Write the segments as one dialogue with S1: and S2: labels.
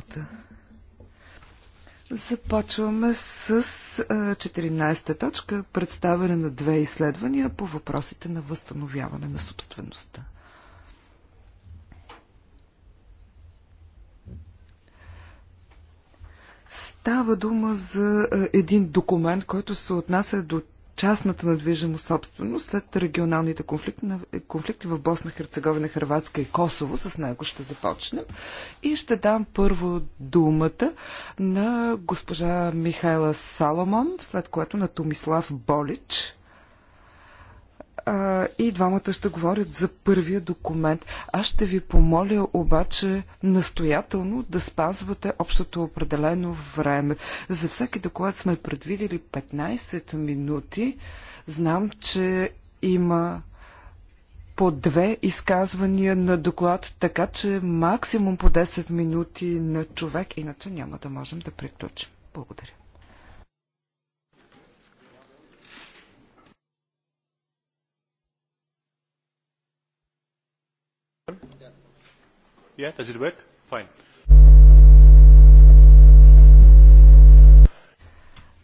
S1: господа. Започваме с 14-та точка представяне на две изследвания по въпросите на възстановяване на собствеността. Става дума за един документ, който се отнася до частната надвижимо собственост след регионалните конфликти, конфликти в Босна, Херцеговина, Хрватска и Косово. С него ще започнем. И ще дам първо думата на госпожа Михайла Саломон, след което на Томислав Болич а, и двамата ще говорят за първия документ. Аз ще ви помоля обаче настоятелно да спазвате общото определено време. За всеки доклад сме предвидели 15 минути. Знам, че има по две изказвания на доклад, така че максимум по 10 минути на човек, иначе няма да можем да приключим. Благодаря.
S2: Yeah, does it work? Fine.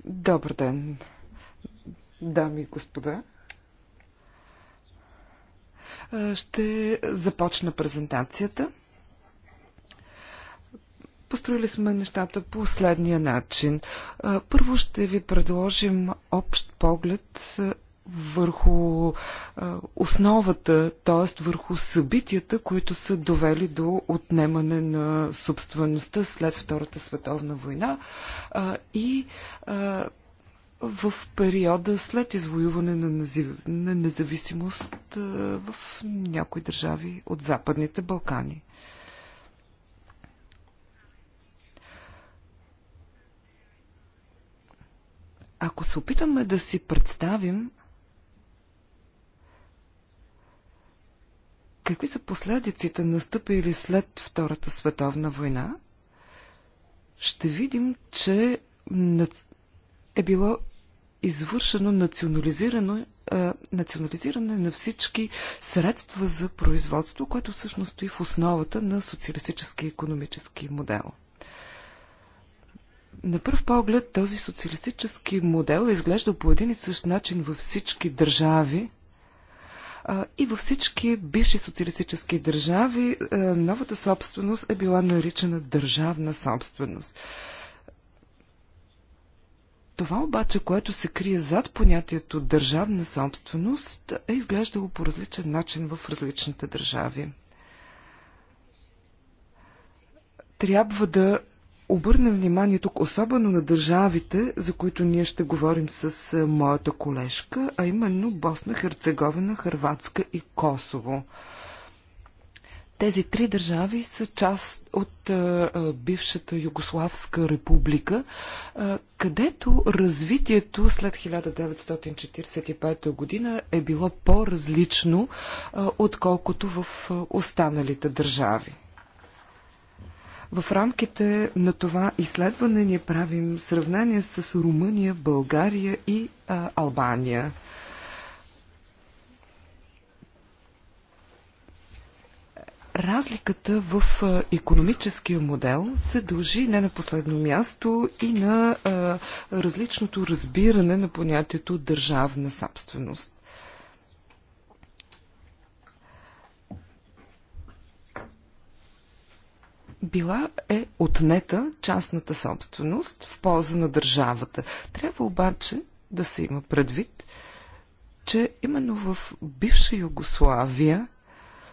S1: Добър ден, дами и господа. Ще започна презентацията. Построили сме нещата по следния начин. Първо ще ви предложим общ поглед върху основата, т.е. върху събитията, които са довели до отнемане на собствеността след Втората световна война и в периода след извоюване на независимост в някои държави от Западните Балкани. Ако се опитаме да си представим Какви са последиците настъпили след Втората световна война? Ще видим, че е било извършено национализирано, а, е, национализиране на всички средства за производство, което всъщност стои в основата на социалистически економически модел. На пръв поглед този социалистически модел е изглежда по един и същ начин във всички държави, и във всички бивши социалистически държави новата собственост е била наричана държавна собственост. Това обаче, което се крие зад понятието държавна собственост, е изглеждало по различен начин в различните държави. Трябва да обърнем внимание тук особено на държавите, за които ние ще говорим с е, моята колежка, а именно Босна, Херцеговина, Хрватска и Косово. Тези три държави са част от а, е, е, бившата Югославска република, а, където развитието след 1945 година е било по-различно, отколкото в останалите държави. В рамките на това изследване ние правим сравнение с Румъния, България и а, Албания. Разликата в економическия модел се дължи не на последно място и на а, различното разбиране на понятието държавна собственост. била е отнета частната собственост в полза на държавата. Трябва обаче да се има предвид, че именно в бивша Югославия,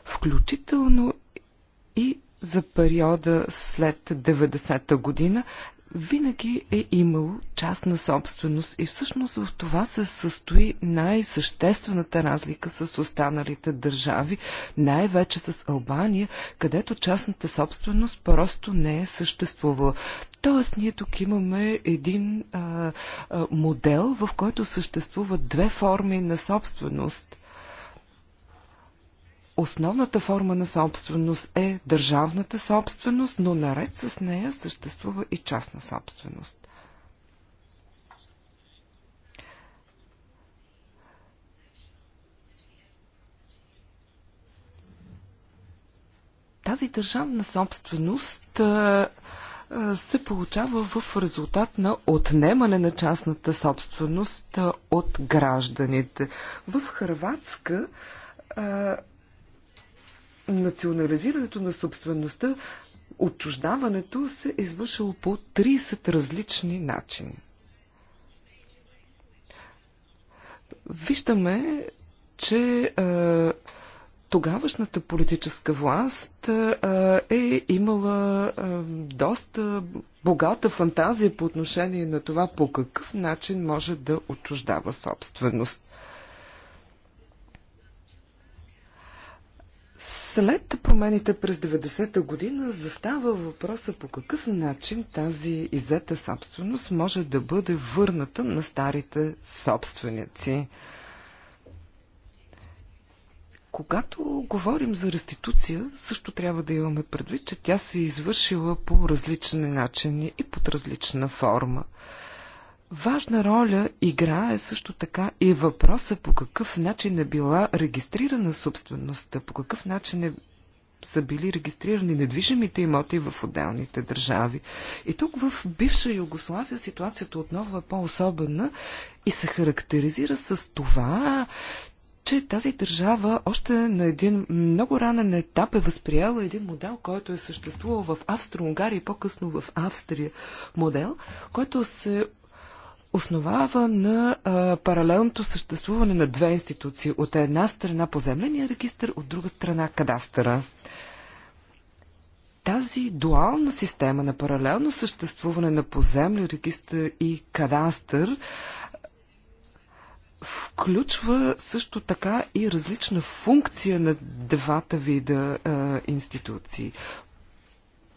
S1: включително и за периода след 90-та година, винаги е имало частна собственост и всъщност в това се състои най-съществената разлика с останалите държави, най-вече с Албания, където частната собственост просто не е съществувала. Тоест, ние тук имаме един а, а, модел, в който съществуват две форми на собственост. Основната форма на собственост е държавната собственост, но наред с нея съществува и частна собственост. Тази държавна собственост се получава в резултат на отнемане на частната собственост от гражданите. В Хрватска национализирането на собствеността, отчуждаването се е извършило по 30 различни начини. Виждаме, че е, тогавашната политическа власт е, е имала е, доста богата фантазия по отношение на това по какъв начин може да отчуждава собственост. След промените през 90-та година застава въпроса по какъв начин тази иззета собственост може да бъде върната на старите собственици. Когато говорим за реституция, също трябва да имаме предвид, че тя се е извършила по различни начини и под различна форма. Важна роля играе също така и въпроса по какъв начин е била регистрирана собствеността, по какъв начин е са били регистрирани недвижимите имоти в отделните държави. И тук в бивша Югославия ситуацията отново е по-особена и се характеризира с това, че тази държава още на един много ранен етап е възприяла един модел, който е съществувал в Австро-Унгария и по-късно в Австрия. Модел, който се основава на а, паралелното съществуване на две институции. От една страна поземления регистр, от друга страна кадастъра. Тази дуална система на паралелно съществуване на поземлен регистр и кадастър включва също така и различна функция на двата вида а, институции.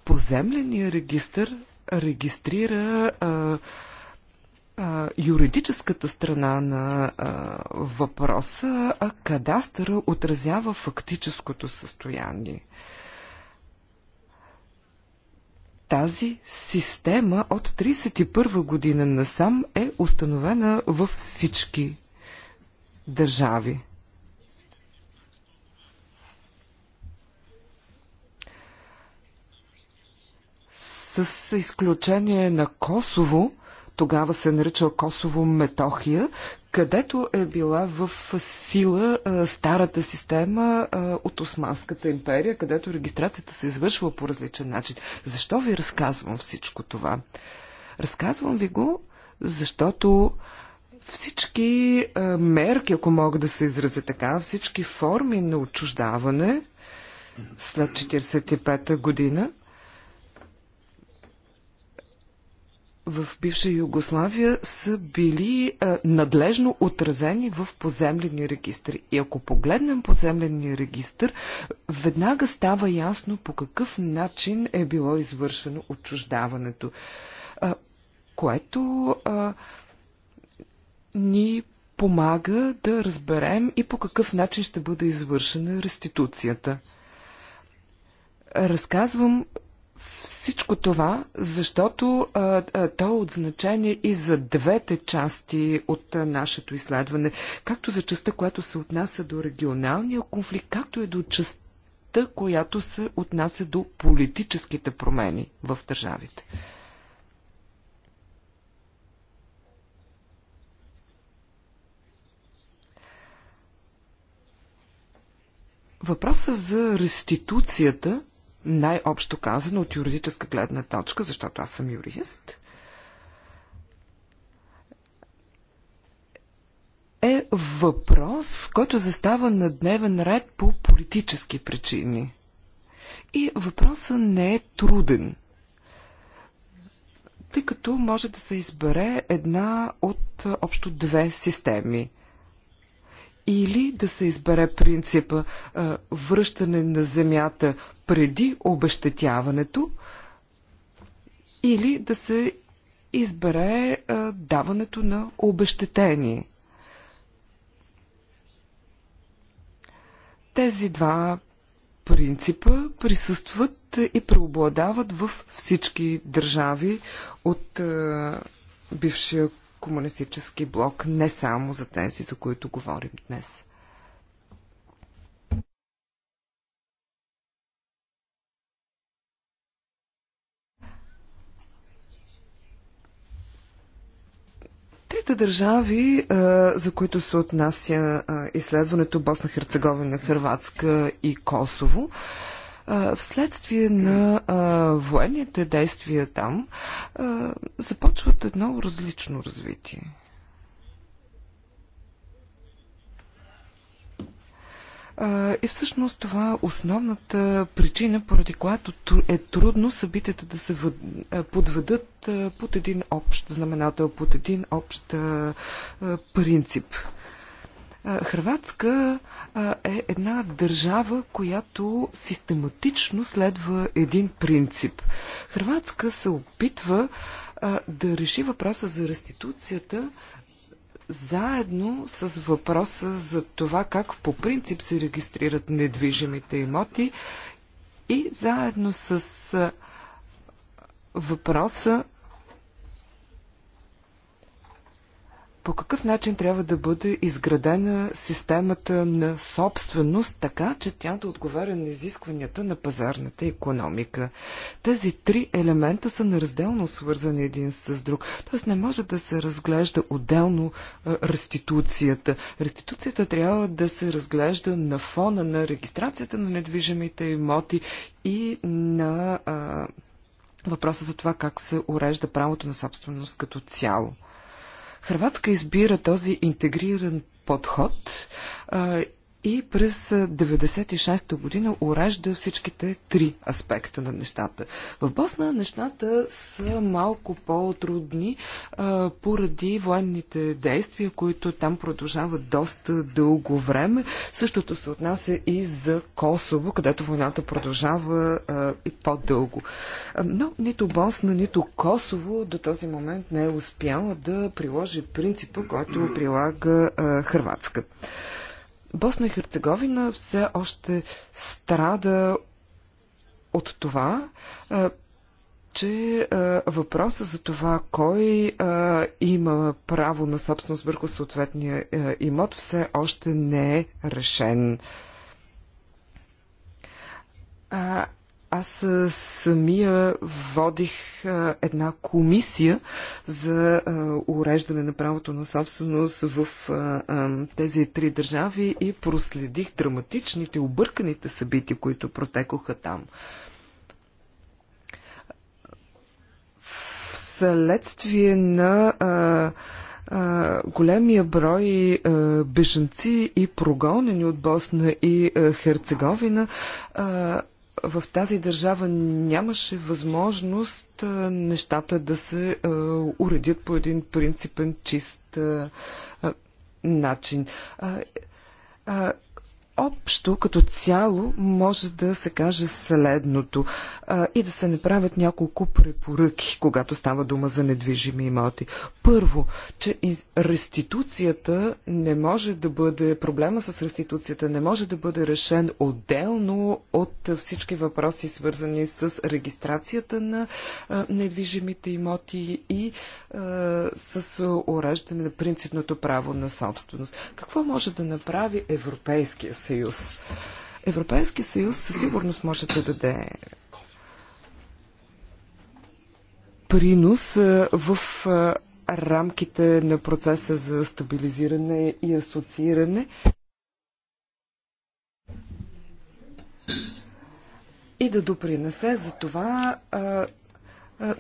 S1: Поземления регистр регистрира а, а, юридическата страна на а, въпроса, а кадастъра отразява фактическото състояние. Тази система от 31 година насам е установена във всички държави. С изключение на Косово, тогава се нарича Косово Метохия, където е била в сила старата система от Османската империя, където регистрацията се извършва по различен начин. Защо ви разказвам всичко това? Разказвам ви го, защото всички мерки, ако мога да се изразя така, всички форми на отчуждаване след 1945 година в бивша Югославия са били а, надлежно отразени в поземлени регистри. И ако погледнем поземлени регистр, веднага става ясно по какъв начин е било извършено отчуждаването, а, което а, ни помага да разберем и по какъв начин ще бъде извършена реституцията разказвам всичко това, защото а, а, то е от значение и за двете части от а, нашето изследване, както за частта, която се отнася до регионалния конфликт, както и до частта, която се отнася до политическите промени в държавите. Въпросът за реституцията – най-общо казано от юридическа гледна точка, защото аз съм юрист, е въпрос, който застава на дневен ред по политически причини. И въпросът не е труден, тъй като може да се избере една от общо две системи – или да се избере принципа а, връщане на земята преди обещетяването или да се избере а, даването на обещетение. Тези два принципа присъстват и преобладават в всички държави от а, бившия комунистически блок, не само за тези, за които говорим днес. Другите държави, за които се отнася изследването Босна, Херцеговина, Хрватска и Косово, вследствие на военните действия там, започват едно различно развитие. И всъщност това е основната причина, поради която е трудно събитията да се подведат под един общ знаменател, под един общ принцип. Хрватска е една държава, която систематично следва един принцип. Хрватска се опитва да реши въпроса за реституцията заедно с въпроса за това как по принцип се регистрират недвижимите имоти и заедно с въпроса по какъв начин трябва да бъде изградена системата на собственост, така че тя да отговаря на изискванията на пазарната економика. Тези три елемента са неразделно свързани един с друг. Т.е. не може да се разглежда отделно реституцията. Реституцията трябва да се разглежда на фона на регистрацията на недвижимите имоти и на а, въпроса за това как се урежда правото на собственост като цяло. Хрватска избира този интегриран подход и през 1996 година урежда всичките три аспекта на нещата. В Босна нещата са малко по-трудни поради военните действия, които там продължават доста дълго време. Същото се отнася и за Косово, където войната продължава а, и по-дълго. Но нито Босна, нито Косово до този момент не е успяла да приложи принципа, който прилага а, Хрватска. Босна и Херцеговина все още страда от това, че въпроса за това кой има право на собственост върху съответния имот все още не е решен. Аз самия водих една комисия за уреждане на правото на собственост в тези три държави и проследих драматичните, обърканите събития, които протекоха там. Вследствие на големия брой бежанци и прогонени от Босна и Херцеговина в тази държава нямаше възможност нещата да се уредят по един принципен чист начин. Общо, като цяло, може да се каже следното а, и да се направят няколко препоръки, когато става дума за недвижими имоти. Първо, че реституцията не може да бъде, проблема с реституцията не може да бъде решен отделно от всички въпроси, свързани с регистрацията на а, недвижимите имоти и а, с уреждане на принципното право на собственост. Какво може да направи Европейския съюз. Европейски съюз със сигурност може да даде принос в рамките на процеса за стабилизиране и асоцииране. И да допринесе за това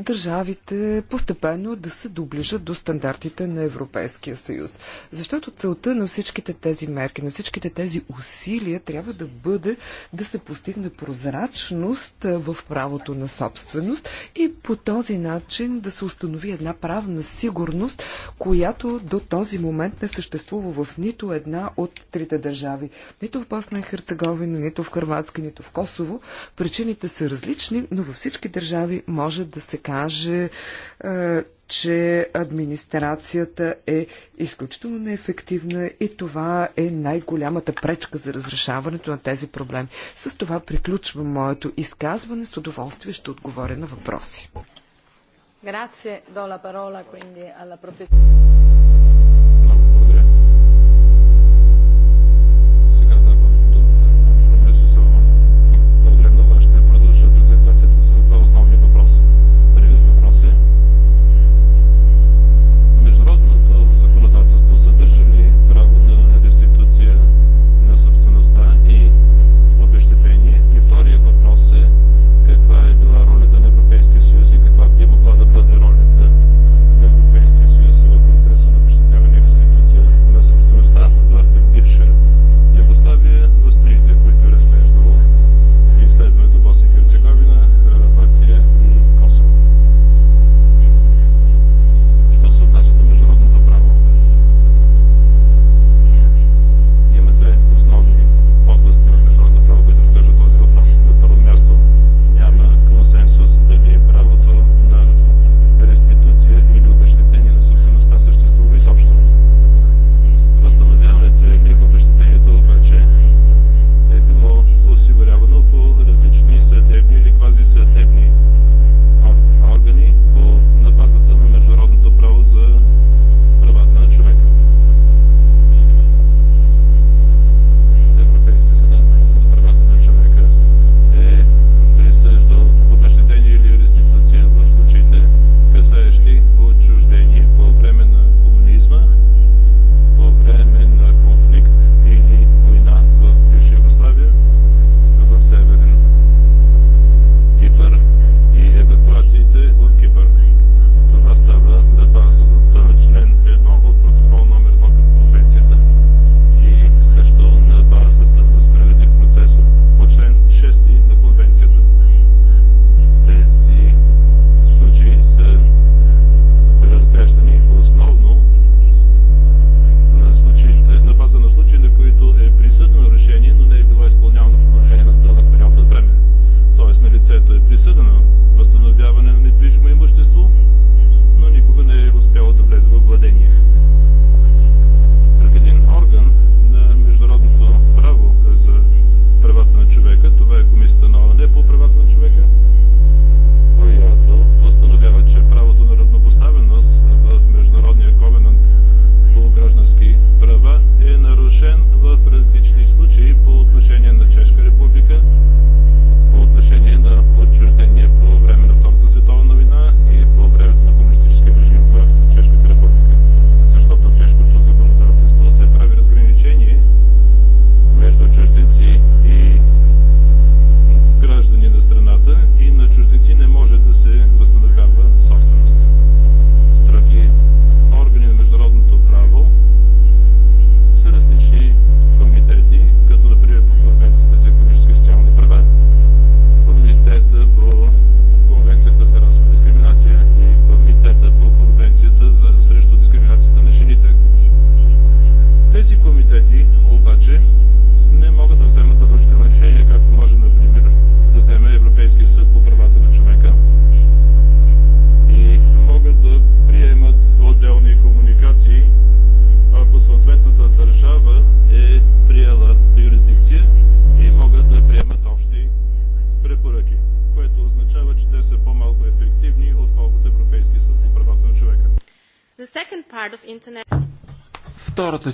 S1: държавите постепенно да се доближат до стандартите на Европейския съюз. Защото целта на всичките тези мерки, на всичките тези усилия трябва да бъде да се постигне прозрачност в правото на собственост и по този начин да се установи една правна сигурност, която до този момент не съществува в нито една от трите държави. Нито в Босна и Херцеговина, нито в Хрватска, нито в Косово. Причините са различни, но във всички държави може да се се каже, е, че администрацията е изключително неефективна и това е най-голямата пречка за разрешаването на тези проблеми. С това приключвам моето изказване. С удоволствие ще отговоря на въпроси.
S3: Grazie, do la parola quindi alla professoressa.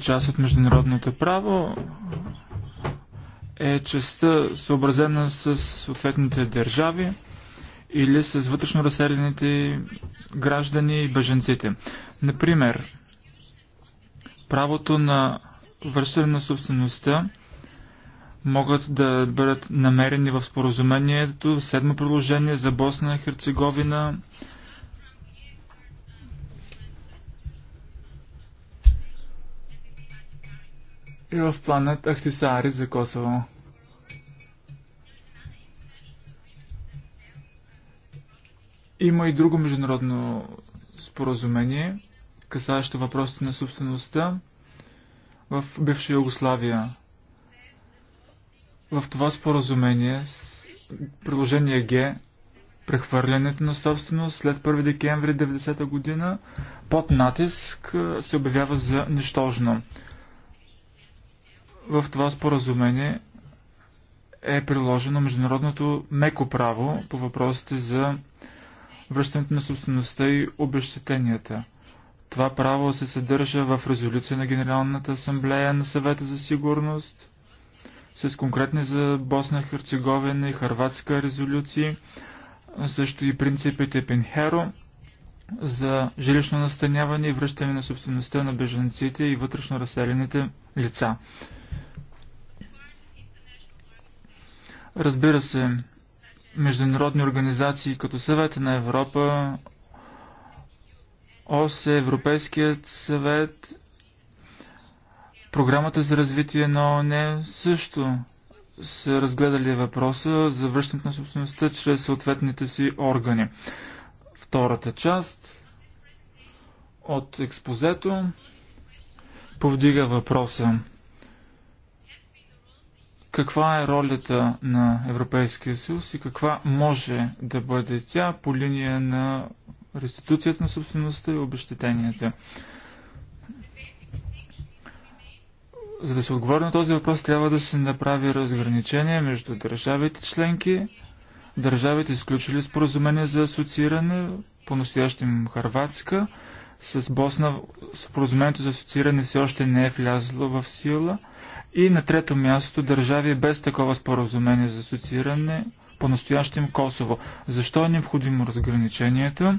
S4: част от международното право е частта съобразена с съответните държави или с вътрешно разселените граждани и беженците. Например, правото на връщане на собствеността могат да бъдат намерени в споразумението в седмо приложение за Босна и Херцеговина, и в планът Ахтисари за Косово. Има и друго международно споразумение, касаещо въпросите на собствеността в бивша Югославия. В това споразумение с приложение Г прехвърлянето на собственост след 1 декември 1990 година под натиск се обявява за нищожно в това споразумение е приложено международното меко право по въпросите за връщането на собствеността и обещетенията. Това право се съдържа в резолюция на Генералната асамблея на съвета за сигурност, с конкретни за Босна, Херцеговина и Харватска резолюции, също и принципите Пенхеро за жилищно настаняване и връщане на собствеността на беженците и вътрешно разселените лица. Разбира се, международни организации като Съвета на Европа, ОС, Европейският съвет, Програмата за развитие на ООН също са разгледали въпроса за връщането на собствеността чрез съответните си органи. Втората част от експозето повдига въпроса каква е ролята на Европейския съюз и каква може да бъде тя по линия на реституцията на собствеността и обещетенията. За да се отговори на този въпрос, трябва да се направи разграничение между държавите членки, държавите изключили споразумение за асоцииране, по настоящим Харватска, с Босна споразумението за асоцииране все още не е влязло в сила – и на трето място държави без такова споразумение за асоцииране, по-настоящем Косово. Защо е необходимо разграничението?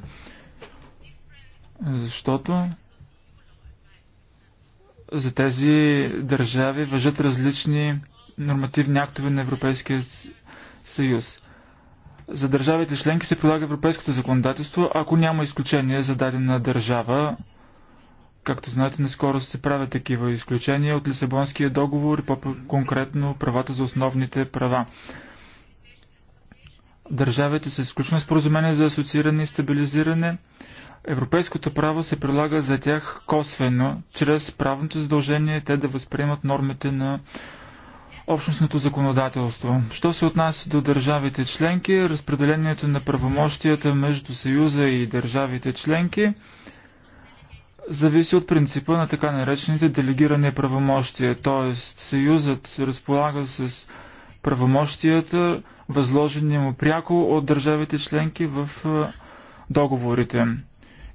S4: Защото за тези държави въжат различни нормативни актове на Европейския съюз. За държавите членки се прилага европейското законодателство, ако няма изключение за дадена държава Както знаете, наскоро се правят такива изключения от Лисабонския договор и по-конкретно правата за основните права. Държавите се изключно споразумение за асоцииране и стабилизиране. Европейското право се прилага за тях косвено, чрез правното задължение те да възприемат нормите на общностното законодателство. Що се отнася до държавите членки, разпределението на правомощията между Съюза и държавите членки – зависи от принципа на така наречените делегирани правомощия, т.е. Съюзът разполага с правомощията, възложени му пряко от държавите членки в договорите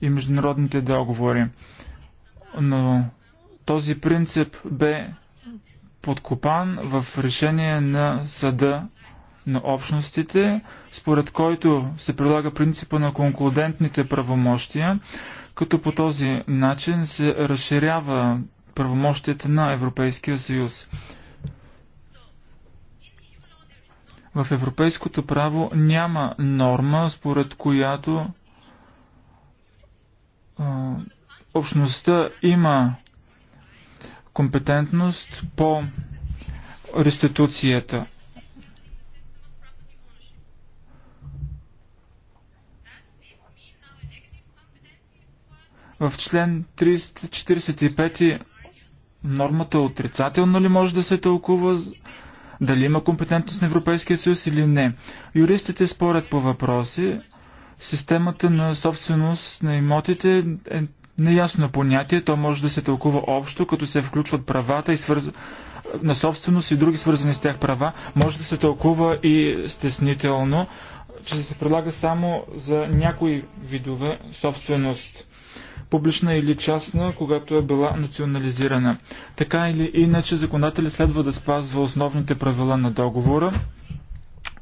S4: и международните договори. Но този принцип бе подкопан в решение на съда на общностите, според който се прилага принципа на конкурентните правомощия, като по този начин се разширява правомощията на Европейския съюз. В европейското право няма норма, според която общността има компетентност по реституцията. В член 345 нормата е отрицателно ли може да се тълкува? Дали има компетентност на Европейския съюз или не? Юристите спорят по въпроси. Системата на собственост на имотите е неясно понятие. То може да се тълкува общо, като се включват правата и свърз... на собственост и други свързани с тях права. Може да се тълкува и стеснително, че се предлага само за някои видове собственост публична или частна, когато е била национализирана. Така или иначе, законодателят следва да спазва основните правила на договора,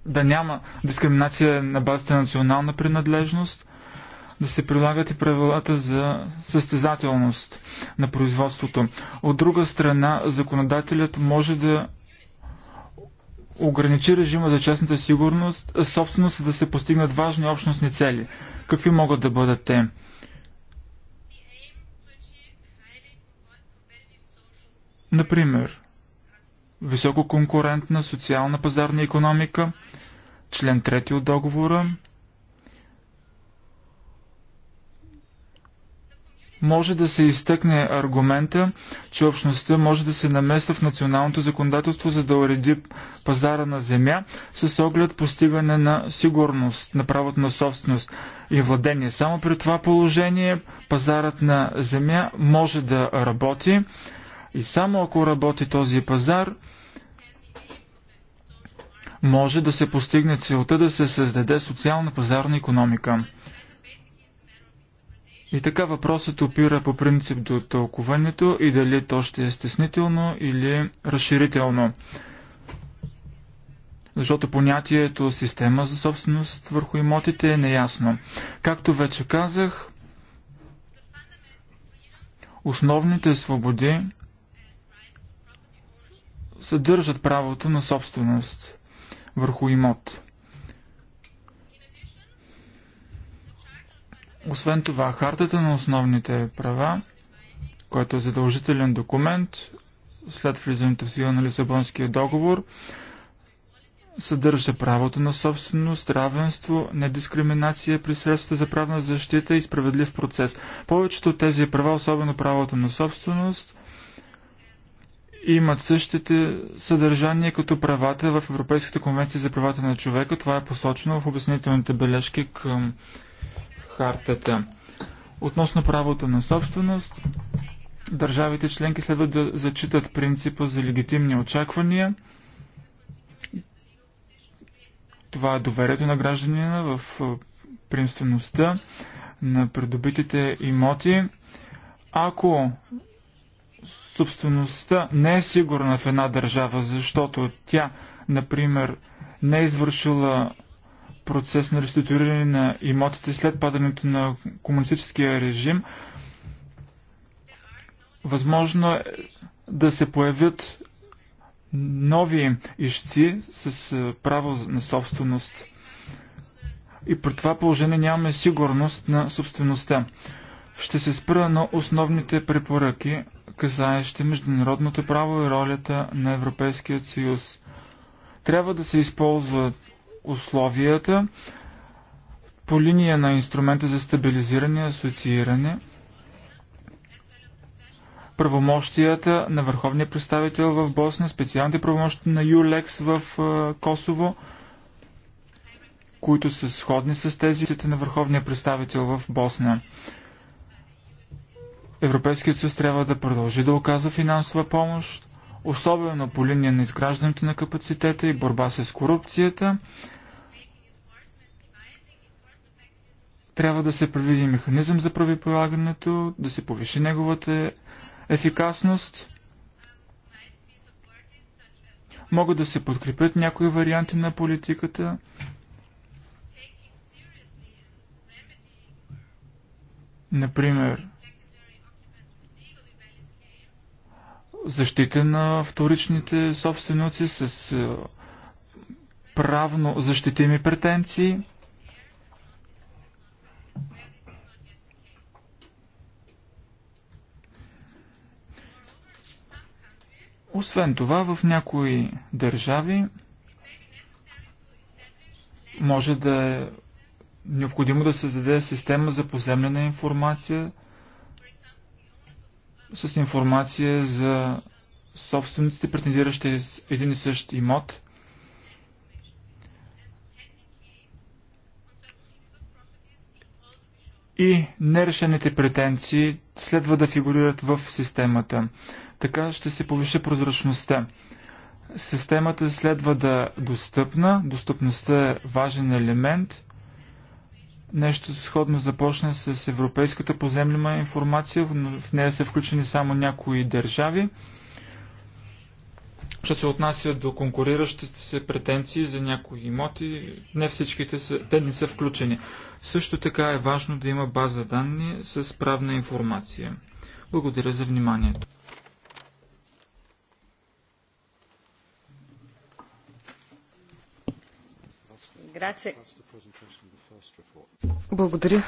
S4: да няма дискриминация на базата на национална принадлежност, да се прилагат и правилата за състезателност на производството. От друга страна, законодателят може да ограничи режима за частната сигурност, собственост, да се постигнат важни общностни цели. Какви могат да бъдат те? Например, висококонкурентна социална пазарна економика, член 3 от договора, може да се изтъкне аргумента, че общността може да се намества в националното законодателство, за да уреди пазара на земя с оглед постигане на сигурност на правото на собственост и владение. Само при това положение пазарът на земя може да работи и само ако работи този пазар, може да се постигне целта да се създаде социална пазарна економика. И така въпросът опира по принцип до тълкуването и дали то ще е стеснително или разширително. Защото понятието система за собственост върху имотите е неясно. Както вече казах, основните свободи съдържат правото на собственост върху имот. Освен това, хартата на основните права, който е задължителен документ след влизането в сила на Лисабонския договор, съдържа правото на собственост, равенство, недискриминация при средства за правна защита и справедлив процес. Повечето от тези права, особено правото на собственост, имат същите съдържания като правата в Европейската конвенция за правата на човека. Това е посочено в обяснителните бележки към хартата. Относно правото на собственост, държавите членки следва да зачитат принципа за легитимни очаквания. Това е доверието на гражданина в принствеността на придобитите имоти. Ако Собствеността не е сигурна в една държава, защото тя, например, не е извършила процес на реституиране на имотите след падането на комунистическия режим. Възможно е да се появят нови ищци с право на собственост. И при това положение нямаме сигурност на собствеността. Ще се спра на основните препоръки касаещи международното право и ролята на Европейския съюз. Трябва да се използват условията по линия на инструмента за стабилизиране и асоцииране, правомощията на върховния представител в Босна, специалните правомощия на ЮЛЕКС в Косово, които са сходни с тези на върховния представител в Босна. Европейският съюз трябва да продължи да оказва финансова помощ, особено по линия на изграждането на капацитета и борба с корупцията. Трябва да се предвиди механизъм за правиполагането, да се повиши неговата ефикасност. Могат да се подкрепят някои варианти на политиката, например, защита на вторичните собственици с е, правно защитими претенции. Освен това, в някои държави може да е необходимо да създаде система за поземлена информация – с информация за собствениците, претендиращи един и същ имот. И нерешените претенции следва да фигурират в системата. Така ще се повиши прозрачността. Системата следва да е достъпна. Достъпността е важен елемент – Нещо сходно започна с Европейската поземлена информация. В нея са включени само някои държави. Що се отнася до конкуриращите се претенции за някои имоти, не всичките са, те не са включени. Също така е важно да има база данни с правна информация. Благодаря за вниманието.
S3: Grazie.
S1: Благодаря.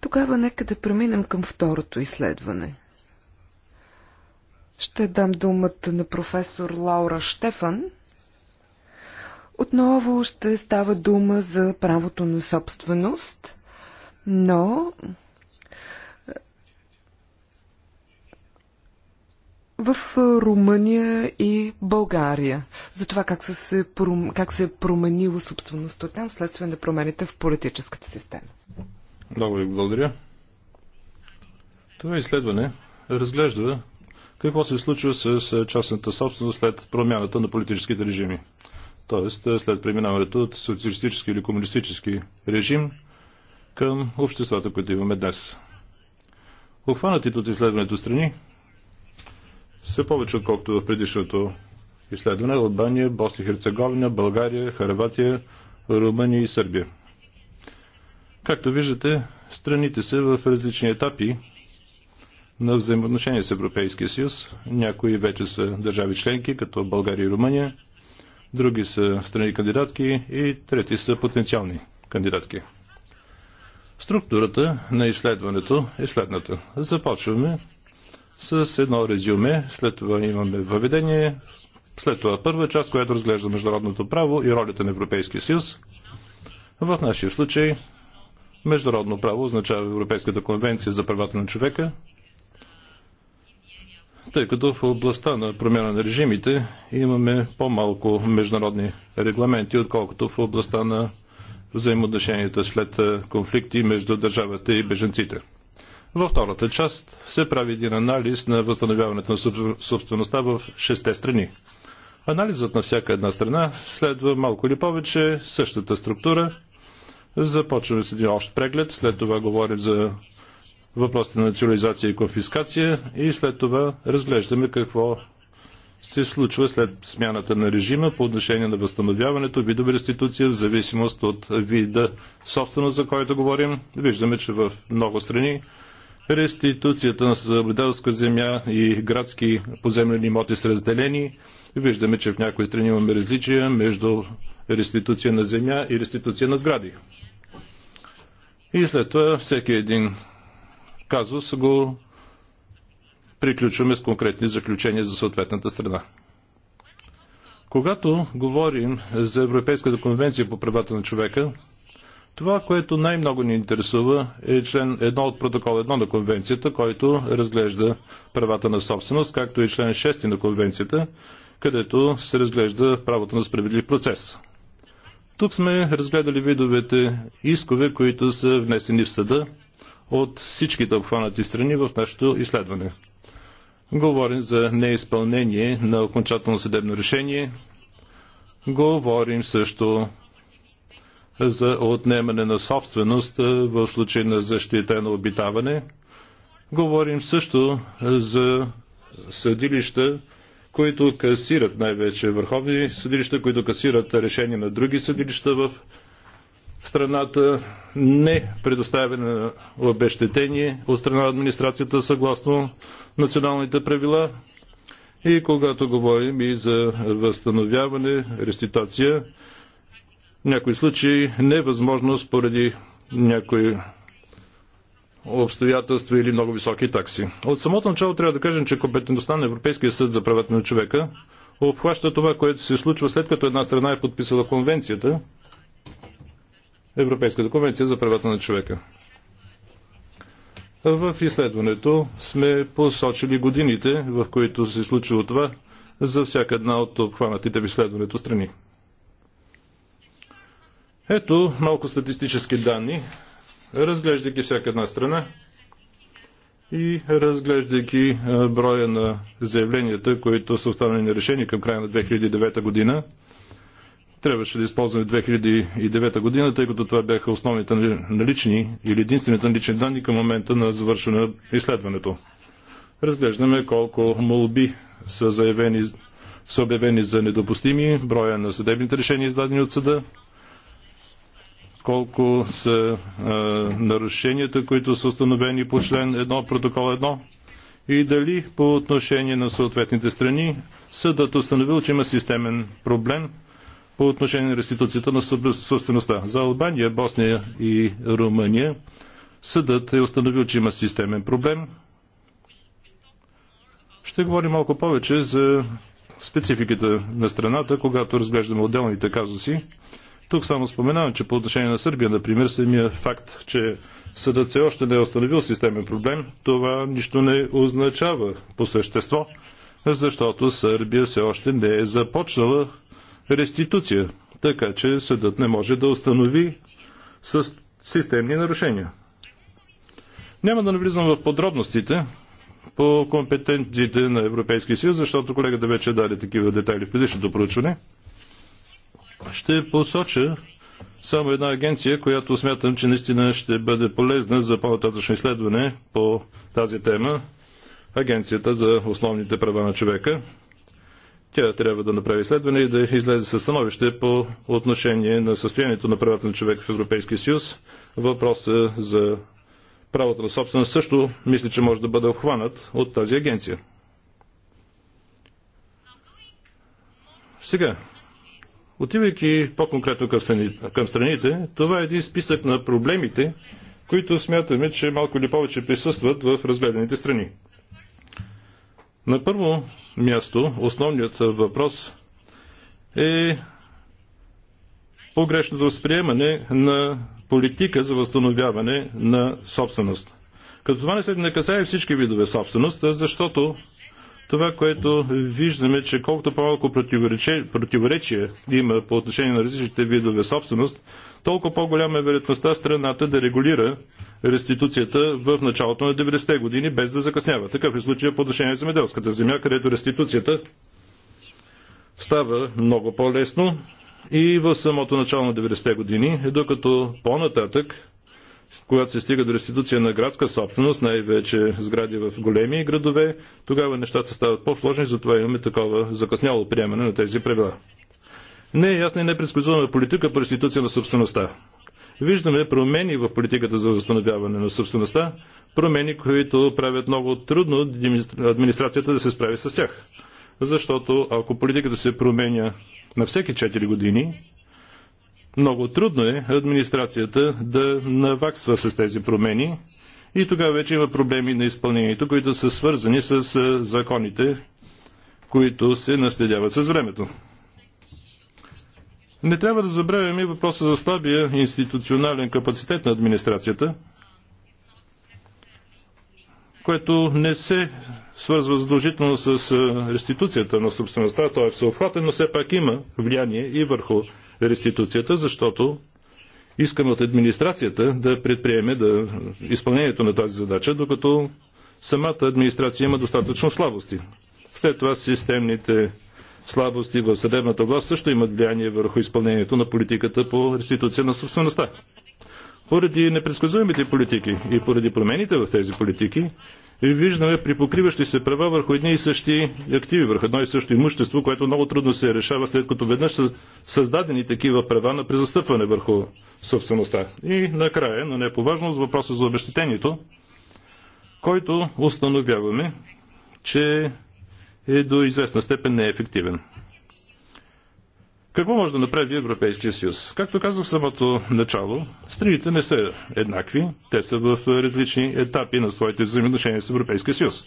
S1: Тогава нека да преминем към второто изследване. Ще дам думата на професор Лаура Штефан. Отново ще става дума за правото на собственост, но в Румъния и България за това как, са се, как се е променила собствеността там вследствие на промените в политическата система.
S2: Много ви благодаря. Това изследване разглежда какво се случва с частната собственост след промяната на политическите режими. Тоест след преминаването от социалистически или комунистически режим към обществата, които имаме днес. Обхванатите от изследването страни са повече отколкото в предишното изследване. Албания, Босния Херцеговина, България, Харватия, Румъния и Сърбия. Както виждате, страните са в различни етапи на взаимоотношения с Европейския съюз. Някои вече са държави членки, като България и Румъния, други са страни кандидатки и трети са потенциални кандидатки. Структурата на изследването е следната. Започваме с едно резюме, след това имаме въведение, след това първа част, която разглежда международното право и ролята на Европейския съюз. В нашия случай международно право означава Европейската конвенция за правата на човека, тъй като в областта на промяна на режимите имаме по-малко международни регламенти, отколкото в областта на взаимоотношенията след конфликти между държавата и беженците. Във втората част се прави един анализ на възстановяването на собствеността в шесте страни. Анализът на всяка една страна следва малко или повече същата структура. Започваме с един общ преглед, след това говорим за въпросите на национализация и конфискация и след това разглеждаме какво се случва след смяната на режима по отношение на възстановяването, видове реституция, в зависимост от вида собственост, за който говорим. Виждаме, че в много страни Реституцията на съблюдателска земя и градски поземлени имоти са разделени. Виждаме, че в някои страни имаме различия между реституция на земя и реституция на сгради. И след това всеки един казус го приключваме с конкретни заключения за съответната страна. Когато говорим за Европейската конвенция по правата на човека, това, което най-много ни интересува е член едно от протокол 1 на конвенцията, който разглежда правата на собственост, както и член 6 на конвенцията, където се разглежда правото на справедлив процес. Тук сме разгледали видовете искове, които са внесени в съда от всичките обхванати страни в нашето изследване. Говорим за неизпълнение на окончателно съдебно решение. Говорим също за отнемане на собственост в случай на защитено обитаване. Говорим също за съдилища, които касират най-вече върховни съдилища, които касират решения на други съдилища в страната, не предоставяне на обещетение от страна на администрацията съгласно националните правила. И когато говорим и за възстановяване, реституция, някои случаи невъзможност е поради някои обстоятелства или много високи такси. От самото начало трябва да кажем, че компетентността на Европейския съд за правата на човека обхваща това, което се случва след като една страна е подписала конвенцията, Европейската конвенция за правата на човека. В изследването сме посочили годините, в които се случило това за всяка една от обхванатите в изследването страни. Ето малко статистически данни, разглеждайки всяка една страна и разглеждайки броя на заявленията, които са останали нерешени към края на 2009 година. Трябваше да използваме 2009 година, тъй като това бяха основните нали, налични или единствените налични данни към момента на завършване на изследването. Разглеждаме колко молби са, заявени, са обявени за недопустими, броя на съдебните решения, издадени от съда, колко са а, нарушенията, които са установени по член 1, протокол 1 и дали по отношение на съответните страни съдът установил, че има системен проблем по отношение на реституцията на собствеността. За Албания, Босния и Румъния съдът е установил, че има системен проблем. Ще говорим малко повече за спецификата на страната, когато разглеждаме отделните казуси. Тук само споменавам, че по отношение на Сърбия, например, самия факт, че съдът все още не е установил системен проблем, това нищо не означава по същество, защото Сърбия все още не е започнала реституция, така че съдът не може да установи с системни нарушения. Няма да навлизам в подробностите по компетенциите на Европейския съюз, защото колегата вече е даде такива детайли в предишното проучване – ще посоча само една агенция, която смятам, че наистина ще бъде полезна за по-нататъчно изследване по тази тема. Агенцията за основните права на човека. Тя трябва да направи изследване и да излезе със становище по отношение на състоянието на правата на човека в Европейския съюз. Въпроса за правото на собственост също мисля, че може да бъде обхванат от тази агенция. Сега Отивайки по-конкретно към страните, това е един списък на проблемите, които смятаме, че малко или повече присъстват в разгледаните страни. На първо място, основният въпрос е погрешното възприемане на политика за възстановяване на собственост. Като това не се не касае всички видове собственост, защото това, което виждаме, че колкото по-малко противоречие има по отношение на различните видове собственост, толкова по-голяма е вероятността страната да регулира реституцията в началото на 90-те години, без да закъснява. Такъв е случая по отношение на земеделската земя, където реституцията става много по-лесно и в самото начало на 90-те години, докато по-нататък когато се стига до реституция на градска собственост, най-вече сгради в големи градове, тогава нещата стават по-сложни, затова имаме такова закъсняло приемане на тези правила. Не е ясна и непредсказуема политика по реституция на собствеността. Виждаме промени в политиката за възстановяване на собствеността, промени, които правят много трудно администрацията да се справи с тях. Защото ако политиката се променя на всеки 4 години, много трудно е администрацията да наваксва с тези промени и тогава вече има проблеми на изпълнението, които са свързани с законите, които се наследяват с времето. Не трябва да забравяме въпроса за слабия институционален капацитет на администрацията, което не се свързва задължително с реституцията на собствеността, той е всеобхватен, но все пак има влияние и върху реституцията, защото искаме от администрацията да предприеме да, изпълнението на тази задача, докато самата администрация има достатъчно слабости. След това системните слабости в съдебната власт също имат влияние върху изпълнението на политиката по реституция на собствеността. Поради непредсказуемите политики и поради промените в тези политики, виждаме при покриващи се права върху едни и същи активи, върху едно и също имущество, което много трудно се решава, след като веднъж са създадени такива права на презастъпване върху собствеността. И накрая, но не по важност, въпроса за обещетението, който установяваме, че е до известна степен неефективен. Какво може да направи Европейския съюз? Както казах в самото начало, страните не са еднакви, те са в различни етапи на своите взаимоотношения с Европейския съюз.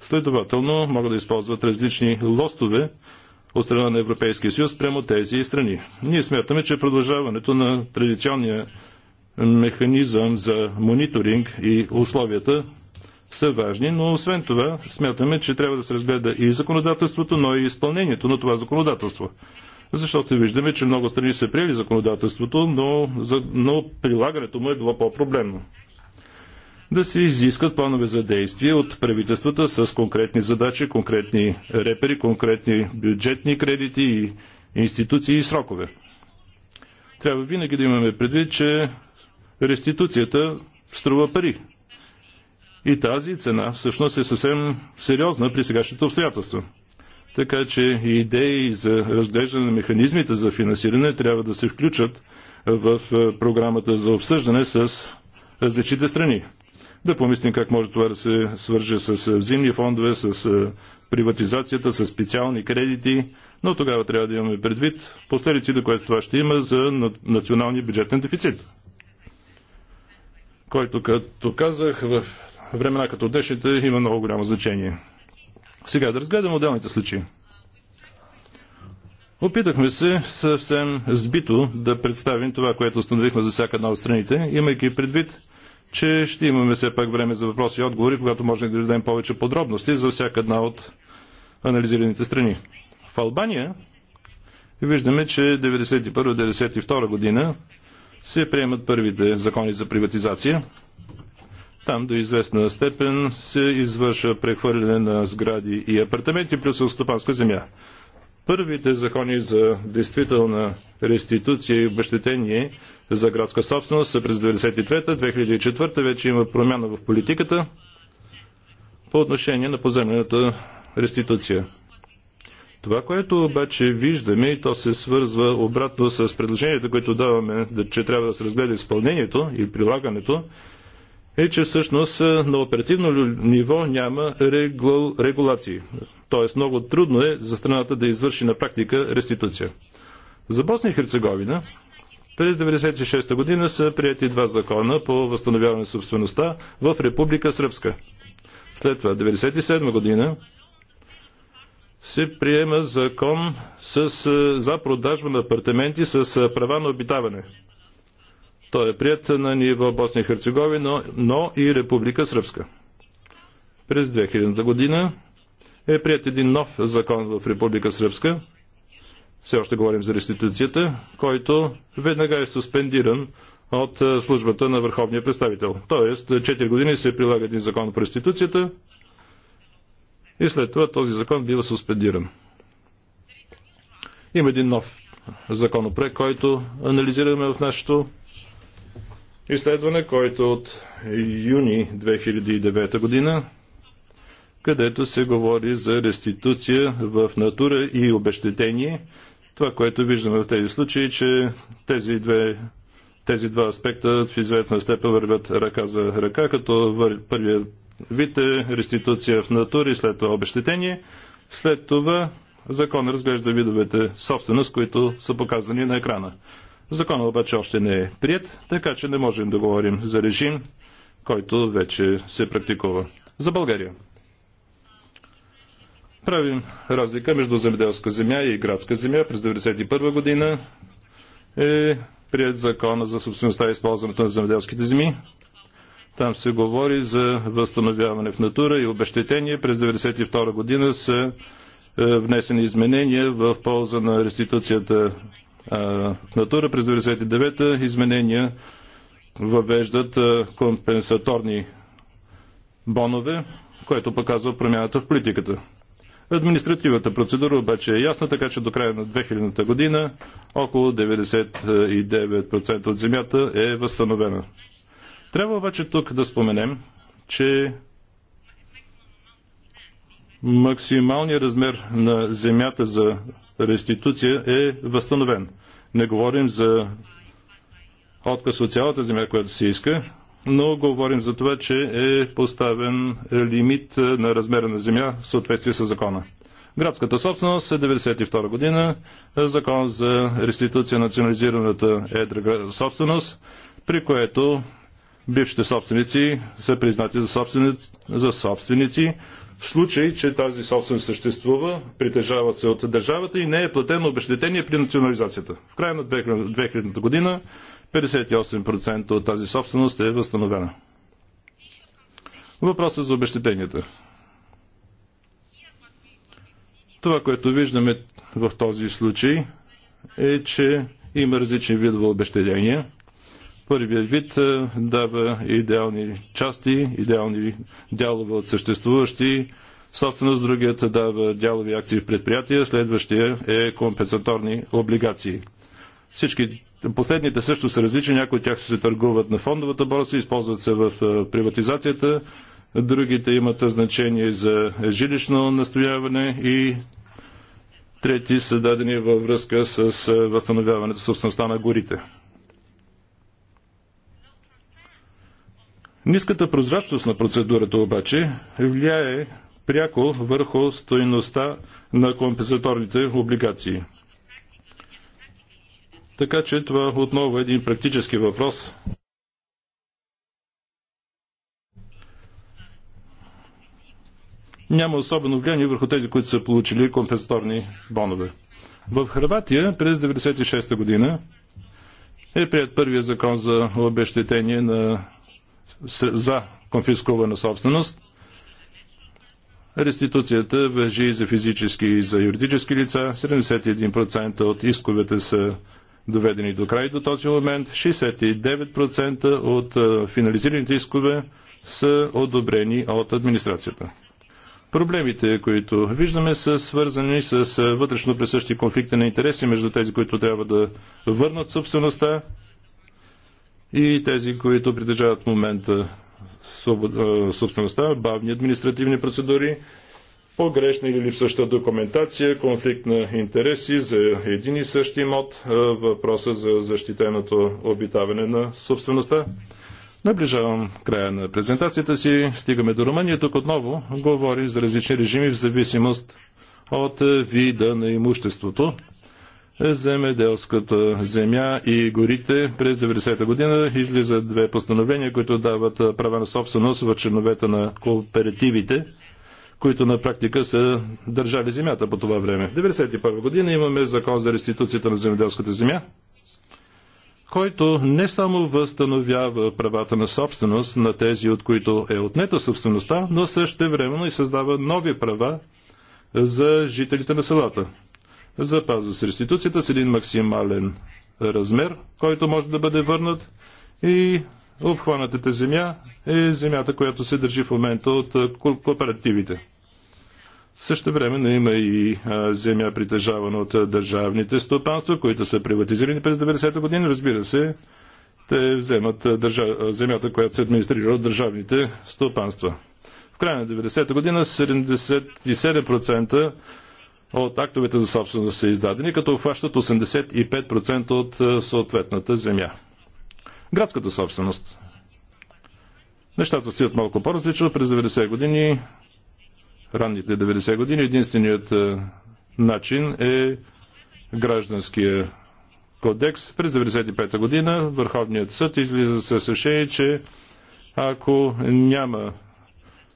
S2: Следователно могат да използват различни лостове от страна на Европейския съюз прямо тези страни. Ние смятаме, че продължаването на традиционния механизъм за мониторинг и условията са важни, но освен това смятаме, че трябва да се разгледа и законодателството, но и изпълнението на това законодателство защото виждаме, че много страни са приели законодателството, но, но прилагането му е било по-проблемно. Да се изискат планове за действие от правителствата с конкретни задачи, конкретни репери, конкретни бюджетни кредити и институции и срокове. Трябва винаги да имаме предвид, че реституцията струва пари. И тази цена всъщност е съвсем сериозна при сегашните обстоятелства. Така че идеи за разглеждане на механизмите за финансиране трябва да се включат в е, програмата за обсъждане с различните страни. Да помислим как може това да се свърже с е, зимни фондове, с е, приватизацията, с специални кредити, но тогава трябва да имаме предвид последиците, което това ще има за националния бюджетен дефицит, който, като казах, в времена като днешните има много голямо значение. Сега да разгледам отделните случаи. Опитахме се съвсем сбито да представим това, което установихме за всяка една от страните, имайки предвид, че ще имаме все пак време за въпроси и отговори, когато можем да дадем повече подробности за всяка една от анализираните страни. В Албания виждаме, че 1991-1992 година се приемат първите закони за приватизация. Там до известна степен се извършва прехвърляне на сгради и апартаменти плюс стопанска земя. Първите закони за действителна реституция и обещетение за градска собственост са през 1993-2004. Вече има промяна в политиката по отношение на поземлената реституция. Това, което обаче виждаме, и то се свързва обратно с предложението, което даваме, че трябва да се разгледа изпълнението и прилагането, е, че всъщност е, на оперативно ниво няма регул... регулации. Тоест много трудно е за страната да извърши на практика реституция. За Босния и Херцеговина през 1996 година са прияти два закона по възстановяване собствеността в Република Сръбска. След това, 1997 година се приема закон с, е, за продажба на апартаменти с е, права на обитаване той е прият на ниво Босния и Херцеговина, но и Република Сръбска. През 2000 година е прият един нов закон в Република Сръбска, все още говорим за реституцията, който веднага е суспендиран от службата на върховния представител. Тоест, 4 години се прилага един закон по реституцията и след това този закон бива суспендиран. Има един нов законопроект, който анализираме в нашето изследване, който е от юни 2009 година, където се говори за реституция в натура и обещетение. Това, което виждаме в тези случаи, е, че тези две тези два аспекта в известна степен вървят ръка за ръка, като първият вид е реституция в натура и след това обещетение. След това закон разглежда видовете собственост, които са показани на екрана. Законът обаче още не е прият, така че не можем да говорим за режим, който вече се практикува. За България. Правим разлика между земеделска земя и градска земя. През 1991 година е прият закона за собствеността и използването на земеделските земи. Там се говори за възстановяване в натура и обещетение. През 1992 година са е, внесени изменения в полза на реституцията натура през 99-та изменения въвеждат компенсаторни бонове, което показва промяната в политиката. Административната процедура обаче е ясна, така че до края на 2000-та година около 99% от земята е възстановена. Трябва обаче тук да споменем, че максималният размер на земята за реституция е възстановен. Не говорим за отказ от цялата земя, която се иска, но говорим за това, че е поставен лимит е, на размера на земя в съответствие с закона. Градската собственост е 1992 година, закон за реституция на национализираната едра собственост, при което бившите собственици са признати за собственици, за собственици случай, че тази собственост съществува, притежава се от държавата и не е платено обещетение при национализацията. В края на 2000 година 58% от тази собственост е възстановена. Въпросът за обещетенията. Това, което виждаме в този случай е, че има различни видове обещетения – Първият вид е, дава идеални части, идеални дялове от съществуващи собственост, другият е дава дялови акции в предприятия, следващия е компенсаторни облигации. Всички последните също са различни, някои от тях се търгуват на фондовата борса, използват се в е, приватизацията, другите имат значение за жилищно настояване и трети са дадени във връзка с възстановяването собствеността на горите. Ниската прозрачност на процедурата обаче влияе пряко върху стоеността на компенсаторните облигации. Така че това отново е един практически въпрос. Няма особено влияние върху тези, които са получили компенсаторни бонове. В Хрватия през 1996 година е прият първия закон за обещетение на за конфискувана собственост. Реституцията въжи и за физически и за юридически лица. 71% от исковете са доведени до край до този момент. 69% от финализираните искове са одобрени от администрацията. Проблемите, които виждаме, са свързани с вътрешно присъщи конфликта на интереси между тези, които трябва да върнат собствеността и тези, които притежават в момента собствеността, бавни административни процедури, погрешна или липсваща документация, конфликт на интереси за един и същи имот, въпроса за защитеното обитаване на собствеността. Наближавам края на презентацията си, стигаме до Румъния. Тук отново говори за различни режими в зависимост от вида на имуществото земеделската земя и горите през 90-та година излиза две постановления, които дават права на собственост в членовете на кооперативите, които на практика са държали земята по това време. В та година имаме закон за реституцията на земеделската земя, който не само възстановява правата на собственост на тези, от които е отнета собствеността, но също времено и създава нови права за жителите на селата запазва се реституцията с един максимален размер, който може да бъде върнат и обхванатата земя е земята, която се държи в момента от кооперативите. В също време има и земя, притежавана от държавните стопанства, които са приватизирани през 90-та година. Разбира се, те вземат държа... земята, която се администрира от държавните стопанства. В края на 90-та година 77% от актовете за собственост са издадени, като обхващат 85% от е, съответната земя. Градската собственост. Нещата стоят малко по-различно. През 90 години, ранните 90 години, единственият е, начин е гражданския кодекс. През 95 година Върховният съд излиза с решение, че ако няма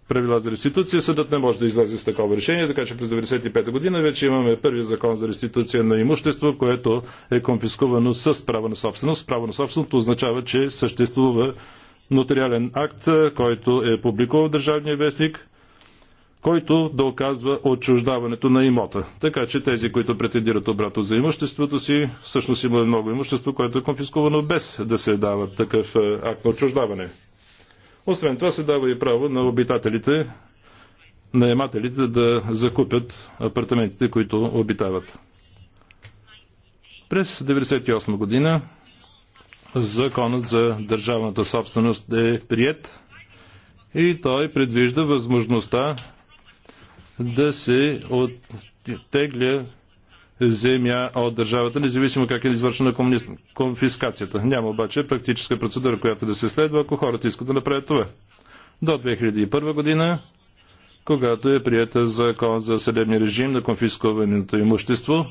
S2: правила за реституция, съдът не може да излезе с такова решение, така че през 1995 година вече имаме първи закон за реституция на имущество, което е конфискувано с право на собственост. Право на собственост означава, че съществува нотариален акт, който е публикуван в Държавния вестник, който да оказва отчуждаването на имота. Така че тези, които претендират обратно за имуществото си, всъщност има много имущество, което е конфискувано без да се дава такъв е, акт на отчуждаване. Освен това се дава и право на обитателите, наемателите да закупят апартаментите, които обитават. През 1998 година Законът за държавната собственост е прият и той предвижда възможността да се оттегля земя от държавата, независимо как е извършена конфискацията. Няма обаче практическа процедура, която да се следва, ако хората искат да направят това. До 2001 година, когато е приятен закон за съдебния режим на конфискованото имущество,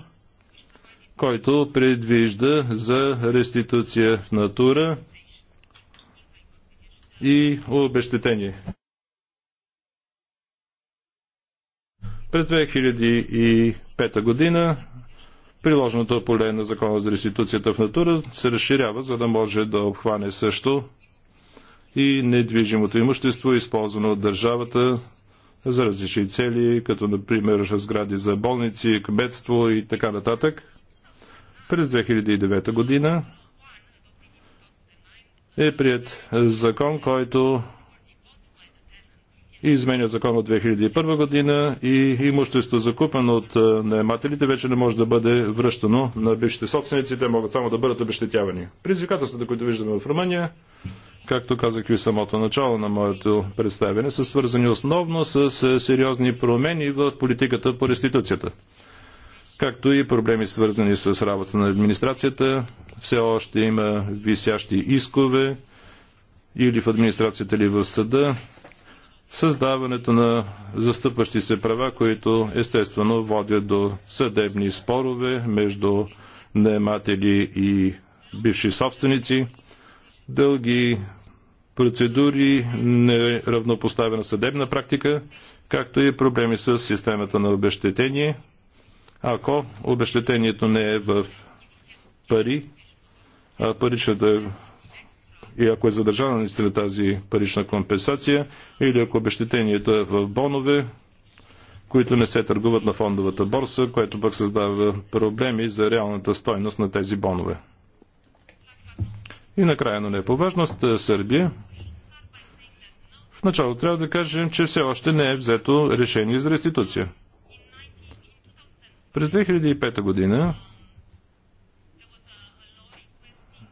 S2: който предвижда за реституция в натура и обещетение. През 2005 година приложеното поле на Закона за реституцията в натура се разширява, за да може да обхване също и недвижимото имущество, използвано от държавата за различни цели, като например сгради за болници, кметство и така нататък. През 2009 година е прият закон, който и изменя закон от 2001 година и имущество закупено от е, наемателите вече не може да бъде връщано на бившите собственици, те могат само да бъдат обещетявани. Призвикателствата, които виждаме в Румъния, както казах и в самото начало на моето представяне, са свързани основно с е, сериозни промени в политиката по реституцията както и проблеми свързани с работа на администрацията. Все още има висящи искове или в администрацията, или в съда създаването на застъпващи се права, които естествено водят до съдебни спорове между наематели и бивши собственици, дълги процедури, неравнопоставена съдебна практика, както и проблеми с системата на обещетение, ако обещетението не е в пари, а паричната и ако е задържана наистина тази парична компенсация или ако обещетението е в бонове, които не се търгуват на фондовата борса, което пък създава проблеми за реалната стойност на тези бонове. И накрая, на неповажност, е, Сърбия. В началото трябва да кажем, че все още не е взето решение за реституция. През 2005 година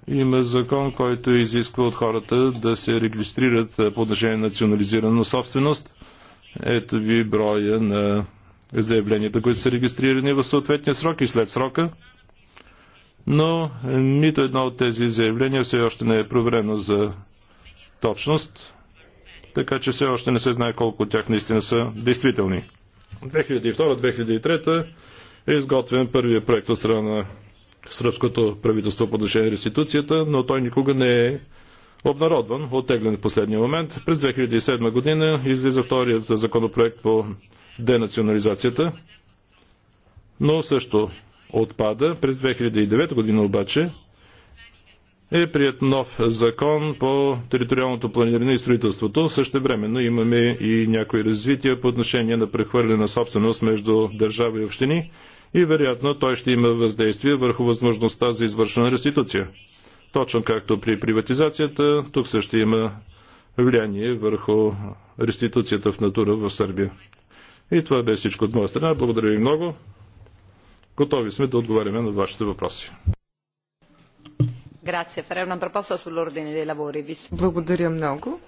S2: Има закон, който изисква от хората да се регистрират по отношение на национализирана собственост. Ето ви броя на заявленията, които са регистрирани в съответния срок и след срока. Но нито едно от тези заявления все още не е проверено за точност, така че все още не се знае колко от тях наистина са действителни. 2002-2003 е изготвен първият проект от страна на сръбското правителство по отношение на реституцията, но той никога не е обнародван, оттеглен в последния момент. През 2007 година излиза вторият законопроект по денационализацията, но също отпада. През 2009 година обаче е прият нов закон по териториалното планиране и строителството. Също времено имаме и някои развития по отношение на прехвърляне собственост между държава и общини и вероятно той ще има въздействие върху възможността за извършена реституция. Точно както при приватизацията, тук също има влияние върху реституцията в натура в Сърбия. И това бе всичко от моя страна. Благодаря ви много. Готови сме да отговаряме на вашите въпроси.
S1: Благодаря много.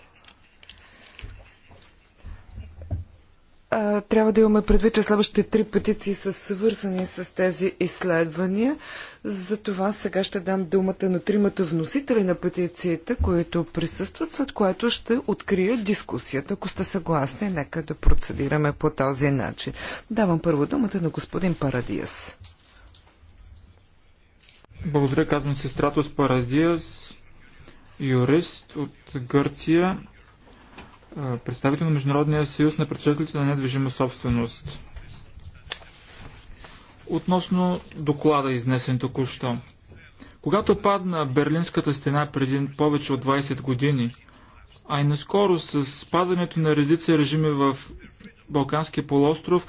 S1: трябва да имаме предвид, че следващите три петиции са свързани с тези изследвания. Затова сега ще дам думата на тримата вносители на петициите, които присъстват, след което ще открия дискусията. Ако сте съгласни, нека да процедираме по този начин. Давам първо думата на господин Парадиас.
S4: Благодаря, казвам се Стратос Парадиас, юрист от Гърция представител на Международния съюз на председателите на недвижима собственост. Относно доклада, изнесен току-що. Когато падна Берлинската стена преди повече от 20 години, а и наскоро с падането на редица режими в Балканския полуостров,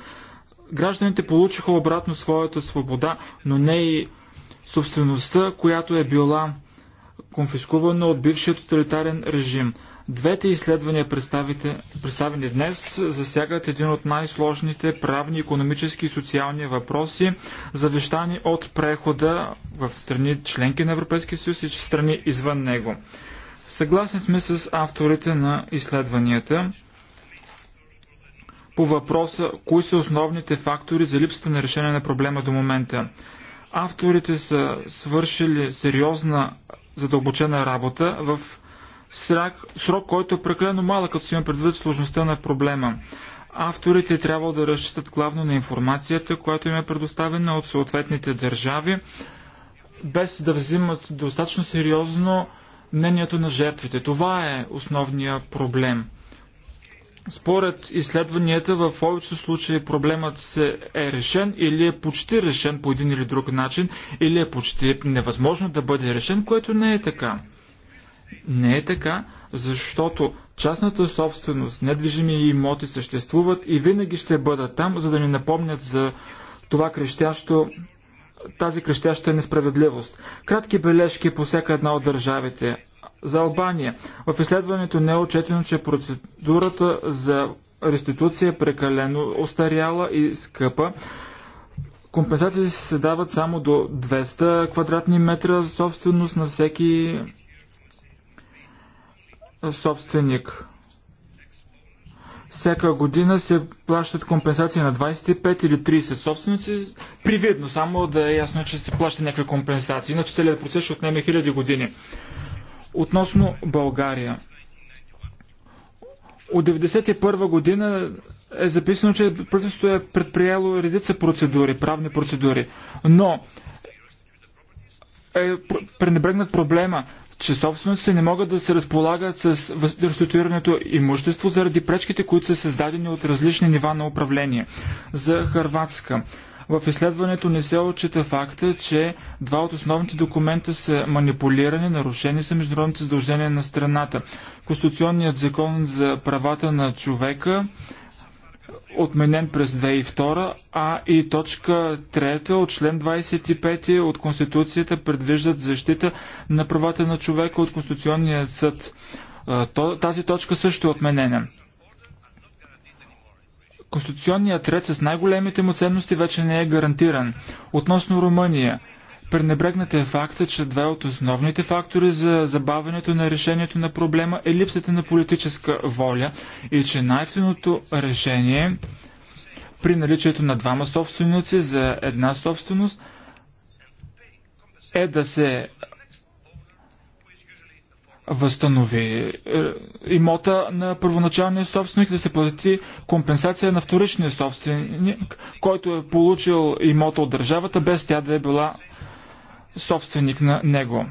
S4: гражданите получиха обратно своята свобода, но не и собствеността, която е била конфискувана от бившия тоталитарен режим – Двете изследвания, представени днес, засягат един от най-сложните правни, економически и социални въпроси, завещани от прехода в страни членки на Европейския съюз и страни извън него. Съгласни сме с авторите на изследванията по въпроса кои са основните фактори за липсата на решение на проблема до момента. Авторите са свършили сериозна задълбочена работа в срок, който е прекалено малък, като си има предвид сложността на проблема. Авторите трябва да разчитат главно на информацията, която им е предоставена от съответните държави, без да взимат достатъчно сериозно мнението на жертвите. Това е основният проблем. Според изследванията, в повечето случаи проблемът се е решен или е почти решен по един или друг начин, или е почти невъзможно да бъде решен, което не е така. Не е така, защото частната собственост, недвижими имоти съществуват и винаги ще бъдат там, за да ни напомнят за това крещящо тази крещяща несправедливост. Кратки бележки по всяка една от държавите. За Албания. В изследването не е отчетено, че процедурата за реституция е прекалено остаряла и скъпа. Компенсации се дават само до 200 квадратни метра собственост на всеки собственик. Всяка година се плащат компенсации на 25 или 30 собственици. Привидно, само да е ясно, че се плаща някакви компенсации. Иначе целият процес ще отнеме хиляди години. Относно България. От 1991 година е записано, че правителството е предприело редица процедури, правни процедури. Но е пренебрегнат проблема че собствениците не могат да се разполагат с реституирането имущество заради пречките, които са създадени от различни нива на управление. За Харватска. В изследването не се отчита факта, че два от основните документа са манипулирани, нарушени са международните задължения на страната. Конституционният закон за правата на човека отменен през 2002, а и точка 3 от член 25 от Конституцията предвиждат защита на правата на човека от Конституционния съд. Тази точка също е отменена. Конституционният ред с най-големите му ценности вече не е гарантиран. Относно Румъния – Пренебрегнат е факта, че два от основните фактори за забавянето на решението на проблема е липсата на политическа воля и че най-ефтиното решение при наличието на двама собственици за една собственост е да се възстанови е, имота на първоначалния собственик, да се плати компенсация на вторичния собственик, който е получил имота от държавата, без тя да е била собственик на него.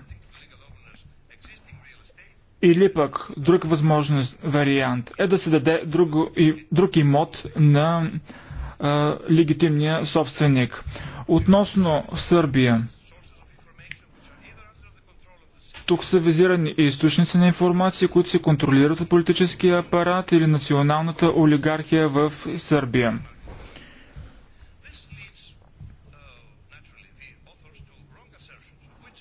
S4: Или пък друг възможен вариант е да се даде друг, и, друг имот на а, легитимния собственик. Относно Сърбия, тук са визирани и източници на информация, които се контролират от политическия апарат или националната олигархия в Сърбия.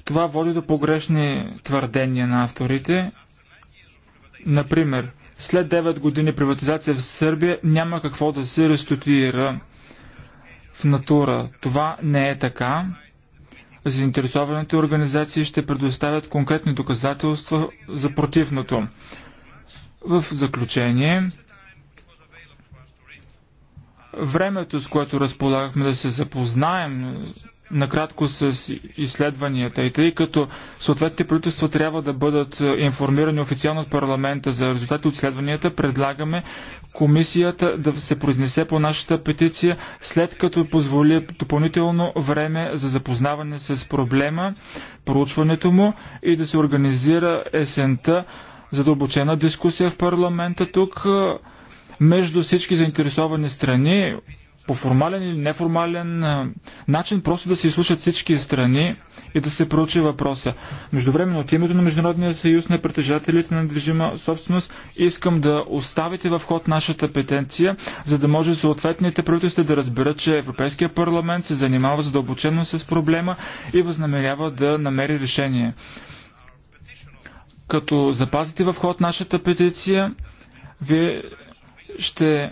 S4: Това води до погрешни твърдения на авторите. Например, след 9 години приватизация в Сърбия няма какво да се реституира в натура. Това не е така. Заинтересованите организации ще предоставят конкретни доказателства за противното. В заключение, времето, с което разполагахме да се запознаем накратко с изследванията. И тъй като съответните правителства трябва да бъдат е, информирани официално от парламента за резултати от изследванията, предлагаме комисията да се произнесе по нашата петиция, след като позволи допълнително време за запознаване с проблема, проучването му и да се организира есента задълбочена дискусия в парламента тук е, между всички заинтересовани страни, по формален или неформален начин просто да се изслушат всички страни и да се проучи въпроса. Междувременно от името на Международния съюз на притежателите на недвижима собственост искам да оставите в ход нашата петенция, за да може съответните правителства да разберат, че Европейския парламент се занимава задълбочено с проблема и възнамерява да намери решение. Като запазите в ход нашата петиция, вие ще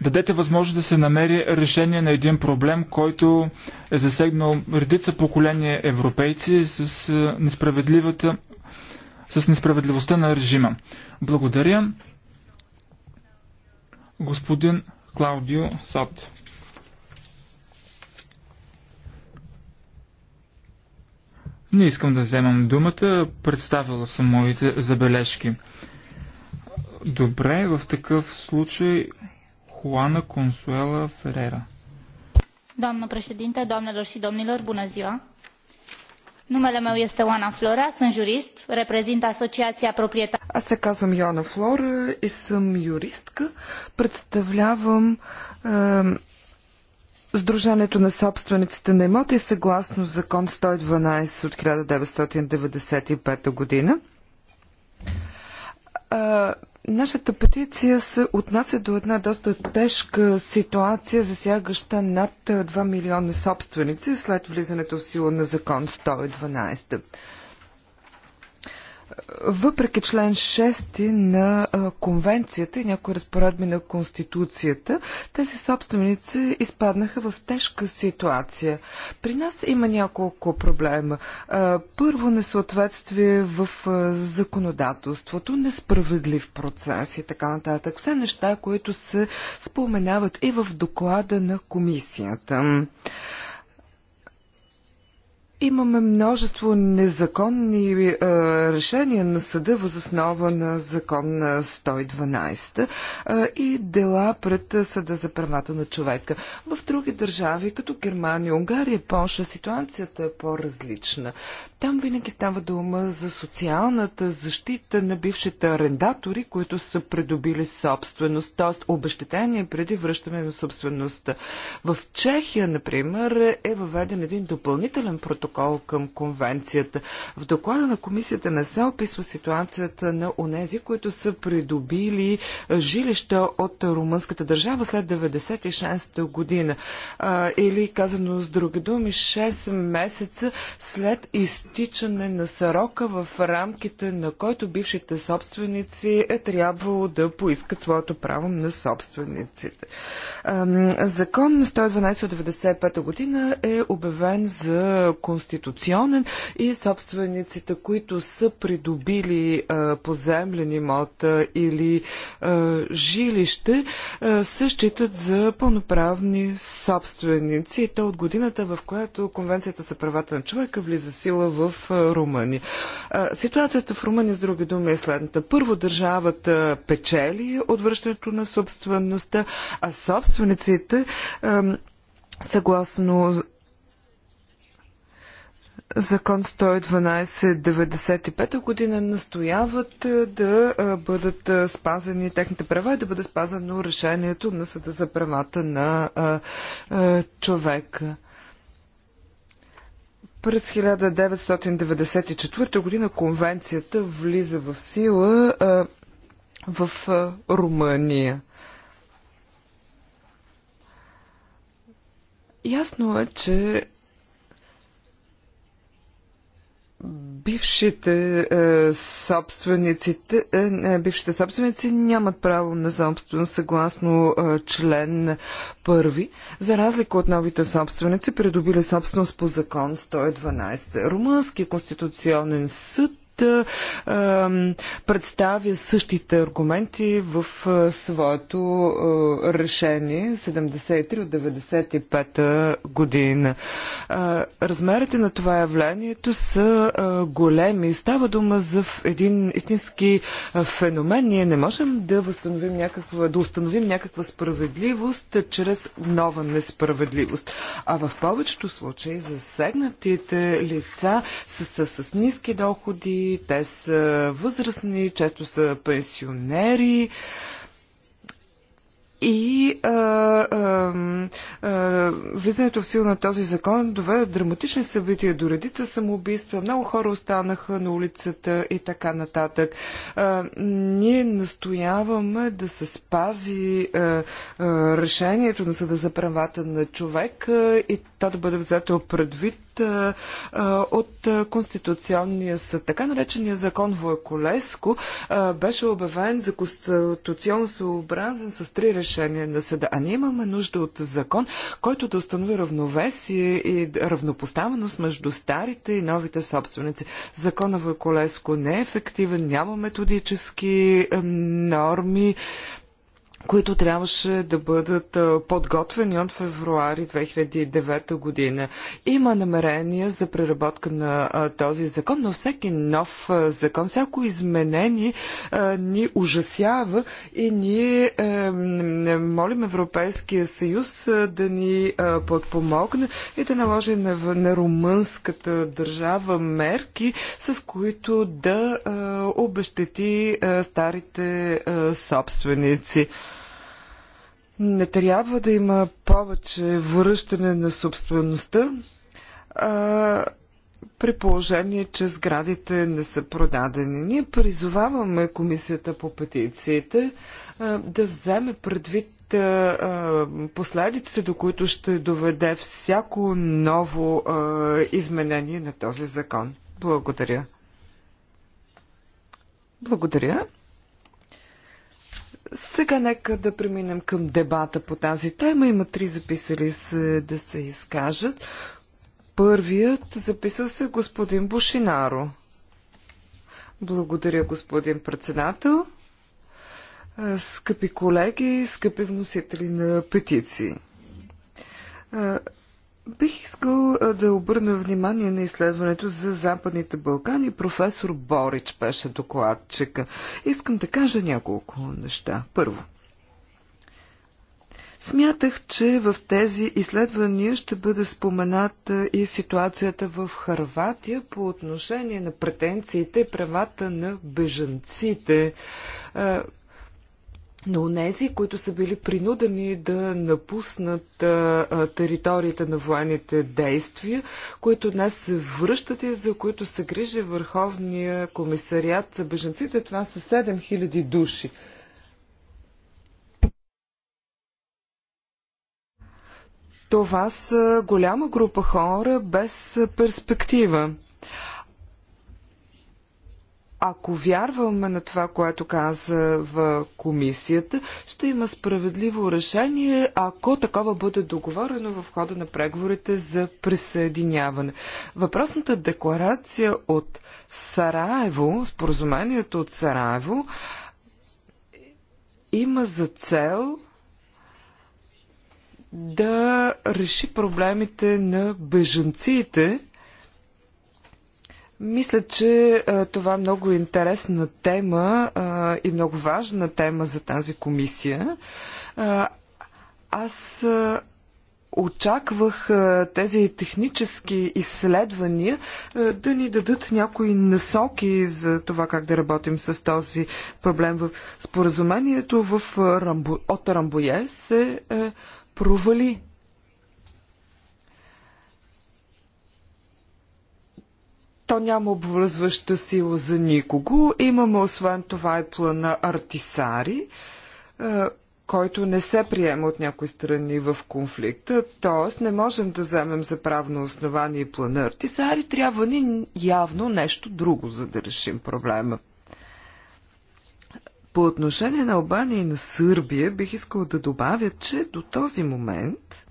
S4: дадете възможност да се намери решение на един проблем, който е засегнал редица поколения европейци с, е, несправедливата, с несправедливостта на режима. Благодаря. Господин Клаудио Сапт. Не искам да вземам думата, представила съм моите забележки. Добре, в такъв случай Хуана Консуела Ферера.
S2: Doamnă președinte, doamnelor și domnilor, bună ziua! Numele meu este Oana Flora, sunt jurist, reprezint Asociația Proprietar.
S1: Аз се казвам Йоана Флора и съм юристка. Представлявам е, Сдружението на собствениците на имоти съгласно закон 112 от 1995 година. Е, Нашата петиция се отнася до една доста тежка ситуация, засягаща над 2 милиона собственици след влизането в сила на закон 112 въпреки член 6 на конвенцията и някои разпоредби на конституцията, тези собственици изпаднаха в тежка ситуация. При нас има няколко проблема. Първо, несъответствие в законодателството, несправедлив процес и така нататък. Все неща, които се споменават и в доклада на комисията. Имаме множество незаконни е, решения на съда въз основа на закон 112 е, и дела пред съда за правата на човека. В други държави, като Германия, Унгария и Польша, ситуацията е по-различна. Там винаги става дума за социалната защита на бившите арендатори, които са придобили собственост, т.е. обещетение преди връщане на собствеността. В Чехия, например, е въведен един допълнителен протокол протокол към конвенцията. В доклада на комисията не се описва ситуацията на онези, които са придобили жилища от румънската държава след 96-та година. Или казано с други думи, 6 месеца след изтичане на срока в рамките на който бившите собственици е трябвало да поискат своето право на собствениците. Закон на 112 от 95-та година е обявен за конституционен конституционен и собствениците, които са придобили поземлен имот или жилище, се считат за пълноправни собственици. И то от годината, в която Конвенцията за правата на човека влиза сила в Румъния. Ситуацията в Румъния, с други думи, е следната. Първо, държавата печели от връщането на собствеността, а собствениците съгласно закон 112-95 година настояват е, да е, бъдат е, спазени техните права и да бъде спазено решението на Съда за правата на човека. През 1994 година конвенцията влиза в сила в Румъния. Ясно е, че бившите е, собствениците, е, бившите собственици нямат право на собственост съгласно е, член първи, за разлика от новите собственици, придобили собственост по закон 112. Румънския конституционен съд представя същите аргументи в своето решение 73 от 95 година. Размерите на това явлението са големи. Става дума за един истински феномен. Ние не можем да възстановим някаква, да установим някаква справедливост чрез нова несправедливост. А в повечето случаи засегнатите лица са, са с ниски доходи, те са възрастни, често са пенсионери. И а, а, а, влизането в сила на този закон доведе драматични събития до редица самоубийства. Много хора останаха на улицата и така нататък. А, ние настояваме да се спази а, а, решението на Съда за правата на човек и то да бъде взето предвид е, е, от Конституционния съд. Така наречения закон Войколеско е, беше обявен за конституционно съобразен с три решения на съда. А ние имаме нужда от закон, който да установи равновесие и равнопоставеност между старите и новите собственици. Законът Войколеско не е ефективен, няма методически норми, които трябваше да бъдат подготвени от февруари 2009 година. Има намерение за преработка на този закон, но всеки нов закон, всяко изменение ни ужасява и ние молим Европейския съюз да ни подпомогне и да наложи на, на румънската държава мерки, с които да обещети старите собственици. Не трябва да има повече връщане на собствеността, а, при положение, че сградите не са продадени. Ние призоваваме Комисията по петициите а, да вземе предвид последиците, до които ще доведе всяко ново а, изменение на този закон. Благодаря. Благодаря. Сега нека да преминем към дебата по тази тема. Има три записали се да се изкажат. Първият записал се господин Бушинаро. Благодаря, господин председател. Скъпи колеги, скъпи вносители на петиции. Бих искал да обърна внимание на изследването за Западните Балкани. Професор Борич беше докладчика. Искам да кажа няколко неща. Първо, Смятах, че в тези изследвания ще бъде спомената и ситуацията в Харватия по отношение на претенциите и правата на бежанците на унези, които са били принудени да напуснат а, територията на военните действия, които днес се връщат и за които се грижи Върховния комисариат за беженците. Това са 7000 души. Това са голяма група хора без перспектива. Ако вярваме на това, което каза в комисията, ще има справедливо решение, ако такова бъде договорено в хода на преговорите за присъединяване. Въпросната декларация от Сараево, споразумението от Сараево, има за цел да реши проблемите на бежанците, мисля, че това е много интересна тема и много важна тема за тази комисия. Аз очаквах тези технически изследвания да ни дадат някои насоки за това как да работим с този проблем. В споразумението в Рамбо, от Рамбоя се е, провали. То няма обвързваща сила за никого. Имаме освен това и плана Артисари, е, който не се приема от някои страни в конфликта, т.е. не можем да вземем за правно основание плана Артисари, трябва ни явно нещо друго, за да решим проблема. По отношение на Албания и на Сърбия бих искал да добавя, че до този момент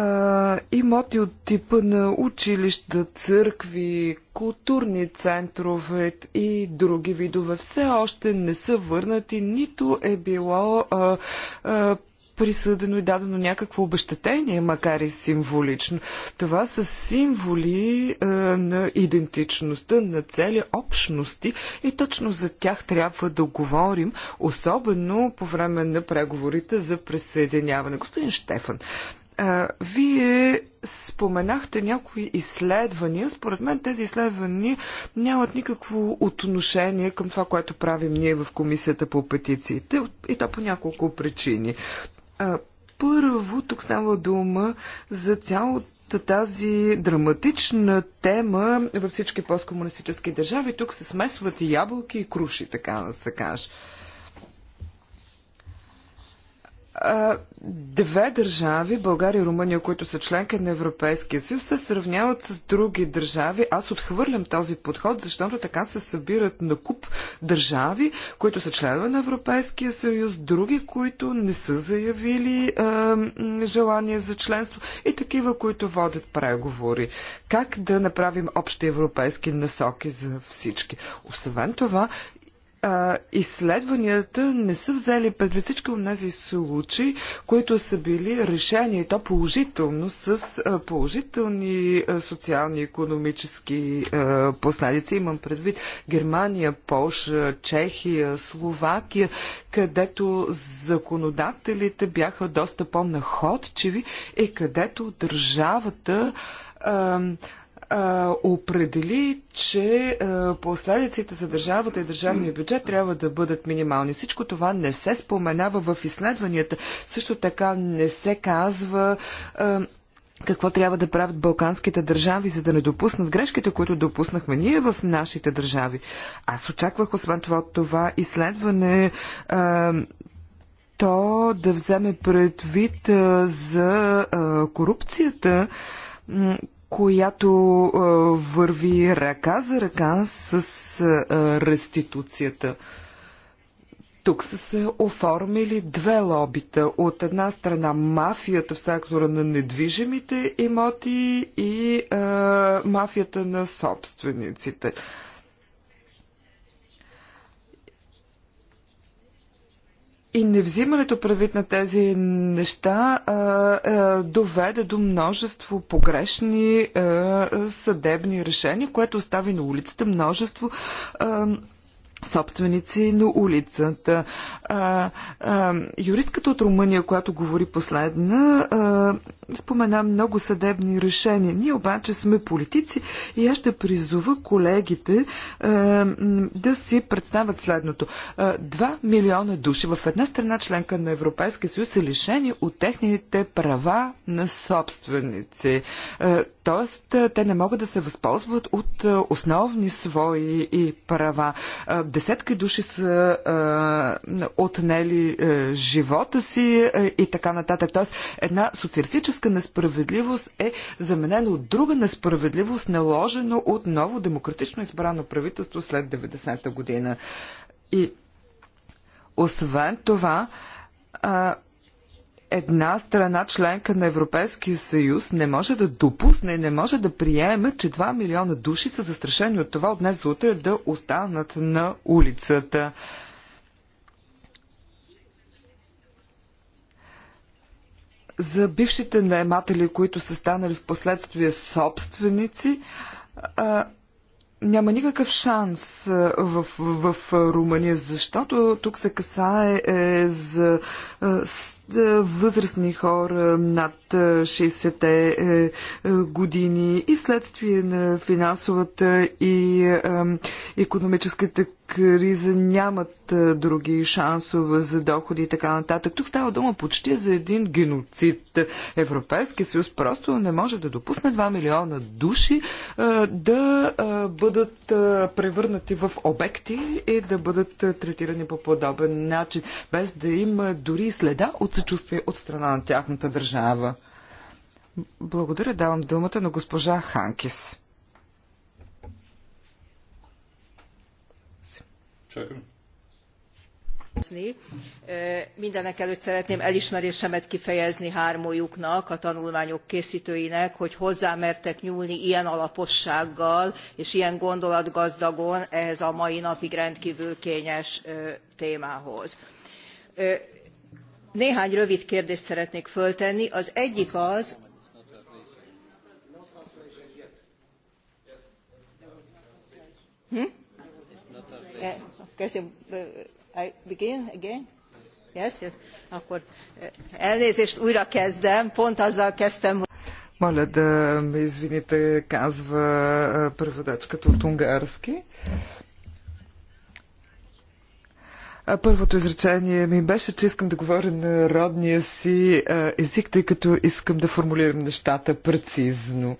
S1: а, имоти е от типа на училища, църкви, културни центрове и други видове все още не са върнати, нито е било а, а, присъдено и дадено някакво обещетение, макар и символично. Това са символи а, на идентичността на цели общности и точно за тях трябва да говорим, особено по време на преговорите за присъединяване. Господин Штефан, вие споменахте някои изследвания. Според мен тези изследвания нямат никакво отношение към това, което правим ние в Комисията по петициите и то по няколко причини. Първо, тук става дума за цялото тази драматична тема във всички посткомунистически държави. Тук се смесват и ябълки, и круши, така да се каже две държави, България и Румъния, които са членки на Европейския съюз, се сравняват с други държави. Аз отхвърлям този подход, защото така се събират на куп държави, които са членове на Европейския съюз, други, които не са заявили а, желание за членство и такива, които водят преговори. Как да направим общи европейски насоки за всички? Освен това, а, изследванията не са взели предвид всички от тези случаи, които са били решени и то положително с а, положителни а, социални и економически а, последици. Имам предвид Германия, Полша, Чехия, Словакия, където законодателите бяха доста по-находчиви и където държавата а, а, определи, че а, последиците за държавата и държавния бюджет трябва да бъдат минимални. Всичко това не се споменава в изследванията. Също така не се казва. А, какво трябва да правят балканските държави, за да не допуснат грешките, които допуснахме ние в нашите държави. Аз очаквах, освен това, това изследване то да вземе предвид за корупцията която върви ръка за ръка с реституцията. Тук са се оформили две лобита. От една страна мафията в сектора на недвижимите имоти и а, мафията на собствениците. И невзимането правит на тези неща а, а, доведе до множество погрешни а, съдебни решения, което остави на улицата множество а, собственици на улицата. А, а, юристката от Румъния, която говори последна, а, спомена много съдебни решения. Ние обаче сме политици и аз ще призова колегите а, да си представят следното. Два милиона души в една страна, членка на Европейския съюз, са лишени от техните права на собственици. А, тоест, те не могат да се възползват от основни свои и права десетки души са а, отнели а, живота си а, и така нататък. Тоест, една социалистическа несправедливост е заменена от друга несправедливост, наложено от ново демократично избрано правителство след 90-та година. И освен това, а, една страна членка на Европейския съюз не може да допусне и не може да приеме, че 2 милиона души са застрашени от това от днес за утре да останат на улицата. За бившите наематели, които са станали в последствие собственици, няма никакъв шанс в, в, в Румъния, защото тук се касае е, за е, е, възрастни хора над 60-те е, е, години и вследствие на финансовата и економическата криза нямат други шансове за доходи и така нататък. Тук става дума почти за един геноцид. Европейски съюз просто не може да допусне 2 милиона души да бъдат превърнати в обекти и да бъдат третирани по подобен начин, без да има дори следа от съчувствие от страна на тяхната държава. Благодаря, давам думата на госпожа Ханкис.
S2: Чакам. Mindenek előtt szeretném elismerésemet kifejezni hármójuknak, a tanulmányok készítőinek, hogy hozzámertek nyúlni ilyen alapossággal és ilyen gondolatgazdagon ehhez a mai napig rendkívül kényes témához Néhány rövid kérdést szeretnék föltenni. Az egyik az,
S3: I begin again? Yes, yes. Akkor
S1: elnézést újra kezdem. Pont azzal kezdtem, моля да ме извините, казва преводачката от унгарски. Първото изречение ми беше, че искам да говоря на родния си език, тъй като искам да формулирам нещата прецизно.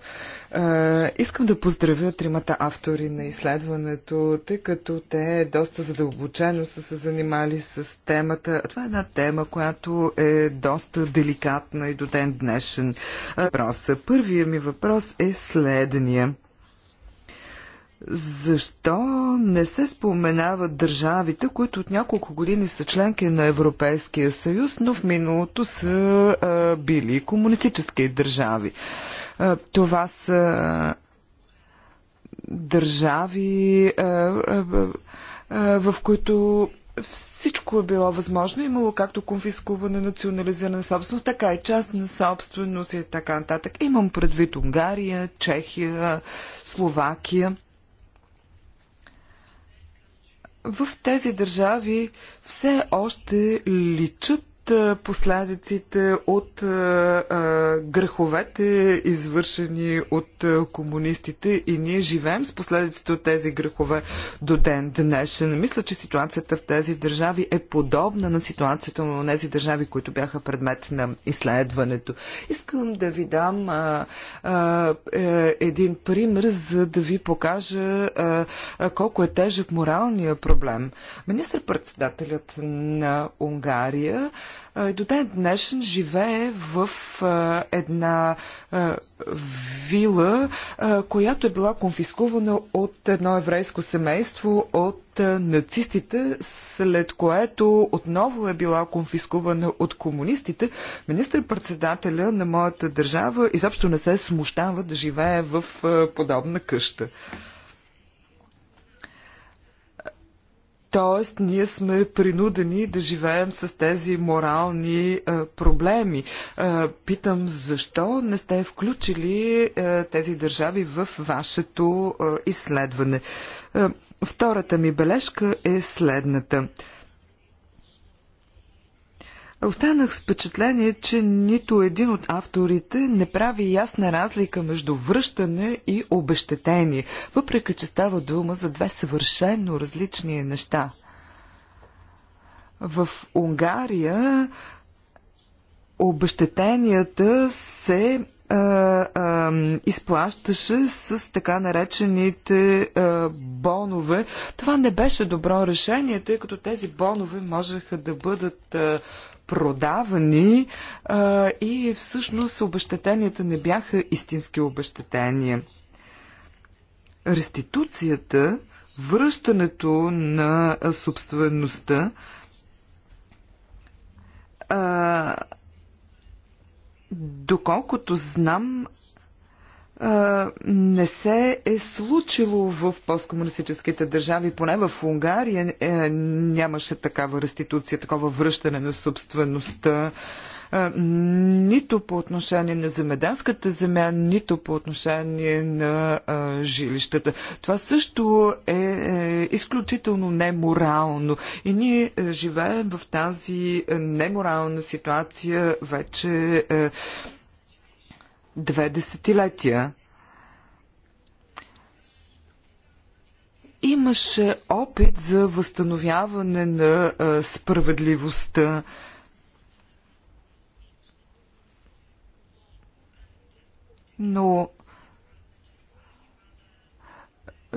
S1: Искам да поздравя тримата автори на изследването, тъй като те доста задълбочено са се занимали с темата. Това е една тема, която е доста деликатна и до ден днешен. Първият ми въпрос е следния. Защо не се споменават държавите, които от няколко години са членки на Европейския съюз, но в миналото са а, били комунистически държави? А, това са държави, а, а, а, в които всичко е било възможно. Имало както конфискуване, национализирана собственост, така и частна собственост и така нататък. Имам предвид Унгария, Чехия, Словакия в тези държави все още личат последиците от греховете, извършени от комунистите и ние живеем с последиците от тези грехове до ден днешен. Мисля, че ситуацията в тези държави е подобна на ситуацията на тези държави, които бяха предмет на изследването. Искам да ви дам а, а, е, един пример, за да ви покажа а, колко е тежък моралния проблем. Министр-председателят на Унгария до ден днешен живее в една вила, която е била конфискувана от едно еврейско семейство от нацистите, след което отново е била конфискувана от комунистите. Министър-председателя на моята държава изобщо не се смущава да живее в подобна къща. Тоест, ние сме принудени да живеем с тези морални а, е, проблеми. А, е, питам, защо не сте включили а, е, тези държави в вашето а, изследване? А, втората ми бележка е следната. А, Останах с впечатление, че нито един от авторите не прави ясна разлика между връщане и обещетение, въпреки че става дума за две съвършенно различни неща. В Унгария обещетенията се а, а, изплащаше с така наречените а, бонове. Това не беше добро решение, тъй като тези бонове можеха да бъдат а, продавани а, и всъщност обещетенията не бяха истински обещетения. Реституцията, връщането на собствеността а, Доколкото знам, не се е случило в посткомунистическите държави, поне в Унгария е, нямаше такава реституция, такова връщане на собствеността, е, нито по отношение на земеданската земя, нито по отношение на е, жилищата. Това също е, е изключително неморално и ние е, живеем в тази неморална ситуация вече. Е, две десетилетия. Имаше опит за възстановяване на а, справедливостта. Но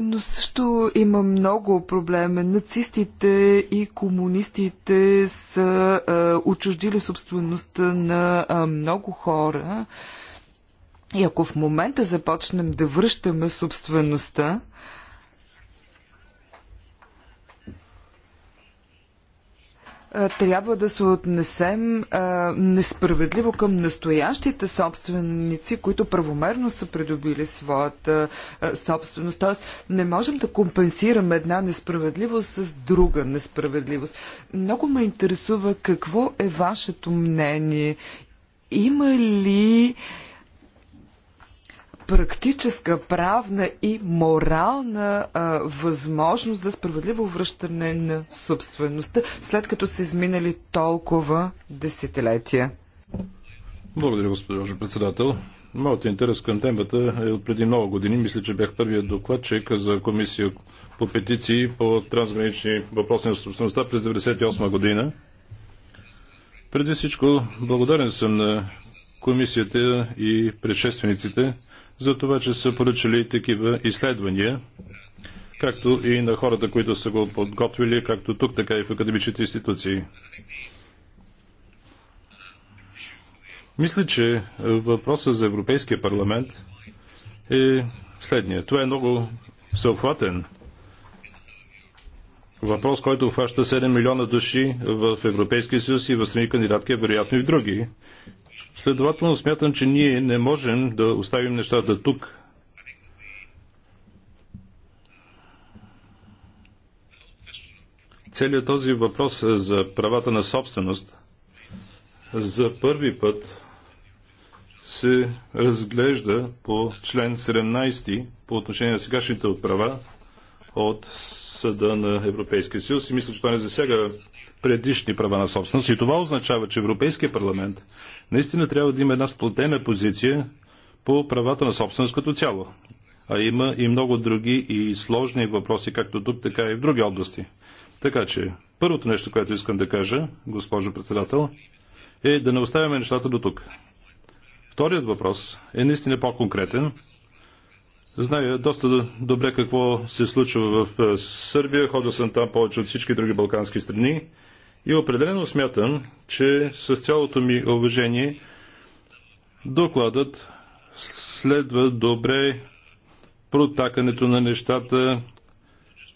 S1: но също има много проблеми. Нацистите и комунистите са а, учуждили собствеността на а, много хора. А, и ако в момента започнем да връщаме собствеността, трябва да се отнесем а, несправедливо към настоящите собственици, които правомерно са придобили своята а, собственост. Тоест, не можем да компенсираме една несправедливост с друга несправедливост. Много ме интересува какво е вашето мнение. Има ли а, практическа, правна и морална а, възможност за справедливо връщане на собствеността, след като са изминали толкова десетилетия.
S2: Благодаря, госпожо председател. Моят интерес към темата е от преди много години. Мисля, че бях първият докладчик за комисия по петиции по трансгранични въпроси на собствеността през 1998 година. Преди всичко, благодарен съм на комисията и предшествениците за това, че са поръчали такива изследвания, както и на хората, които са го подготвили, както тук, така и в академичните институции. Мисля, че въпросът за Европейския парламент е следния. Това е много съобхватен. въпрос, който обхваща 7 милиона души в Европейския съюз и в страни кандидатки, вероятно и в други. Следователно смятам, че ние не можем да оставим нещата тук. Целият този въпрос е за правата на собственост за първи път се разглежда по член 17 по отношение на сегашните отправа от Съда на Европейския съюз и мисля, че това не засяга предишни права на собственост. И това означава, че Европейския парламент Наистина трябва да има една сплотена позиция по правата на собственост като цяло. А има и много други и сложни въпроси, както тук, така и в други области. Така че, първото нещо, което искам да кажа, госпожо председател, е да не оставяме нещата до тук. Вторият въпрос е наистина по-конкретен. Зная доста добре какво се случва в е, Сърбия. Ходил съм там повече от всички други балкански страни. И определено смятам, че с цялото ми уважение докладът следва добре протакането на нещата,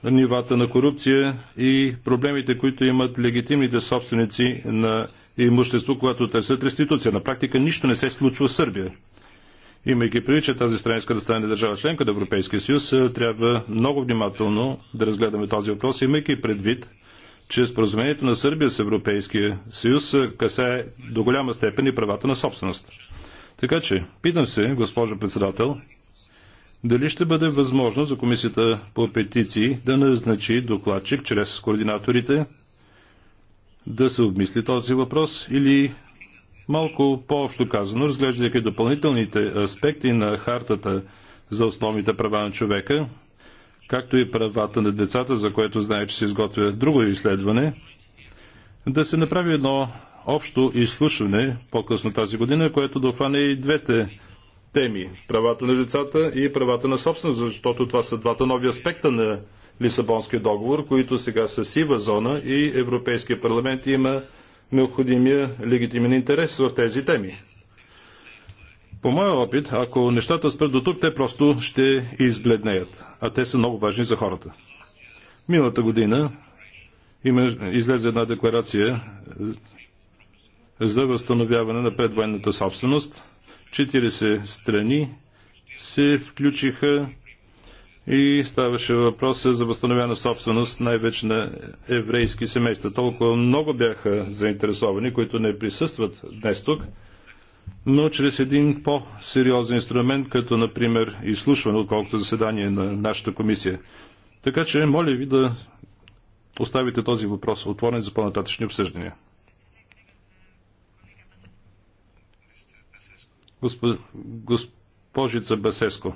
S2: нивата на корупция и проблемите, които имат легитимните собственици на имущество, когато търсят реституция. На практика нищо не се случва в Сърбия. Имайки предвид, че тази страна иска да стане държава членка на Европейския съюз, трябва много внимателно да разгледаме този въпрос, имайки предвид, че споразумението на Сърбия с Европейския съюз касае до голяма степен и правата на собственост. Така че, питам се, госпожо председател, дали ще бъде възможно за комисията по петиции да назначи докладчик чрез координаторите да се обмисли този въпрос или малко по-общо казано, разглеждайки допълнителните аспекти на хартата за основните права на човека, както и правата на децата, за което знае, че се изготвя друго изследване, да се направи едно общо изслушване по-късно тази година, което да хване и двете теми – правата на децата и правата на собственост, защото това са двата нови аспекта на Лисабонския договор, които сега са сива зона и Европейския парламент има необходимия легитимен интерес в тези теми. По моя опит, ако нещата спрат до тук, те просто ще избледнеят, а те са много важни за хората. Миналата година има, излезе една декларация е, за възстановяване на предвоенната собственост. 40 страни се включиха и ставаше въпрос за възстановяване на собственост най-вече на еврейски семейства. Толкова много бяха заинтересовани, които не присъстват днес тук – но чрез един по-сериозен инструмент, като например изслушване, отколкото заседание на нашата комисия. Така че, моля ви да оставите този въпрос отворен за по-нататъчни обсъждания. Госпожица Басеско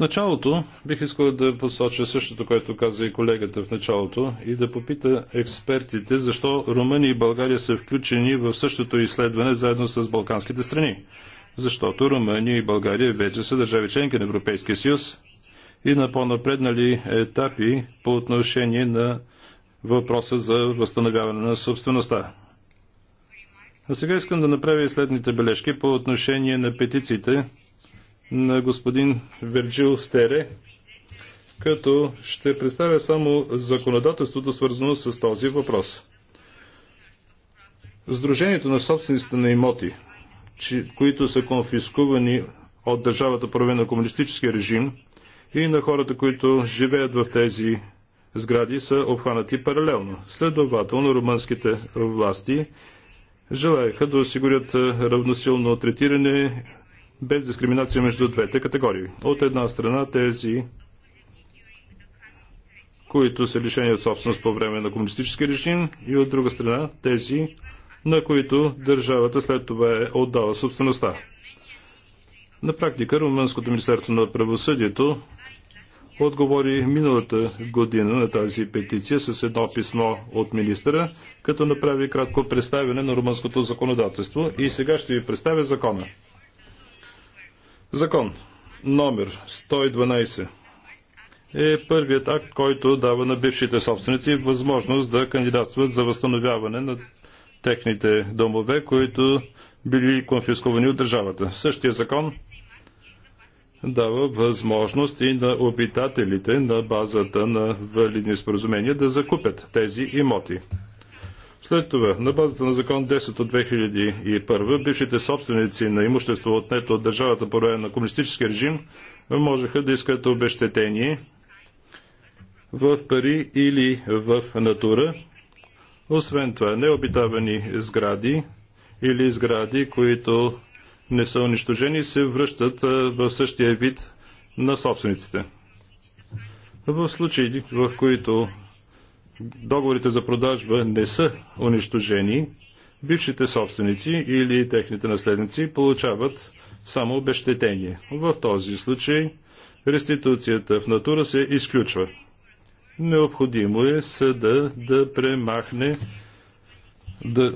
S2: началото бих искал да посоча същото, което каза и колегата в началото и да попита експертите защо Румъния и България са включени в същото изследване заедно с балканските страни. Защото Румъния и България вече са държави членки на Европейския съюз и на по-напреднали етапи по отношение на въпроса за възстановяване на собствеността. А сега искам да направя и следните бележки по отношение на петициите, на господин Верджил Стере, като ще представя само законодателството, свързано с този въпрос. Сдружението на собствениците на имоти, които са конфискувани от държавата по на комунистическия режим и на хората, които живеят в тези сгради, са обхванати паралелно. Следователно, румънските власти желаяха да осигурят равносилно третиране без дискриминация между двете категории. От една страна тези, които са лишени от собственост по време на комунистически режим и от друга страна тези, на които държавата след това е отдала собствеността. На практика Румънското министерство на правосъдието отговори миналата година на тази петиция с едно писмо от министъра, като направи кратко представяне на румънското законодателство и сега ще ви представя закона. Закон номер 112 е първият акт, който дава на бившите собственици възможност да кандидатстват за възстановяване на техните домове, които били конфискувани от държавата. Същия закон дава възможност и на обитателите на базата на валидни споразумения да закупят тези имоти. След това, на базата на закон 10 от 2001, бившите собственици на имущество отнето от държавата по време на комунистически режим можеха да искат обещетение в пари или в натура. Освен това, необитавани сгради или сгради, които не са унищожени, се връщат в същия вид на собствениците. В случаи, в които договорите за продажба не са унищожени, бившите собственици или техните наследници получават само обещетение. В този случай реституцията в натура се изключва. Необходимо е съда да премахне да,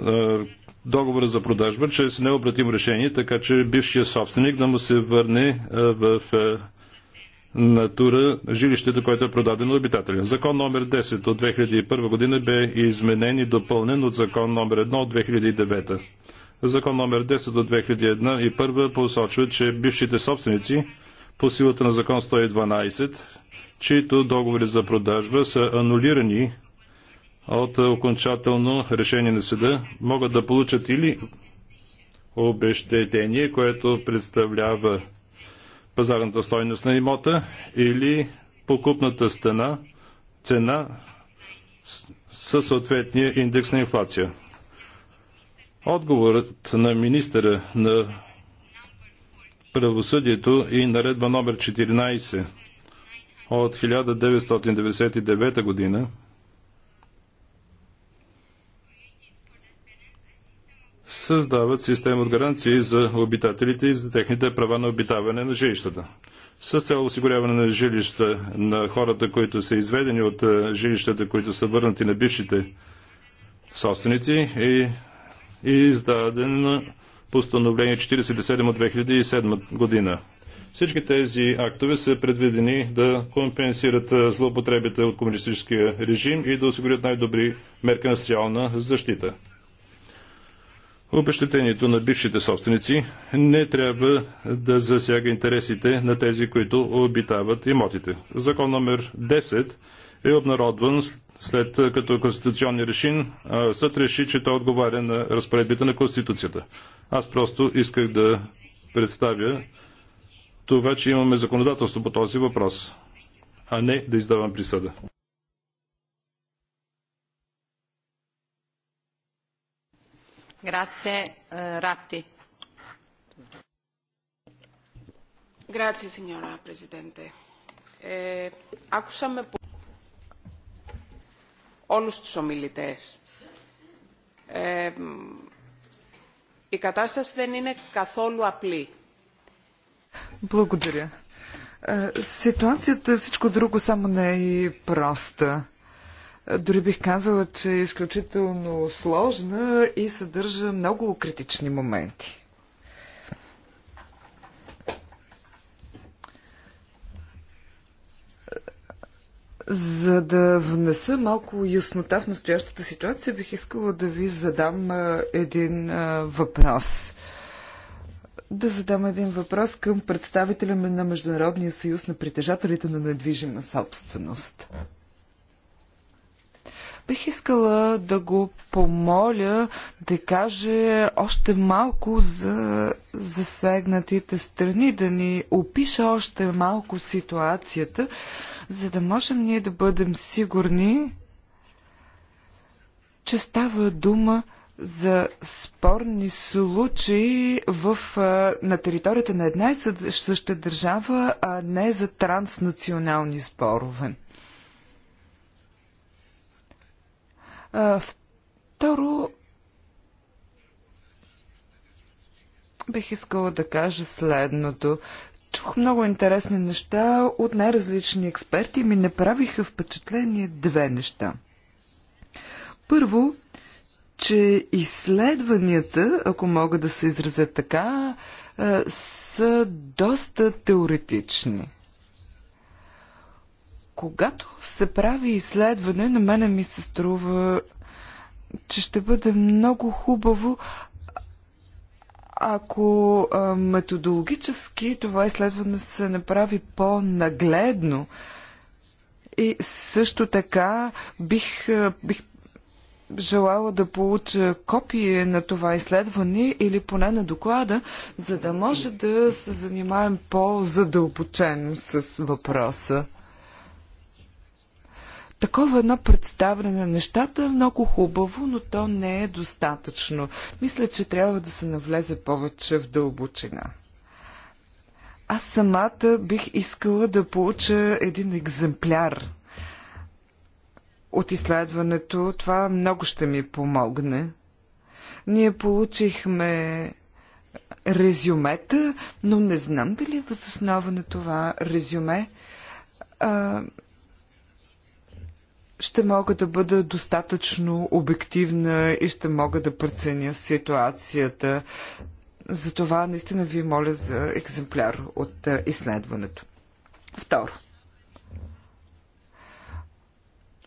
S2: договора за продажба чрез необратим решение, така че бившия собственик да му се върне в натура жилището, което е продадено на обитателя. Закон номер 10 от 2001 година бе изменен и допълнен от закон номер 1 от 2009. Закон номер 10 от 2001 и 1 посочва, че бившите собственици по силата на закон 112, чието договори за продажба са анулирани от окончателно решение на съда, могат да получат или обещетение, което представлява пазарната стойност на имота или покупната стена, цена със съответния индекс на инфлация. Отговорът на министъра на правосъдието и наредба номер 14 от 1999 година създават система от гаранции за обитателите и за техните права на обитаване на жилищата. С цел осигуряване на жилища на хората, които са изведени от е, жилищата, които са върнати на бившите собственици и, и издадено постановление 47 от 2007 година. Всички тези актове са предвидени да компенсират е, злоупотребите от комунистическия режим и да осигурят най-добри мерки на социална защита. Обещетението на бившите собственици не трябва да засяга интересите на тези, които обитават имотите. Закон номер 10 е обнародван след като Конституционни решин, съд реши, че той отговаря на разпоредбите на Конституцията. Аз просто исках да представя това, че имаме законодателство по този въпрос, а не да издавам присъда.
S3: Grazie, signora Presidente. Ε, άκουσα με
S1: όλους τους ομιλητές. Ε,
S2: η κατάσταση δεν είναι καθόλου απλή.
S1: Благодаря. Ситуацията всичко друго само не е проста дори бих казала, че е изключително сложна и съдържа много критични моменти. За да внеса малко яснота в настоящата ситуация, бих искала да ви задам един въпрос. Да задам един въпрос към представителя на Международния съюз на притежателите на недвижима собственост. Бих искала да го помоля да каже още малко за засегнатите страни, да ни опише още малко ситуацията, за да можем ние да бъдем сигурни, че става дума за спорни случаи в, на територията на една и съща държава, а не за транснационални спорове. Второ, бих искала да кажа следното. Чух много интересни неща от най-различни експерти и ми направиха впечатление две неща. Първо, че изследванията, ако мога да се изразя така, са доста теоретични. Когато се прави изследване, на мене ми се струва, че ще бъде много хубаво, ако а, методологически това изследване се направи по-нагледно. И също така бих, бих желала да получа копие на това изследване или поне на доклада, за да може да се занимаем по-задълбочено с въпроса. Такова едно представяне на нещата е много хубаво, но то не е достатъчно. Мисля, че трябва да се навлезе повече в дълбочина. Аз самата бих искала да получа един екземпляр от изследването. Това много ще ми помогне. Ние получихме резюмета, но не знам дали е възоснова на това резюме а, ще мога да бъда достатъчно обективна и ще мога да преценя ситуацията. Затова наистина ви моля за екземпляр от изследването. Второ.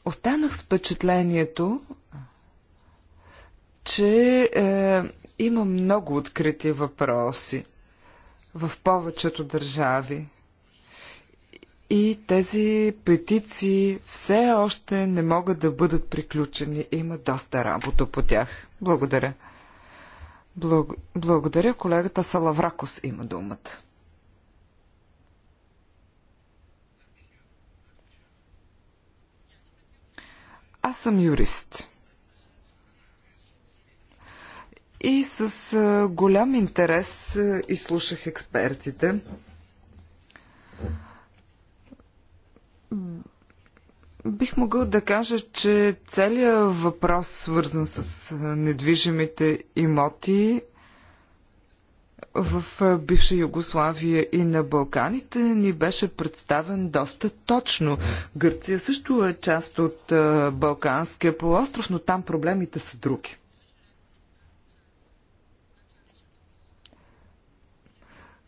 S1: Останах с впечатлението, че е, има много открити въпроси в повечето държави и тези петиции все още не могат да бъдат приключени. Има доста работа по тях. Благодаря. Благ... Благодаря. Колегата Салавракос има думата. Аз съм юрист. И с голям интерес изслушах експертите. Бих могъл да кажа, че целият въпрос, свързан с недвижимите имоти в бивша Югославия и на Балканите, ни беше представен доста точно. Гърция също е част от Балканския полуостров, но там проблемите са други.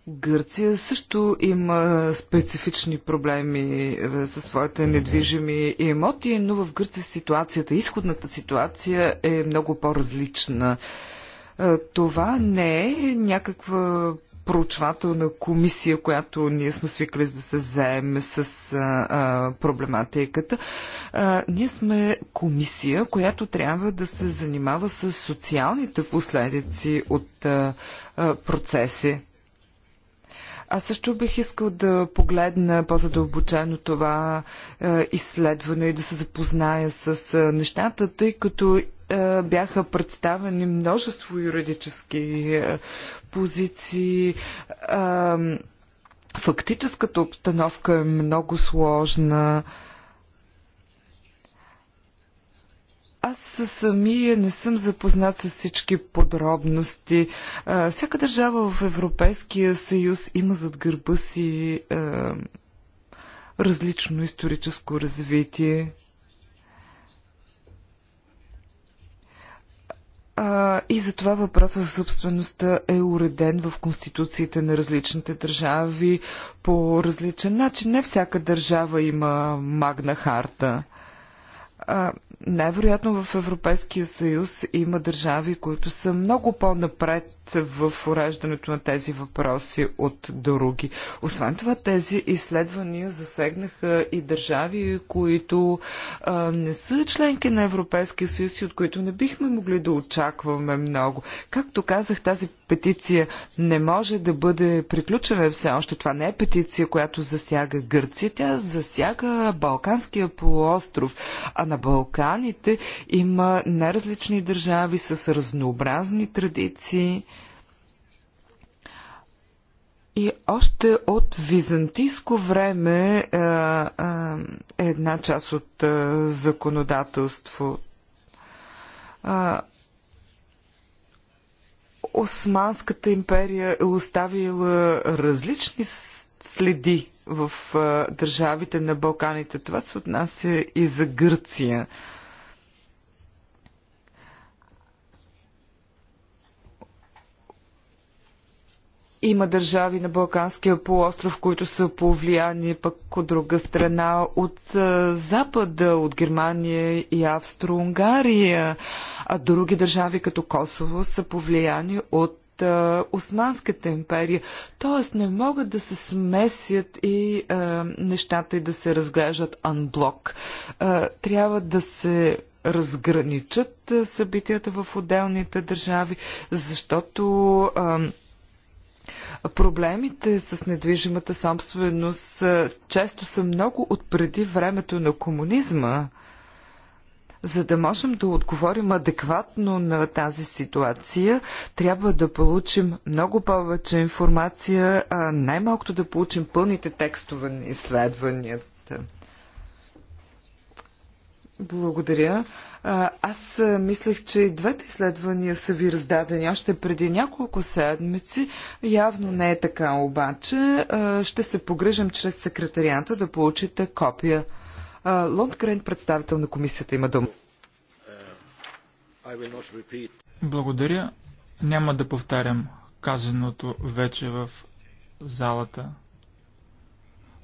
S1: Гърция също има специфични проблеми е, със своите недвижими имоти, но в Гърция ситуацията, изходната ситуация е много по-различна. Е, това не е някаква проучвателна комисия, която ние сме свикли да се заеме с а, а, проблематиката. А, ние сме комисия, която трябва да се занимава с социалните последици от а, а, процеси. Аз също бих искал да погледна по-задълбочено това е, изследване и да се запозная с е, нещата, тъй като е, бяха представени множество юридически е, позиции. Е, фактическата обстановка е много сложна. Е, Аз самия не съм запознат с всички подробности. А, всяка държава в Европейския съюз има зад гърба си а, различно историческо развитие. А, и затова въпросът за собствеността е уреден в конституциите на различните държави по различен начин. Не всяка държава има магна харта най-вероятно в Европейския съюз има държави, които са много по-напред в уреждането на тези въпроси от други. Освен това, тези изследвания засегнаха и държави, които а, не са членки на Европейския съюз и от които не бихме могли да очакваме много. Както казах, тази петиция не може да бъде приключена все още. Това не е петиция, която засяга Гърция, тя засяга Балканския полуостров. А на Балканите има неразлични държави с разнообразни традиции. И още от византийско време е, една част от законодателство. Османската империя е оставила различни следи в държавите на Балканите. Това се отнася и за Гърция. Има държави на Балканския полуостров, които са повлияни пък от друга страна от Запада, от Германия и Австро-Унгария, а други държави като Косово са повлияни от а, Османската империя. Тоест не могат да се смесят и а, нещата и да се разглеждат анблок. А, трябва да се разграничат събитията в отделните държави, защото а, Проблемите с недвижимата собственост често са много отпреди времето на комунизма. За да можем да отговорим адекватно на тази ситуация, трябва да получим много повече информация, най-малкото да получим пълните текстове на изследванията. Благодаря. Аз мислех, че и двете изследвания са ви раздадени още преди няколко седмици. Явно не е така обаче. Ще се погрижам чрез секретарията да получите копия Лондгрен, представител на комисията, има дума.
S4: Е, Благодаря. Няма да повтарям казаното вече в залата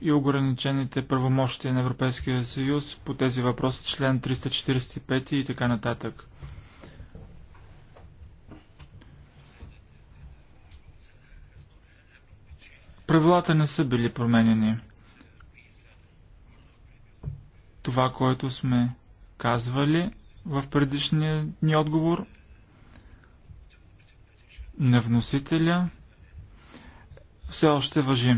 S4: и ограничените правомощия на Европейския съюз по тези въпроси, член 345 и така нататък. Правилата не са били променени това, което сме казвали в предишния ни отговор на вносителя, все още въжи.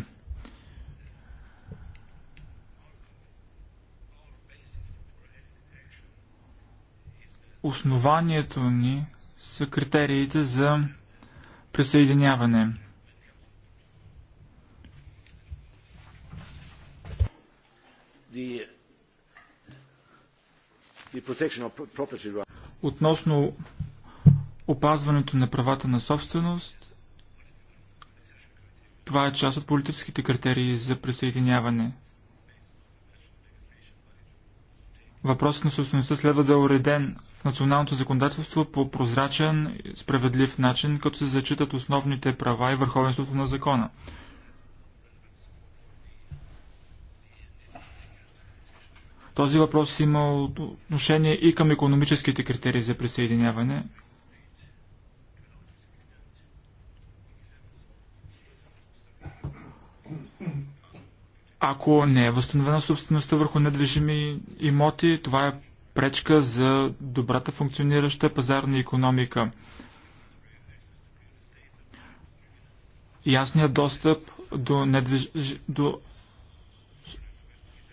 S4: Основанието ни са критериите за присъединяване. The Относно опазването на правата на собственост, това е част от политическите критерии за присъединяване. Въпросът на собствеността следва да е уреден в националното законодателство по прозрачен, справедлив начин, като се зачитат основните права и върховенството на закона. Този въпрос има отношение и към економическите критерии за присъединяване. Ако не е възстановена собствеността върху недвижими имоти, това е пречка за добрата функционираща пазарна економика. Ясният достъп до, недвиж... до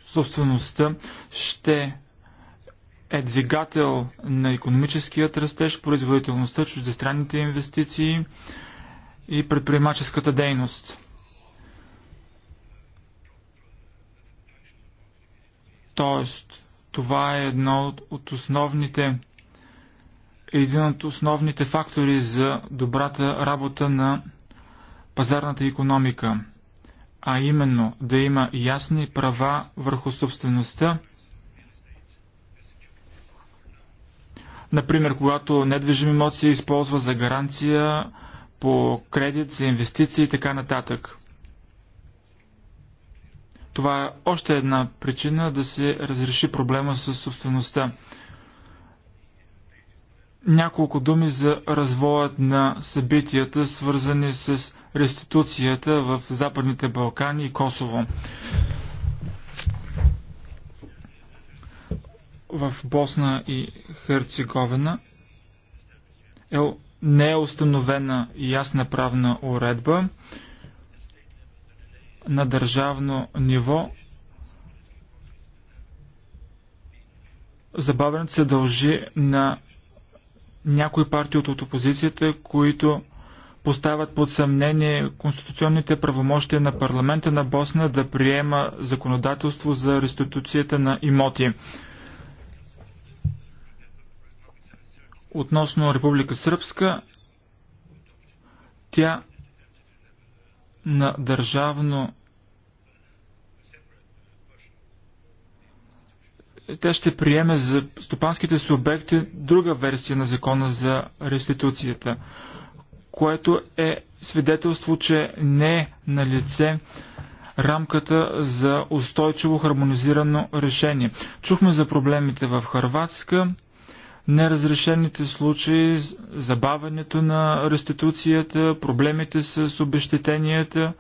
S4: собствеността ще е двигател на економическият растеж, производителността, чуждестранните инвестиции и предприемаческата дейност. Тоест, това е едно от основните, един от основните фактори за добрата работа на пазарната економика а именно да има ясни права върху собствеността. Например, когато недвижим имот се използва за гаранция по кредит, за инвестиции и така нататък. Това е още една причина да се разреши проблема с собствеността. Няколко думи за развоят на събитията, свързани с реституцията в Западните Балкани и Косово. В Босна и Херцеговина е, не е установена ясна правна уредба на държавно ниво. Забавянето се дължи на някои партии от опозицията, които поставят под съмнение конституционните правомощия на парламента на Босна да приема законодателство за реституцията на имоти. Относно Република Сръбска, тя на държавно тя ще приеме за стопанските субекти друга версия на закона за реституцията което е свидетелство, че не е на лице рамката за устойчиво хармонизирано решение. Чухме за проблемите в Харватска, неразрешените случаи, забавянето на реституцията, проблемите с обещетенията.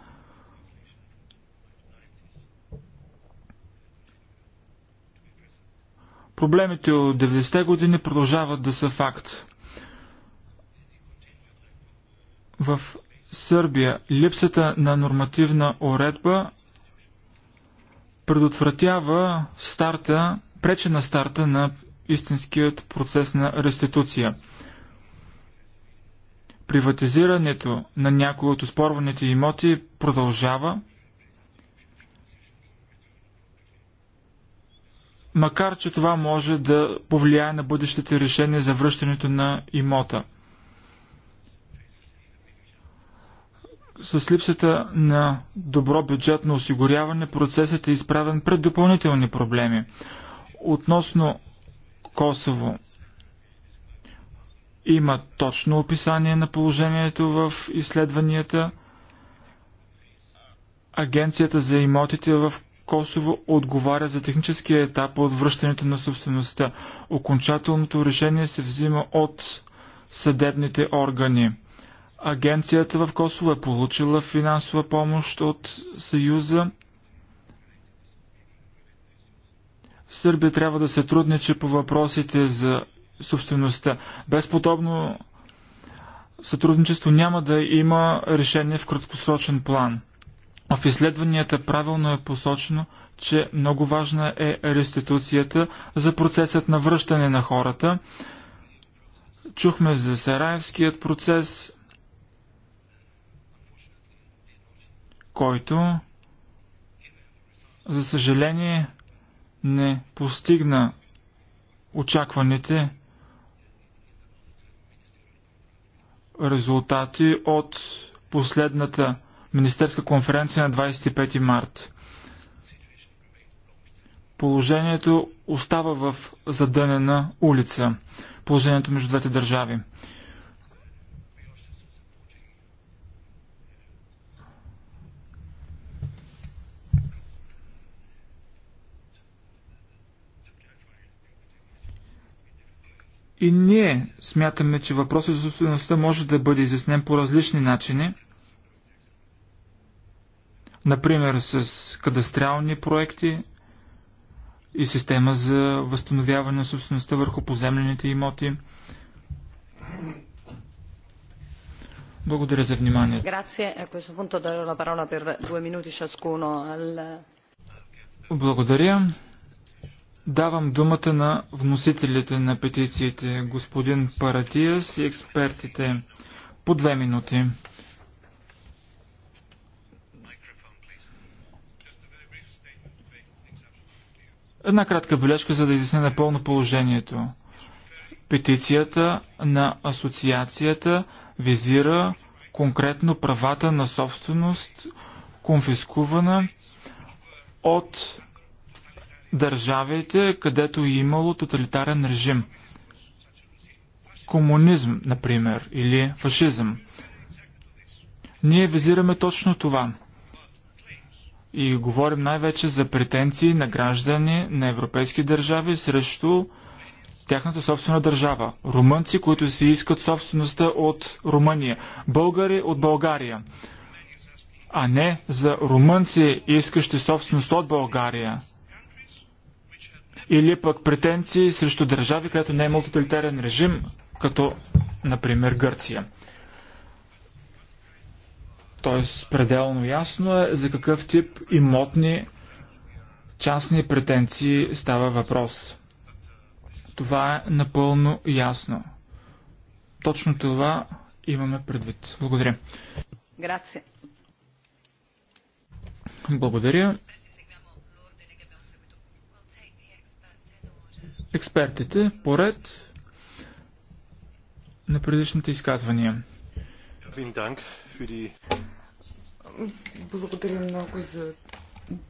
S4: Проблемите от 90-те години продължават да са факт в Сърбия липсата на нормативна уредба предотвратява старта, прече на старта на истинският процес на реституция. Приватизирането на някои от оспорваните имоти продължава, макар че това може да повлияе на бъдещите решения за връщането на имота. С липсата на добро бюджетно осигуряване процесът е изправен пред допълнителни проблеми. Относно Косово има точно описание на положението в изследванията. Агенцията за имотите в Косово отговаря за техническия етап от връщането на собствеността. Окончателното решение се взима от съдебните органи. Агенцията в Косово е получила финансова помощ от Съюза. Сърбия трябва да се трудничи по въпросите за собствеността. Без подобно сътрудничество няма да има решение в краткосрочен план. В изследванията правилно е посочено, че много важна е реституцията за процесът на връщане на хората. Чухме за Сараевският процес, който, за съжаление, не постигна очакваните резултати от последната министерска конференция на 25 март. Положението остава в задънена улица. Положението между двете държави. И ние смятаме, че въпросът за собствеността може да бъде изяснен по различни начини. Например, с кадастрални проекти и система за възстановяване на собствеността върху поземлените имоти. Благодаря за вниманието. Е, Благодаря. Давам думата на вносителите на петициите, господин Паратиас и експертите. По две минути. Една кратка бележка, за да изясня напълно положението. Петицията на асоциацията визира конкретно правата на собственост, конфискувана от държавите, където е имало тоталитарен режим. Комунизъм, например, или фашизъм. Ние визираме точно това. И говорим най-вече за претенции на граждани на европейски държави срещу тяхната собствена държава. Румънци, които си искат собствеността от Румъния. Българи от България. А не за румънци, искащи собственост от България или пък претенции срещу държави, където не е мултиталитарен режим, като например Гърция. Тоест, пределно ясно е за какъв тип имотни частни претенции става въпрос. Това е напълно ясно. Точно това имаме предвид. Благодаря. Благодаря. експертите поред на предишните изказвания.
S1: Благодаря много за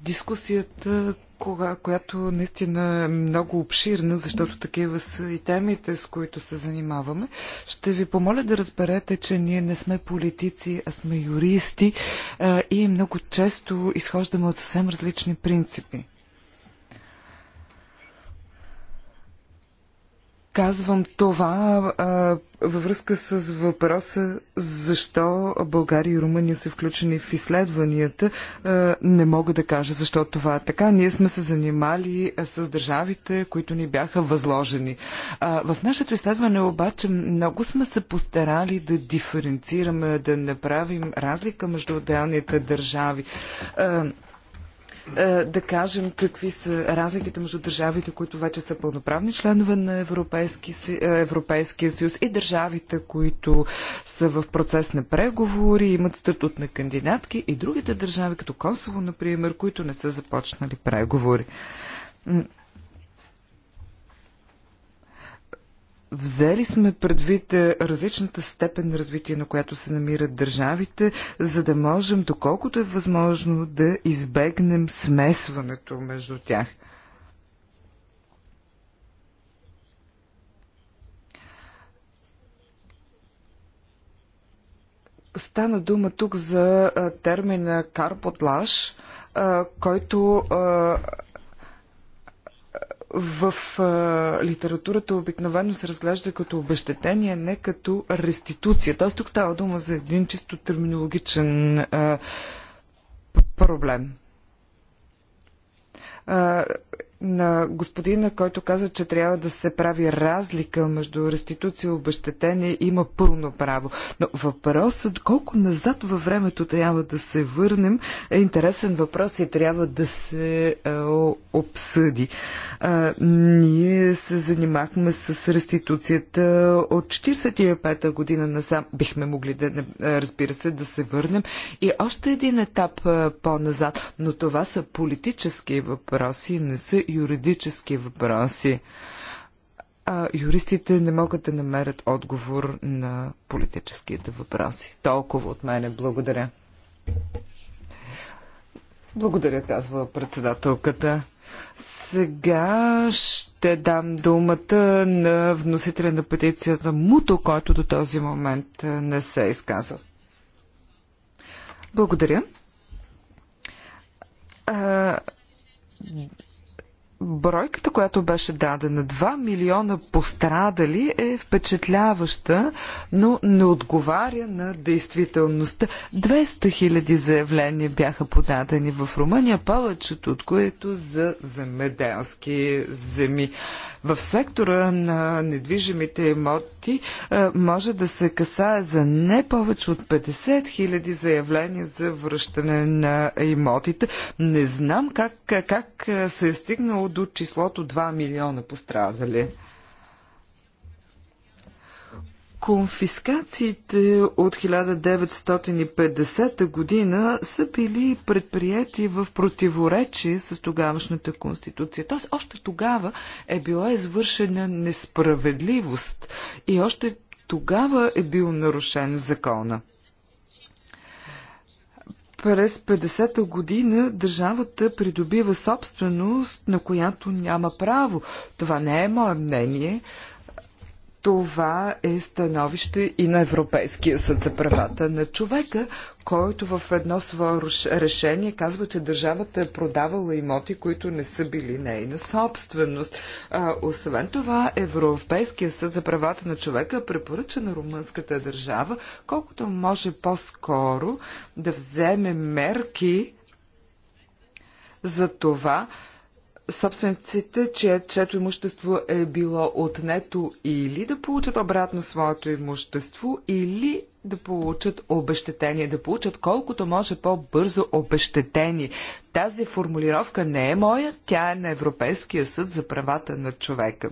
S1: дискусията, кога, която наистина е много обширна, защото такива са и темите, с които се занимаваме. Ще ви помоля да разберете, че ние не сме политици, а сме юристи а, и много често изхождаме от съвсем различни принципи. Казвам това а, във връзка с въпроса защо България и Румъния са включени в изследванията. А, не мога да кажа защо това е така. Ние сме се занимали с държавите, които ни бяха възложени. А, в нашето изследване обаче много сме се постарали да диференцираме, да направим разлика между отделните държави. А, е, да кажем какви са разликите между държавите, които вече са пълноправни членове на Европейски, е, Европейския съюз и държавите, които са в процес на преговори, имат статут на кандидатки и другите държави, като Косово, например, които не са започнали преговори. Взели сме предвид е, различната степен на развитие, на която се намират държавите, за да можем, доколкото е възможно, да избегнем смесването между тях. Стана дума тук за е, термина карпотлаж, е, който в а, литературата обикновено се разглежда като обещетение, не като реституция. Тоест тук става дума за един чисто терминологичен а, проблем. А, на господина, който каза, че трябва да се прави разлика между реституция и обещетение, има пълно право. Но въпросът, колко назад във времето трябва да се върнем, е интересен въпрос и трябва да се е, обсъди. Е, ние се занимахме с реституцията от 45-та година насам. Бихме могли да, е, разбира се, да се върнем и още един етап е, по-назад. Но това са политически въпроси, не са юридически въпроси. А юристите не могат да намерят отговор на политическите въпроси. Толкова от мене. Благодаря. Благодаря, казва председателката. Сега ще дам думата на вносителя на петицията Муто, който до този момент не се е изказал. Благодаря. А, бройката, която беше дадена, 2 милиона пострадали, е впечатляваща, но не отговаря на действителността. 200 хиляди заявления бяха подадени в Румъния, повечето от които за земеделски земи. В сектора на недвижимите имоти е, може да се касае за не повече от 50 хиляди заявления за връщане на имотите. Не знам как, как се е стигнало до числото 2 милиона пострадали. Конфискациите от 1950 година са били предприяти в противоречие с тогавашната конституция. Тоест, още тогава е била извършена несправедливост и още тогава е бил нарушен закона. През 50-та година държавата придобива собственост, на която няма право. Това не е мое мнение. Това е становище и на Европейския съд за правата на човека, който в едно свое решение казва, че държавата е продавала имоти, които не са били нейна собственост. А, освен това, Европейския съд за правата на човека препоръча на румънската държава, колкото може по-скоро да вземе мерки за това, собствениците, чието имущество е било отнето или да получат обратно своето имущество, или да получат обещетение, да получат колкото може по-бързо обещетение. Тази формулировка не е моя, тя е на Европейския съд за правата на човека.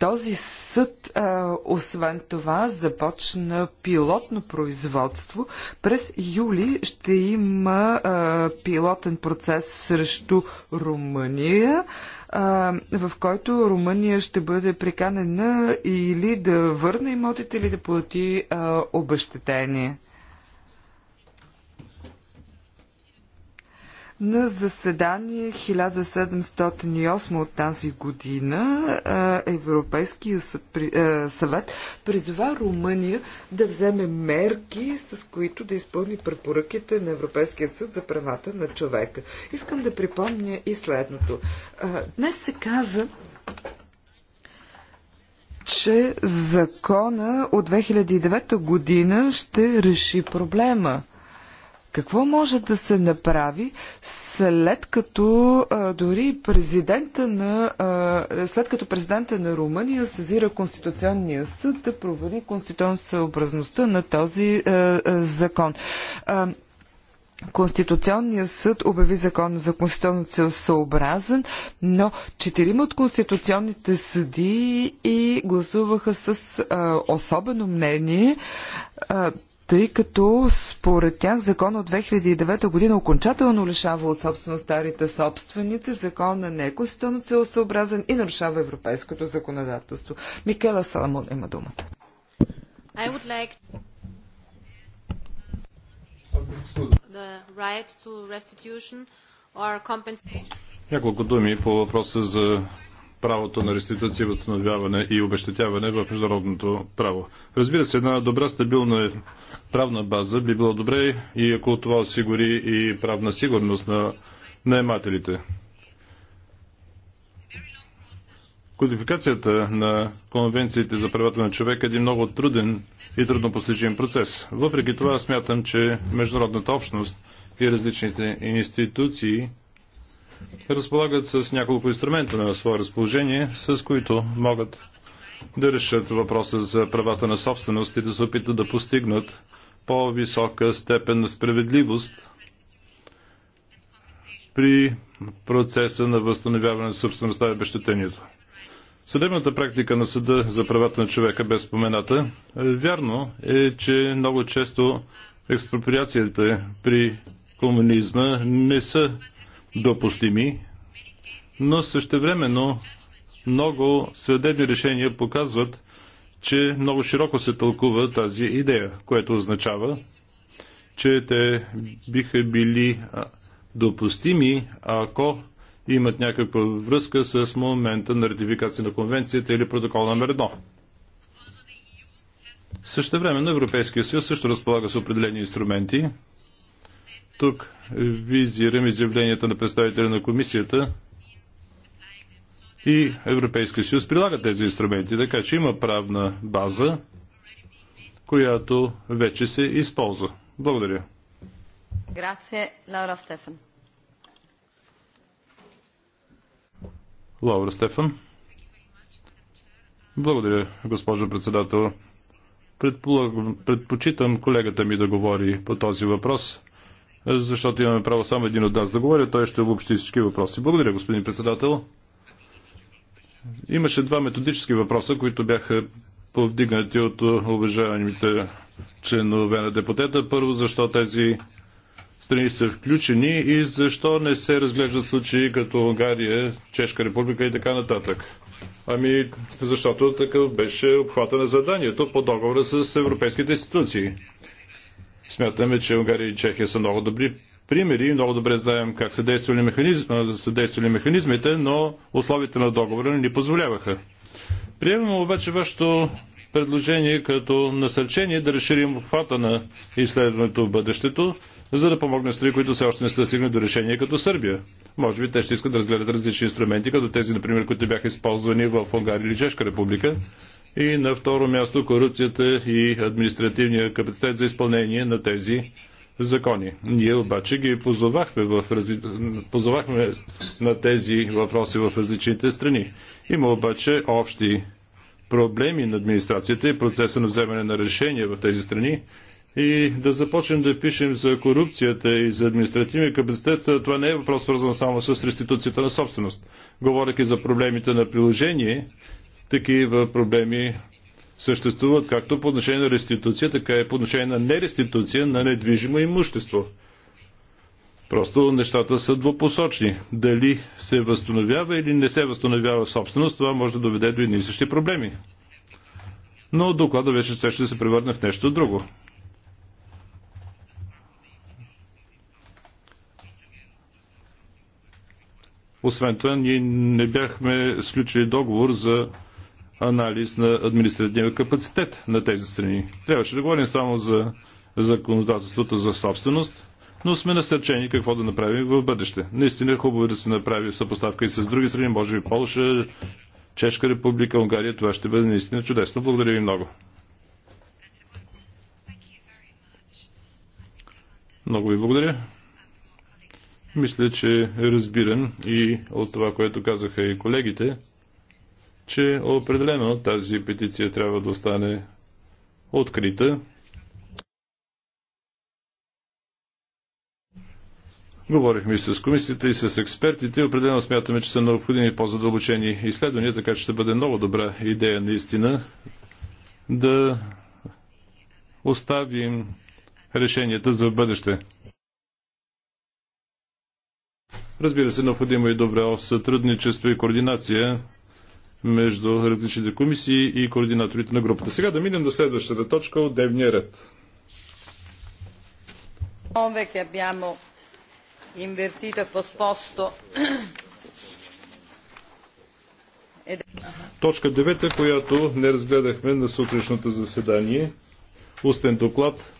S1: Този съд, а, освен това, започна пилотно производство. През юли ще има а, пилотен процес срещу Румъния, а, в който Румъния ще бъде приканена или да върне имотите, или да плати а, обещетение. На заседание 1708 от тази година Европейския съвет призова Румъния да вземе мерки, с които да изпълни препоръките на Европейския съд за правата на човека. Искам да припомня и следното. Днес се каза, че закона от 2009 година ще реши проблема. Какво може да се направи след като а, дори президента на, а, след като президента на Румъния сезира Конституционния съд да провери конституционно на този а, а, закон? А, Конституционният съд обяви закона за конституционно съобразен, но четирима от конституционните съдии и гласуваха с а, особено мнение. А, тъй като според тях закон от 2009 година окончателно лишава от собственост старите собственици, закона не е конституционно целосъобразен и нарушава европейското законодателство. Микела Саламон има думата.
S4: Like... Right
S2: Няколко думи по въпроса за правото на реституция, възстановяване и обещетяване в международното право. Разбира се, една добра, стабилна правна база би било добре и ако това осигури и правна сигурност на наемателите. Кодификацията на конвенциите за правата на човека е един много труден и трудно постижим процес. Въпреки това смятам, че международната общност и различните институции разполагат с няколко инструмента на свое разположение, с които могат да решат въпроса за правата на собственост и да се опитат да постигнат по-висока степен на справедливост при процеса на възстановяване на собствеността и обещетението. Съдебната практика на Съда за правата на човека без спомената вярно е, че много често експроприациите при комунизма не са допустими, но същевременно много съдебни решения показват, че много широко се тълкува тази идея, което означава, че те биха били допустими, ако имат някаква връзка с момента на ратификация на конвенцията или протокол номер 1. Също време на Европейския съюз също разполага с определени инструменти, тук визирам изявленията на представителя на комисията и Европейския съюз прилага тези инструменти, така че има правна база, която вече се използва. Благодаря.
S3: Грация, Лаура Стефан.
S2: Лаура Стефан. Благодаря, госпожо председател. предпочитам колегата ми да говори по този въпрос защото имаме право само един от нас да говори, той ще обобщи всички въпроси. Благодаря, господин председател. Имаше два методически въпроса, които бяха повдигнати от е, уважаемите членове на депутата. Първо, защо тези страни са включени и защо не се разглеждат случаи като Унгария, Чешка република и така нататък. Ами, защото такъв беше обхвата на заданието по договора с европейските институции. Смятаме, че Унгария и Чехия са много добри примери много добре знаем как са действали, механизм, са действали механизмите, но условията на договора не ни позволяваха. Приемаме обаче вашето предложение като насърчение да разширим обхвата на изследването в бъдещето, за да помогне страни, които все още не са стигнали до решение като Сърбия. Може би те ще искат да разгледат различни инструменти, като тези, например, които бяха използвани в Унгария или Чешка република, и на второ място корупцията и административния капацитет за изпълнение на тези закони. Ние обаче ги позовахме, в рази... позовахме на тези въпроси в различните страни. Има обаче общи проблеми на администрацията и процеса на вземане на решения в тези страни. И да започнем да пишем за корупцията и за административния капацитет, това не е въпрос свързан само с реституцията на собственост. Говоряки за проблемите на приложение, такива проблеми съществуват както по отношение на реституция, така и по отношение на нереституция на недвижимо имущество. Просто нещата са двупосочни. Дали се възстановява или не се възстановява собственост, това може да доведе до едни и същи проблеми. Но доклада вече ще се превърне в нещо друго. Освен това, ние не бяхме сключили договор за анализ на административния капацитет на тези страни. Трябваше да говорим само за законодателството за собственост, но сме насърчени какво да направим в бъдеще. Наистина е хубаво да се направи съпоставка и с други страни, може би Полша, Чешка република, Унгария. Това ще бъде наистина чудесно. Благодаря ви много. Много ви благодаря. Мисля, че е разбирам и от това, което казаха и колегите че определено тази петиция трябва да остане открита. Говорихме и с комисията и с експертите. Определено смятаме, че са необходими по-задълбочени изследвания, така че ще бъде много добра идея наистина да оставим решенията за бъдеще. Разбира се, необходимо е и добре сътрудничество и координация между различните комисии и координаторите на групата. Сега да минем до следващата точка от дневния ред. Точка 9, която не разгледахме на сутрешното заседание. Устен доклад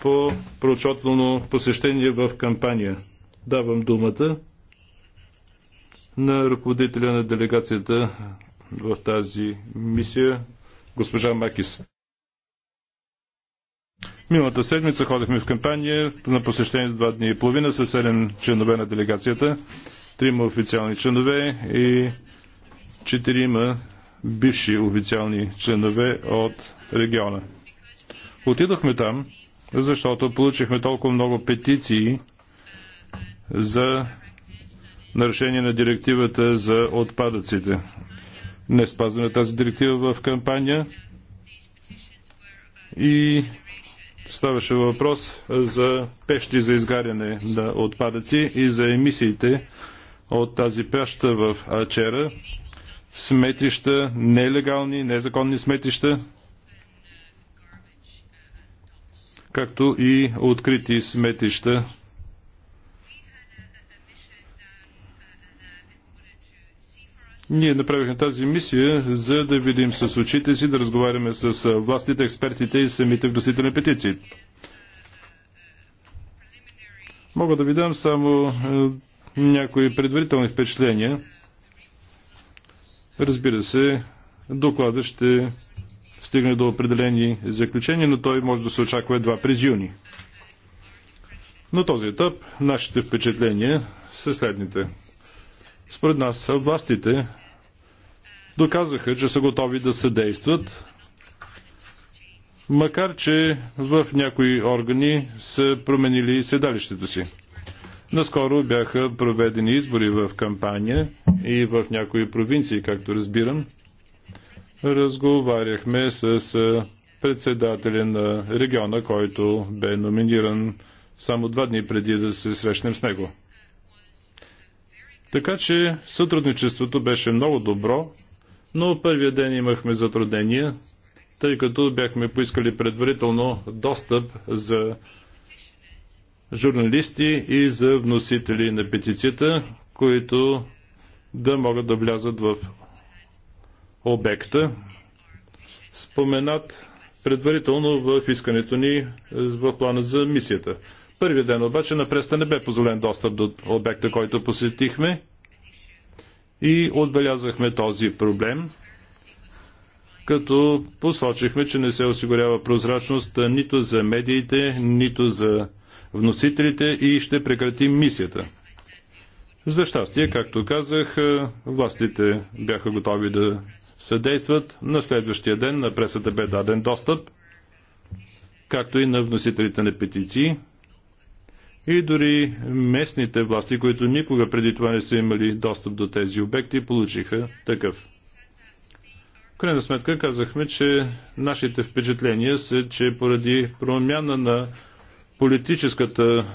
S2: по проучвателно посещение в кампания. Давам думата на ръководителя на делегацията в тази мисия, госпожа Макис. Миналата седмица ходихме в кампания на посещение два дни и половина с 7 членове на делегацията, трима официални членове и четирима бивши официални членове от региона. Отидохме там, защото получихме толкова много петиции за нарушение на директивата за отпадъците. Не спазваме тази директива в кампания и ставаше въпрос за пещи за изгаряне на отпадъци и за емисиите от тази пеща в Ачера, сметища, нелегални, незаконни сметища, както и открити сметища Ние направихме тази мисия, за да видим с очите си, да разговаряме с властите, експертите и самите вносители на петиции. Мога да ви дам само някои предварителни впечатления. Разбира се, доклада ще стигне до определени заключения, но той може да се очаква едва през юни. На този етап нашите впечатления са следните – според нас властите доказаха, че са готови да съдействат, макар че в някои органи са променили седалището си. Наскоро бяха проведени избори в кампания и в някои провинции, както разбирам. Разговаряхме с председателя на региона, който бе номиниран само два дни преди да се срещнем с него. Така че сътрудничеството беше много добро, но първия ден имахме затруднения, тъй като бяхме поискали предварително достъп за журналисти и за вносители на петицията, които да могат да влязат в обекта, споменат предварително в искането ни в плана за мисията първия ден обаче на преста не бе позволен достъп до обекта, който посетихме и отбелязахме този проблем, като посочихме, че не се осигурява прозрачност нито за медиите, нито за вносителите и ще прекратим мисията. За щастие, както казах, властите бяха готови да съдействат. На следващия ден на пресата бе даден достъп, както и на вносителите на петиции. И дори местните власти, които никога преди това не са имали достъп до тези обекти, получиха такъв. В крайна сметка казахме, че нашите впечатления са, че поради промяна на политическата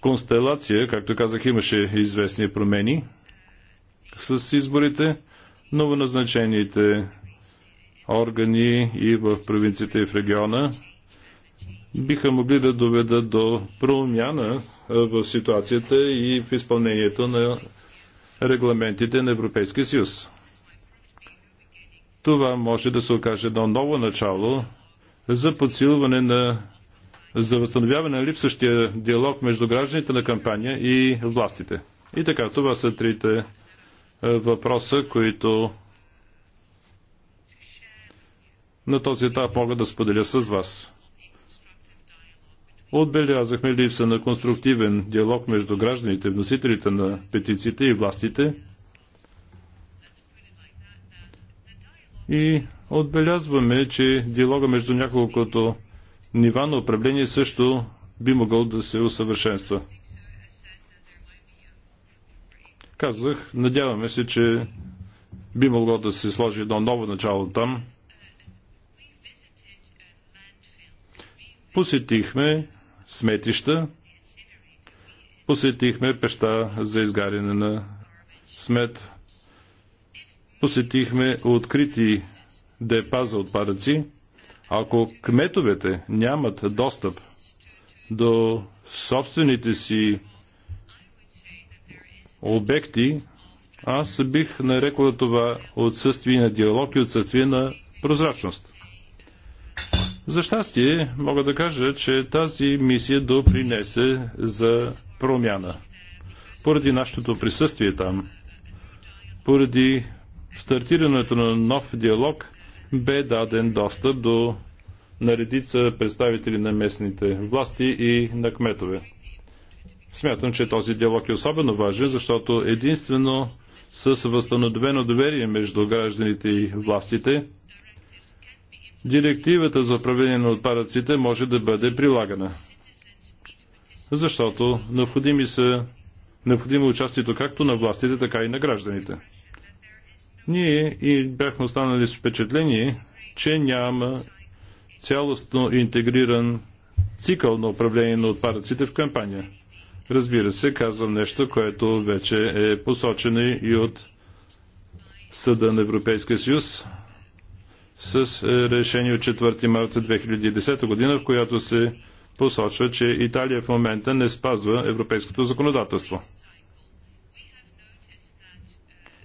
S2: констелация, както казах, имаше известни промени с изборите, новоназначените органи и в провинцията и в региона биха могли да доведат до промяна в ситуацията и в изпълнението на регламентите на Европейския съюз. Това може да се окаже едно ново начало за подсилване на за възстановяване на липсващия диалог между гражданите на кампания и властите. И така, това са трите въпроса, които на този етап мога да споделя с вас. Отбелязахме липса на конструктивен диалог между гражданите, вносителите на петициите и властите. И отбелязваме, че диалога между няколкото нива на управление също би могъл да се усъвършенства. Казах, надяваме се, че би могло да се сложи едно ново начало там. Посетихме сметища. Посетихме пеща за изгаряне на смет. Посетихме открити депа за отпадъци. Ако кметовете нямат достъп до собствените си обекти, аз бих нарекла това отсъствие на диалог и отсъствие на прозрачност. За щастие, мога да кажа, че тази мисия допринесе за промяна. Поради нашето присъствие там, поради стартирането на нов диалог, бе даден достъп до наредица представители на местните власти и на кметове. Смятам, че този диалог е особено важен, защото единствено с възстановено доверие между гражданите и властите – директивата за управление на отпадъците може да бъде прилагана. Защото необходими са необходимо е участието както на властите, така и на гражданите. Ние и бяхме останали с впечатление, че няма цялостно интегриран цикъл на управление на отпадъците в кампания. Разбира се, казвам нещо, което вече е посочено и от Съда на Европейския съюз с е, решение от 4 марта 2010 година, в която се посочва, че Италия в момента не спазва европейското законодателство.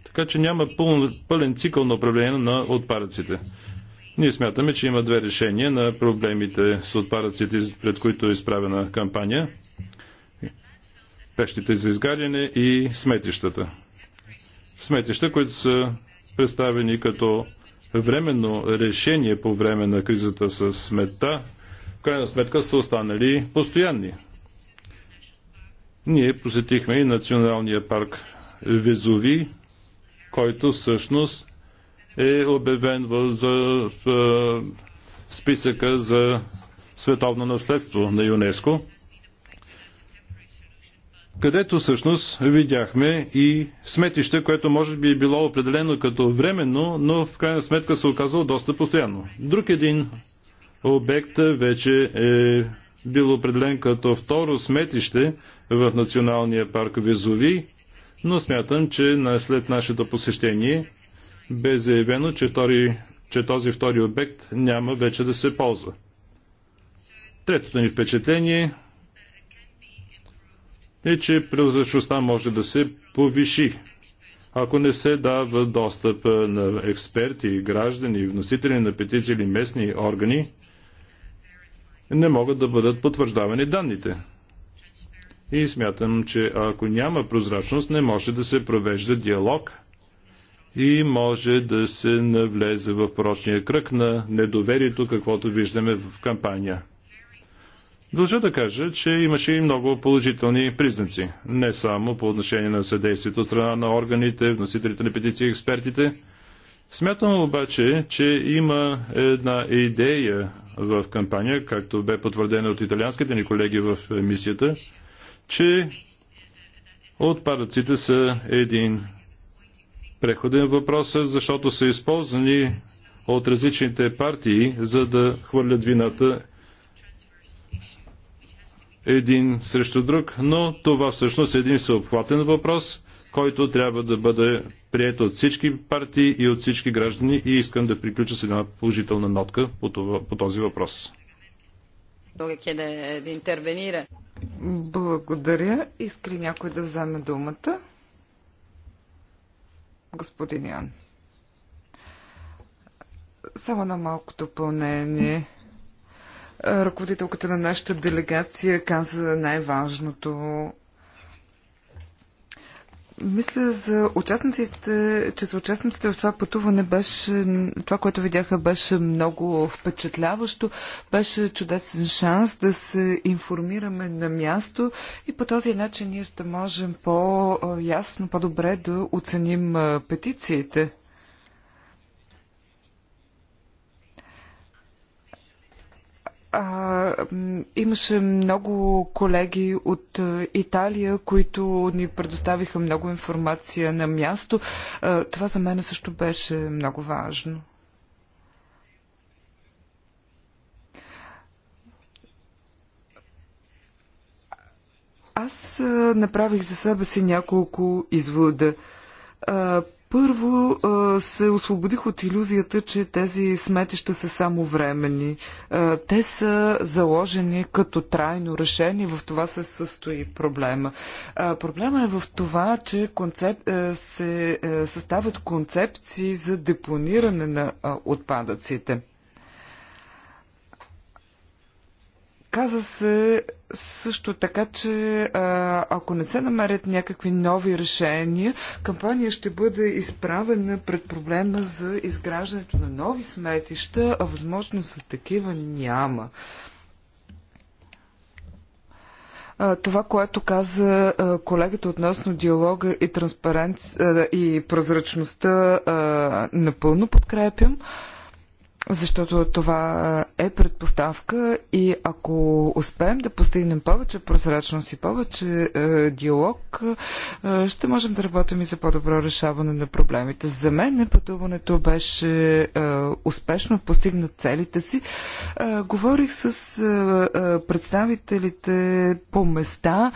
S2: Така че няма пълен, пълен цикъл на управление на отпадъците. Ние смятаме, че има две решения на проблемите с отпадъците, пред които е изправена кампания. Пещите за изгаряне и сметищата. Сметища, които са представени като временно решение по време на кризата с смета, в крайна сметка са останали постоянни. Ние посетихме и националния парк Везови, който всъщност е обявен в, за, в, в списъка за световно наследство на ЮНЕСКО където всъщност видяхме и сметище, което може би е било определено като временно, но в крайна сметка се оказало доста постоянно. Друг един обект вече е бил определен като второ сметище в Националния парк Везови, но смятам, че след нашето посещение бе заявено, че, втори, че този втори обект няма вече да се ползва. Третото ни впечатление е, че прозрачността може да се повиши, ако не се дава достъп е, на експерти, граждани, вносители на петиции или местни органи, не могат да бъдат потвърждавани данните. И смятам, че ако няма прозрачност, не може да се провежда диалог и може да се навлезе в прочния кръг на недоверието, каквото виждаме в кампания. Дължа да кажа, че имаше и много положителни признаци. Не само по отношение на съдействието от страна на органите, вносителите на петиции и експертите. Смятам обаче, че има една идея в кампания, както бе потвърдена от италианските ни колеги в мисията, че отпадъците са един преходен въпрос, защото са използвани от различните партии, за да хвърлят вината един срещу друг, но това всъщност е един всеобхватен въпрос, който трябва да бъде прият от всички партии и от всички граждани и искам да приключа с една положителна нотка по, това, по този въпрос.
S3: Благодаря.
S1: Иска някой да вземе думата? Господин Ян. Само на малко допълнение ръководителката на нашата делегация каза най-важното. Мисля за участниците, че за участниците в това пътуване беше, това, което видяха, беше много впечатляващо. Беше чудесен шанс да се информираме на място и по този начин ние ще можем по-ясно, по-добре да оценим петициите. А, имаше много колеги от Италия, които ни предоставиха много информация на място. А, това за мен също беше много важно. Аз направих за себе си няколко извода. Първо се освободих от иллюзията, че тези сметища са само времени. Те са заложени като трайно решение. В това се състои проблема. Проблема е в това, че концеп... се съставят концепции за депониране на отпадъците. Каза се също така, че ако не се намерят някакви нови решения, кампания ще бъде изправена пред проблема за изграждането на нови сметища, а възможност за такива няма. Това, което каза колегата относно диалога и, транспарент и прозрачността, напълно подкрепям защото това е предпоставка и ако успеем да постигнем повече прозрачност и повече е, диалог, е, ще можем да работим и за по-добро решаване на проблемите. За мен пътуването беше е, успешно, постигна целите си. Е, говорих с е, е представителите по места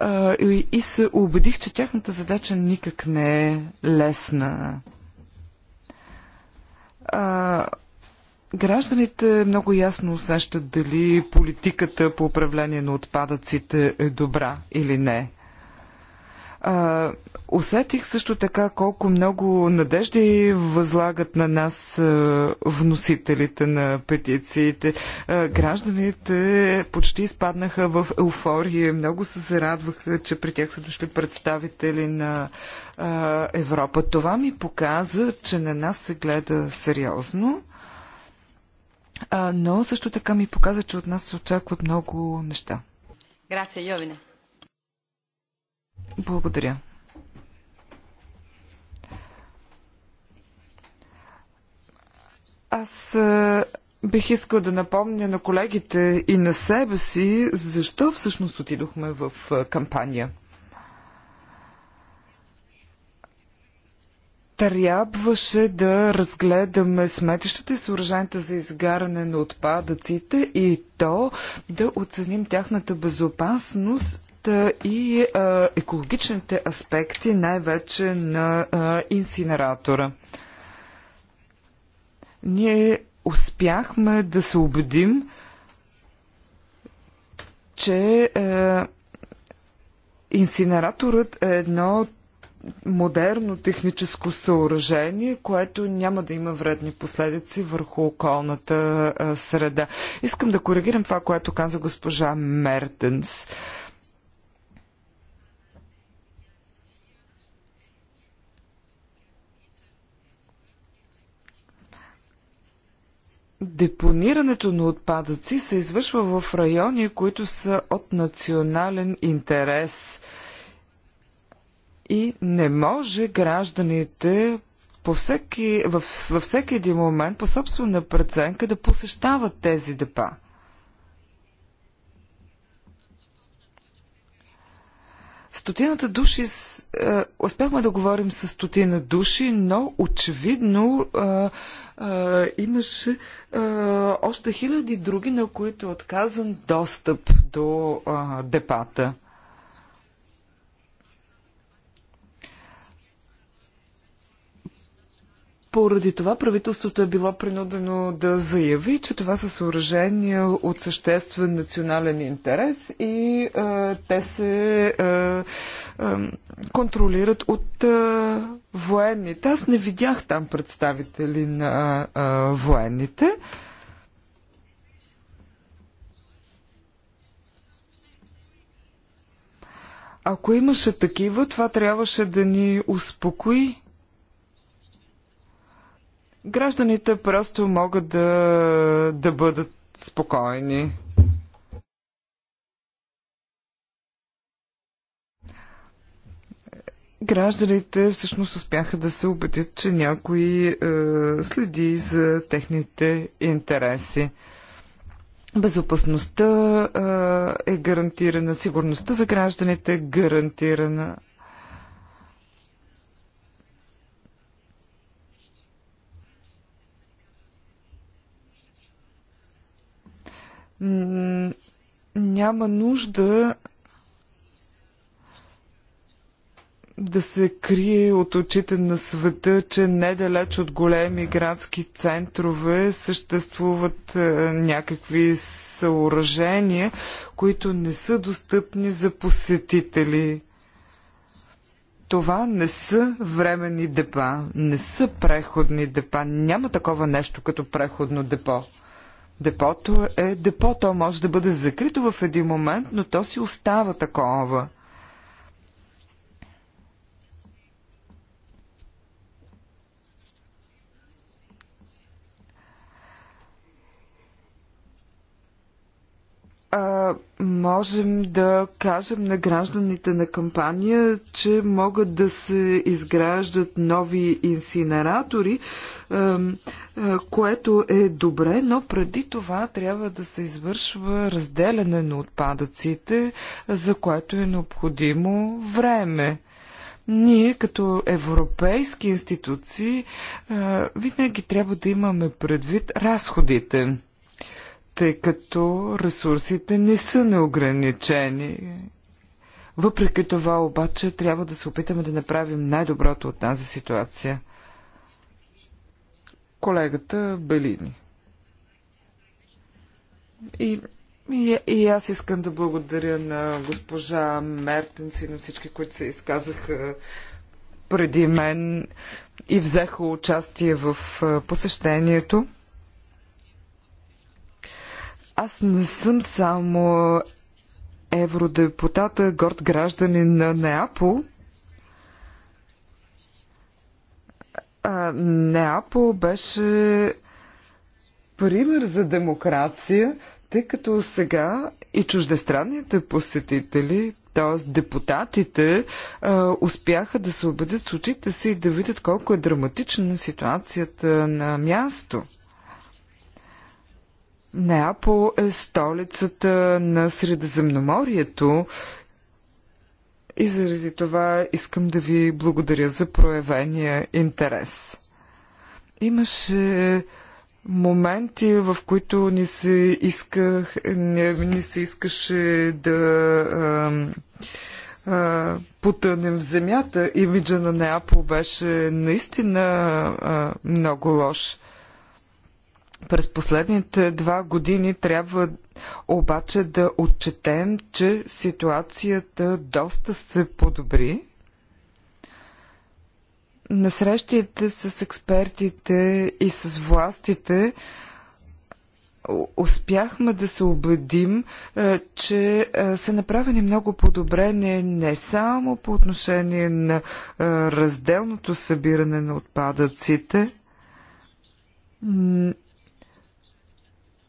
S1: е, и, и се убедих, че тяхната задача никак не е лесна. Е, Гражданите много ясно усещат дали политиката по управление на отпадъците е добра или не. А, усетих също така колко много надежди възлагат на нас а, вносителите на петициите. А, гражданите почти изпаднаха в еуфория, много се зарадваха, че при тях са дошли представители на а, Европа. Това ми показа, че на нас се гледа сериозно но също така ми показа, че от нас се очакват много неща.
S3: Грация, Йовина.
S1: Благодаря. Аз бих искал да напомня на колегите и на себе си, защо всъщност отидохме в кампания. трябваше да разгледаме сметищата и съоръженията за изгаране на отпадъците и то да оценим тяхната безопасност и а, екологичните аспекти, най-вече на а, инсинератора. Ние успяхме да се убедим, че а, Инсинераторът е едно модерно техническо съоръжение, което няма да има вредни последици върху околната среда. Искам да коригирам това, което каза госпожа Мертенс. Депонирането на отпадъци се извършва в райони, които са от национален интерес – и не може гражданите по всеки, във, във всеки един момент по собствена преценка да посещават тези депа. Стотината души, е, успяхме да говорим с стотина души, но очевидно е, е, имаше е, още хиляди други, на които е отказан достъп до е, депата. Поради това правителството е било принудено да заяви, че това са съоръжения от съществен национален интерес и а, е, те се а, е, а, е, контролират от а, военните. Аз не видях там представители на а, военните. Ако имаше такива, това трябваше да ни успокои. Гражданите просто могат да, да бъдат спокойни. гражданите всъщност успяха да се убедят, че някой е, следи за техните интереси. Безопасността е, е гарантирана, сигурността за гражданите е гарантирана. няма нужда да се крие от очите на света, че недалеч от големи градски центрове съществуват е, някакви съоръжения, които не са достъпни за посетители. Това не са временни депа, не са преходни депа, няма такова нещо като преходно депо. Депото е депо, то може да бъде закрито в един момент, но то си остава такова. а, можем да кажем на гражданите на кампания, че могат да се изграждат нови инсинератори, а, а, което е добре, но преди това трябва да се извършва разделяне на отпадъците, за което е необходимо време ние като европейски институции винаги трябва да имаме предвид разходите тъй като ресурсите не са неограничени. Въпреки това обаче трябва да се опитаме да направим най-доброто от тази ситуация. Колегата Белини. И, и, и аз искам да благодаря на госпожа Мертенс и на всички, които се изказаха преди мен и взеха участие в посещението. Аз не съм само евродепутата, горд гражданин на Неапол. Неапол беше пример за демокрация, тъй като сега и чуждестранните посетители, т.е. депутатите, успяха да се убедят с очите си и да видят колко е драматична ситуацията на място. Неапол е столицата на Средиземноморието и заради това искам да ви благодаря за проявения интерес. Имаше моменти, в които ни се, исках, ни, ни се искаше да а, а, потънем в земята. Имиджа на Неапол беше наистина а, много лош. През последните два години трябва обаче да отчетем, че ситуацията доста се подобри. На срещите с експертите и с властите успяхме да се убедим, е, че е, са направени много подобрения не само по отношение на е, разделното събиране на отпадъците,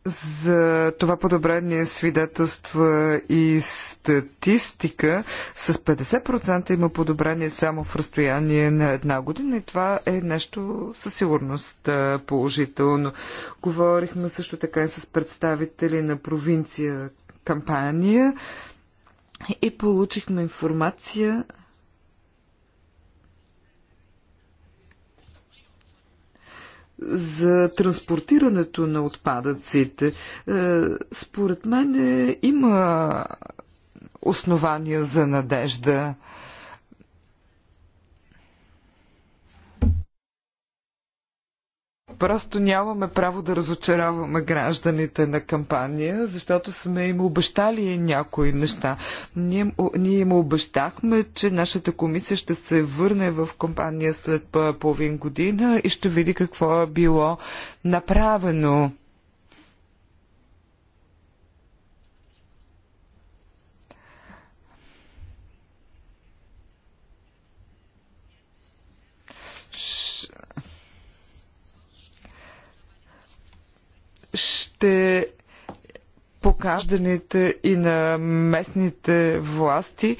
S1: за това подобрение свидетелства и статистика. С 50% има подобрение само в разстояние на една година и това е нещо със сигурност положително. Говорихме също така и с представители на провинция кампания и получихме информация за транспортирането на отпадъците. Е, според мен има основания за надежда. Просто нямаме право да разочароваме гражданите на кампания, защото сме им обещали някои неща. Ние, ние им обещахме, че нашата комисия ще се върне в кампания след половин година и ще види какво е било направено. ще покажданите и на местните власти,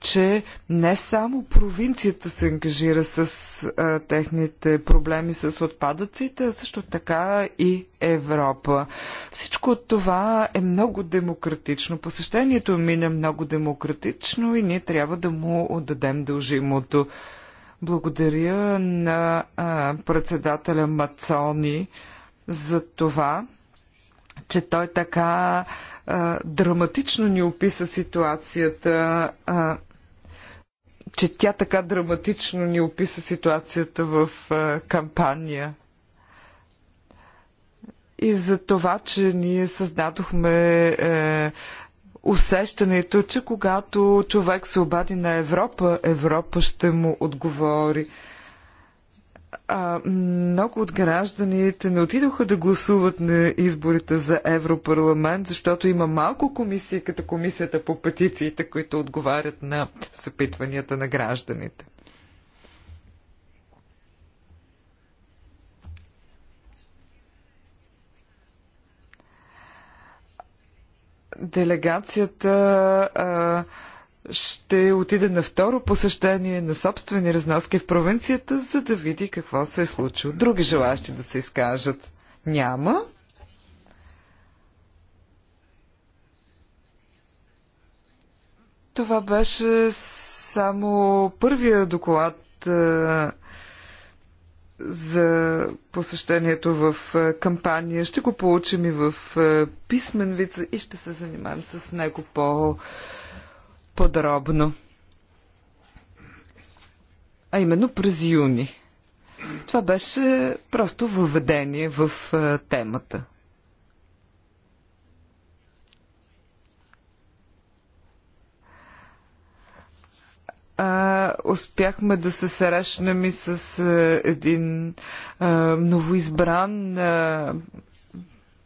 S1: че не само провинцията се ангажира с а, техните проблеми с отпадъците, а също така и Европа. Всичко от това е много демократично. Посещението мине е много демократично и ние трябва да му отдадем дължимото. Благодаря на а, председателя Мацони за това че той така а, драматично ни описа ситуацията, а, че тя така драматично ни описа ситуацията в а, кампания. И за това, че ние създадохме е, усещането, че когато човек се обади на Европа, Европа ще му отговори а, много от гражданите не отидоха да гласуват на изборите за Европарламент, защото има малко комисии, като комисията по петициите, които отговарят на съпитванията на гражданите. Делегацията а, ще отиде на второ посещение на собствени разноски в провинцията, за да види какво се е случило. Други желащи да се изкажат няма. Това беше само първия доклад а, е, за посещението в е, кампания. Ще го получим и в а, е, писмен вид и ще се занимаем с него по- подробно. А именно през юни. Това беше просто въведение в темата. а, успяхме да се срещнем и с а, един а, новоизбран а,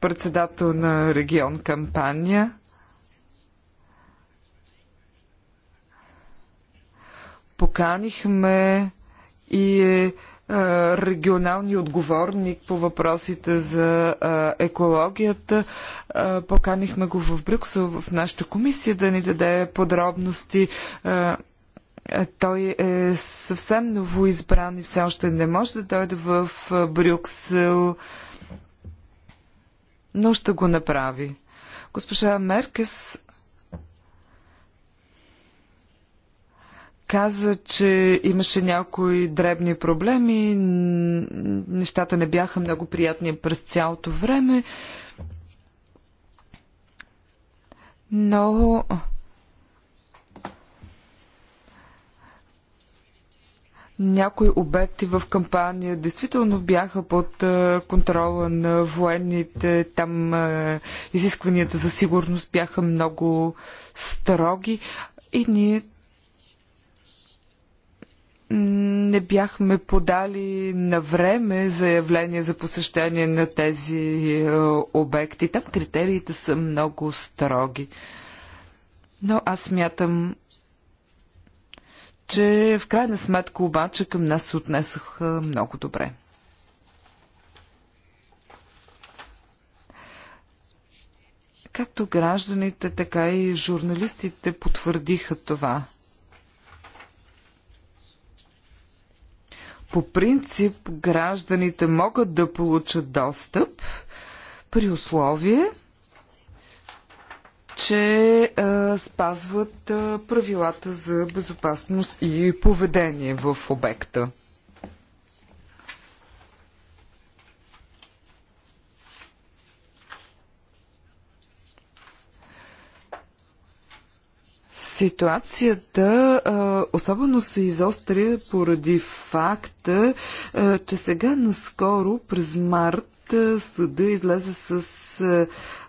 S1: председател на регион кампания. Поканихме и е, е, регионални отговорник по въпросите за е, екологията. Поканихме го в Брюксел, в нашата комисия, да ни даде подробности. Той е съвсем новоизбран и все още не може да дойде в Брюксел, но ще го направи. Госпожа Меркес каза, че имаше някои дребни проблеми, нещата не бяха много приятни през цялото време, но някои обекти в кампания действително бяха под контрола на военните. Там изискванията за сигурност бяха много строги и ние не бяхме подали на време заявление за посещение на тези е, обекти. Там критериите са много строги. Но аз смятам, че в крайна сметка обаче към нас се отнесаха много добре. Както гражданите, така и журналистите потвърдиха това – По принцип гражданите могат да получат достъп при условие, че а, спазват а, правилата за безопасност и поведение в обекта. Ситуацията а, особено се изостря поради факта, а, че сега наскоро през март съда излезе с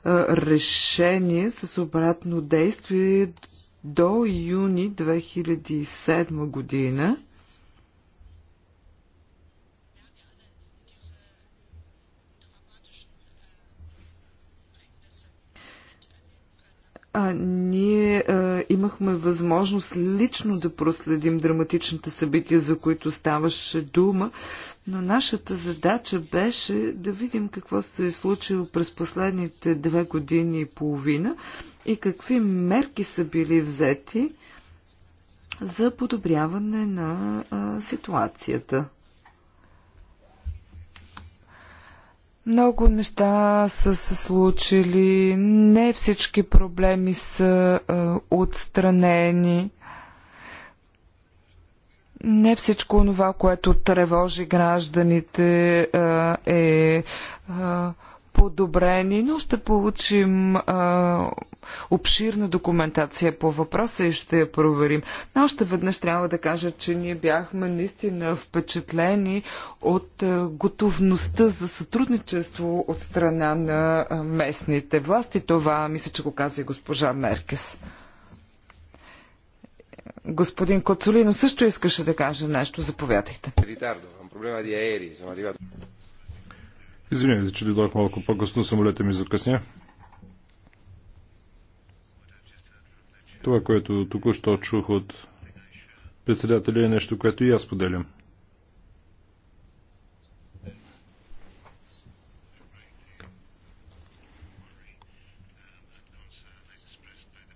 S1: а, решение с обратно действие до юни 2007 година а, ние а, имахме възможност лично да проследим драматичните събития, за които ставаше дума, но нашата задача беше да видим какво се е случило през последните две години и половина и какви мерки са били взети за подобряване на а, ситуацията. Много неща са се случили, не всички проблеми са е, отстранени. Не всичко това, което тревожи гражданите е, е, е подобрени, но ще получим а, обширна документация по въпроса и ще я проверим. Но още веднъж трябва да кажа, че ние бяхме наистина впечатлени от а, готовността за сътрудничество от страна на а, местните власти. Това мисля, че го каза и госпожа Меркес. Господин Коцолино също искаше да каже нещо. Заповядайте.
S3: Е, проблема е,
S2: Извинявайте, че дойдох малко по-късно, самолета ми закъсня. Това, което току-що чух от председателя е нещо, което и аз поделям.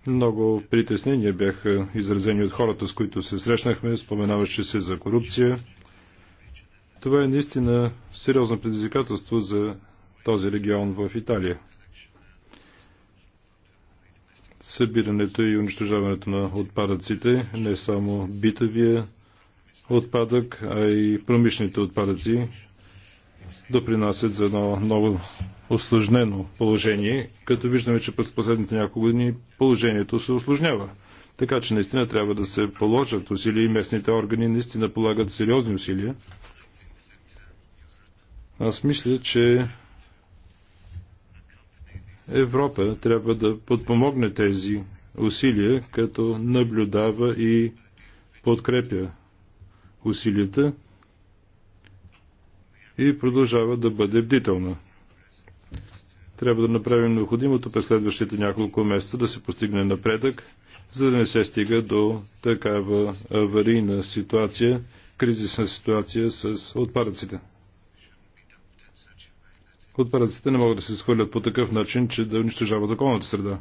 S2: Много притеснения бяха изразени от хората, с които се срещнахме. Споменаваше се за корупция, това е наистина сериозно предизвикателство за този регион в Италия. Събирането и унищожаването на отпадъците, не само битовия отпадък, а и промишлените отпадъци, допринасят за едно много осложнено положение, като виждаме, че през последните няколко години положението се осложнява. Така че наистина трябва да се положат усилия и местните органи наистина полагат сериозни усилия аз мисля, че Европа трябва да подпомогне тези усилия, като наблюдава и подкрепя усилията и продължава да бъде бдителна. Трябва да направим необходимото през следващите няколко месеца да се постигне напредък, за да не се стига до такава аварийна ситуация, кризисна ситуация с отпадъците. Отпадъците не могат да се схвърлят по такъв начин, че да унищожават околната среда.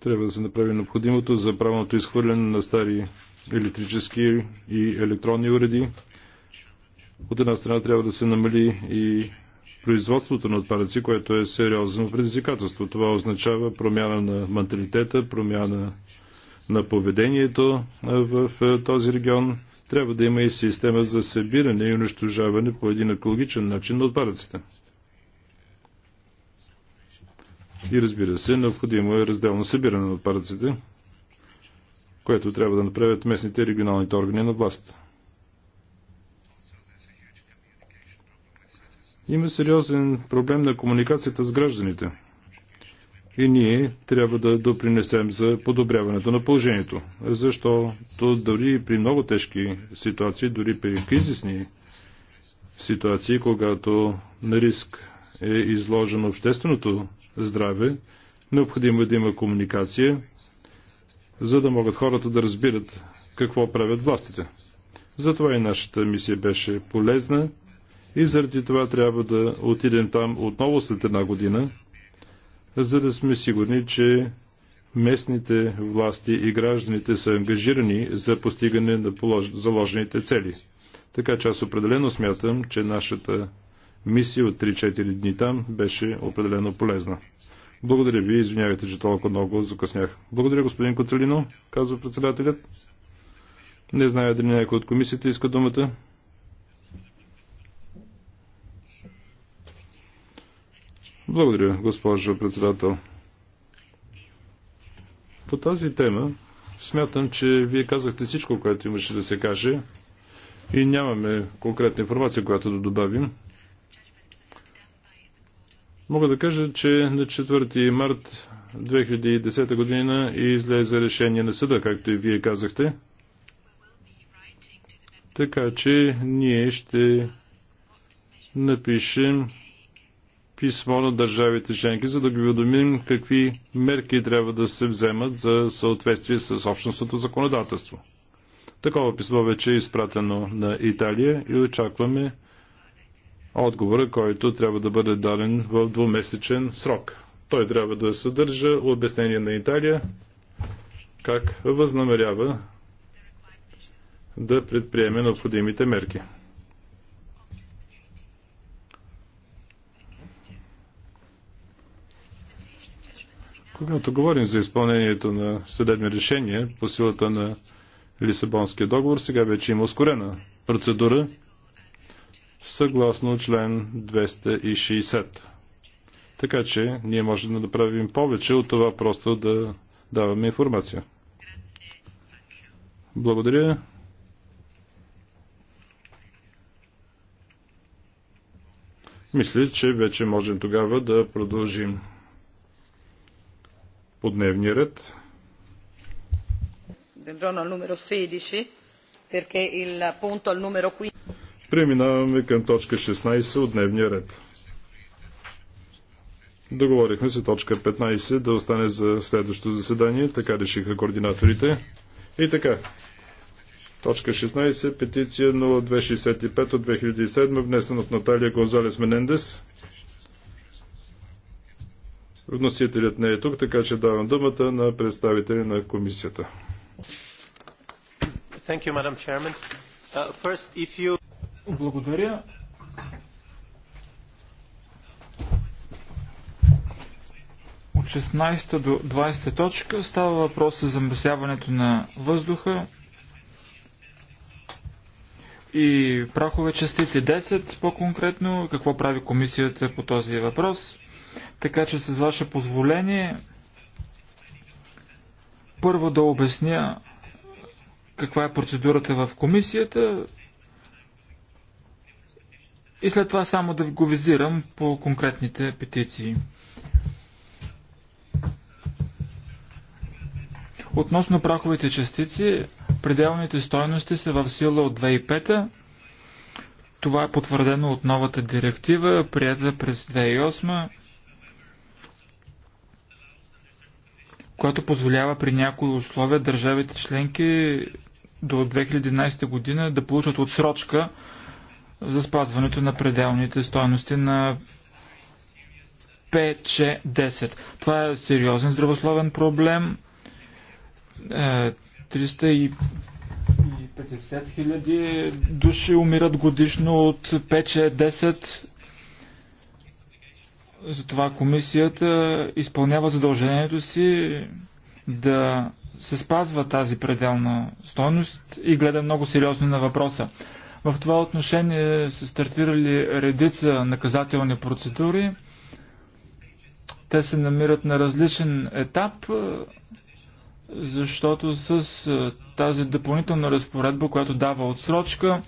S2: трябва да се направи необходимото за правилното изхвърляне на стари електрически и електронни уреди. От една страна трябва да се намали и производството на отпадъци, което е сериозно предизвикателство. Това означава промяна на менталитета, промяна на поведението в този регион. Трябва да има и система за събиране и унищожаване по един екологичен начин на отпадъците. И разбира се, необходимо е разделно събиране на отпадъците, което трябва да направят местните регионалните органи на власт. Има сериозен проблем на комуникацията с гражданите. И ние трябва да допринесем за подобряването на положението. Защото дори при много тежки ситуации, дори при кризисни ситуации, когато на риск е изложено общественото здраве, необходимо е да има комуникация, за да могат хората да разбират какво правят властите. Затова и нашата мисия беше полезна и заради това трябва да отидем там отново след една година, за да сме сигурни, че местните власти и гражданите са ангажирани за постигане на заложените цели. Така че аз определено смятам, че нашата мисия от 3-4 дни там беше определено полезна. Благодаря ви, извинявайте, че толкова много закъснях. Благодаря, господин Коцелино, казва председателят. Не зная дали някой от комисията иска думата. Благодаря, госпожо председател. По тази тема смятам, че вие казахте всичко, което имаше да се каже и нямаме конкретна информация, която да добавим. Мога да кажа, че на 4 март 2010 година излезе решение на съда, както и вие казахте. Така че ние ще напишем писмо на държавите членки, за да ги уведомим какви мерки трябва да се вземат за съответствие с общностното законодателство. Такова писмо вече е изпратено на Италия и очакваме отговора, който трябва да бъде даден в двумесечен срок. Той трябва да съдържа обяснение на Италия как възнамерява да предприеме необходимите мерки. Когато говорим за изпълнението на съдебни решения по силата на Лисабонския договор, сега вече има ускорена процедура съгласно член 260. Така че ние можем да направим повече от това просто да даваме информация. Благодаря. Мисля, че вече можем тогава да продължим по дневния ред. Преминаваме към точка 16 от дневния ред. Договорихме се точка 15 да остане за следващото заседание, така решиха координаторите. И така, Точка 16. Петиция 0265 от 2007, внесена от Наталия Гонзалес Менендес Вносителят не е тук, така че давам думата на представители на комисията. Uh,
S4: Благодаря. От 16 до 20 точка става въпрос за замърсяването на въздуха и прахове частици 10 по-конкретно. Какво прави комисията по този въпрос? Така че с ваше позволение първо да обясня каква е процедурата в комисията и след това само да го визирам по конкретните петиции. Относно праховите частици, пределните стойности са в сила от 2005 Това е потвърдено от новата директива, прията през 2008 която позволява при някои условия държавите членки до 2011 година да получат отсрочка за спазването на пределните стоености на ПЧ-10. Това е сериозен здравословен проблем. 350 е, хиляди души умират годишно от ПЧ-10 затова комисията изпълнява задължението си да се спазва тази пределна стойност и гледа много сериозно на въпроса. В това отношение са стартирали редица наказателни процедури. Те се намират на различен етап, защото с тази допълнителна разпоредба, която дава отсрочка,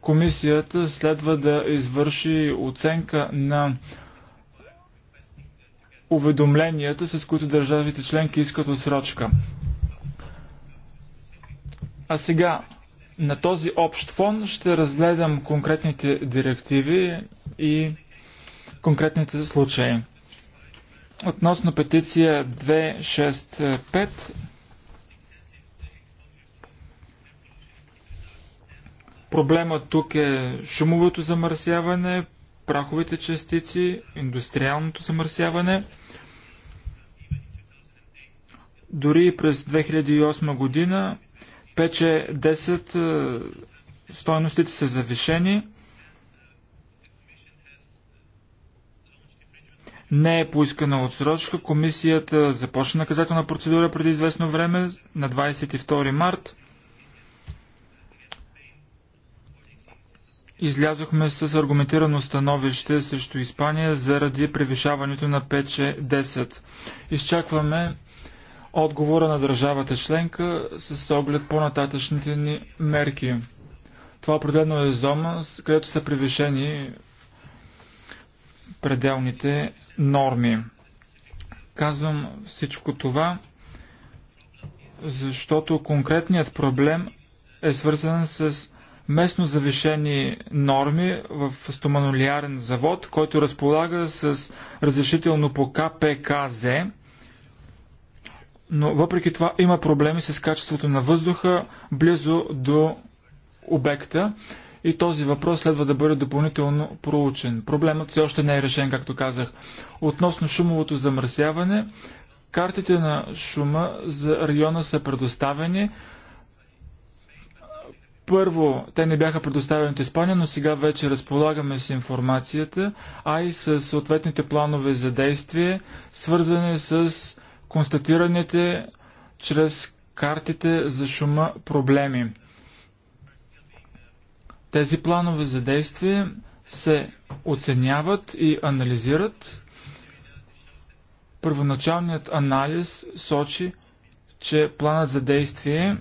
S4: комисията следва да извърши оценка на уведомленията, с които държавите членки искат отсрочка. А сега, на този общ фон ще разгледам конкретните директиви и конкретните случаи. Относно петиция 265, Проблемът тук е шумовото замърсяване, праховите частици, индустриалното замърсяване. Дори и през 2008 година 5-10 е, стойностите са завишени. не е поискана отсрочка. Комисията започна наказателна процедура преди известно време на 22 март. Излязохме с аргументирано становище срещу Испания заради превишаването на 5-10. Изчакваме отговора на държавата членка с оглед по-нататъчните ни мерки. Това определено е зона, където са превишени пределните норми. Казвам всичко това, защото конкретният проблем е свързан с местно завишени норми в стоманолиарен завод, който разполага с разрешително по КПКЗ, но въпреки това има проблеми с качеството на въздуха близо до обекта и този въпрос следва да бъде допълнително проучен. Проблемът все още не е решен, както казах. Относно шумовото замърсяване, картите на шума за района са предоставени, първо, те не бяха предоставени от Испания, но сега вече разполагаме с информацията, а и с съответните планове за действие, свързани с констатираните чрез картите за шума проблеми. Тези планове за действие се оценяват и анализират. Първоначалният анализ сочи, че планът за действие е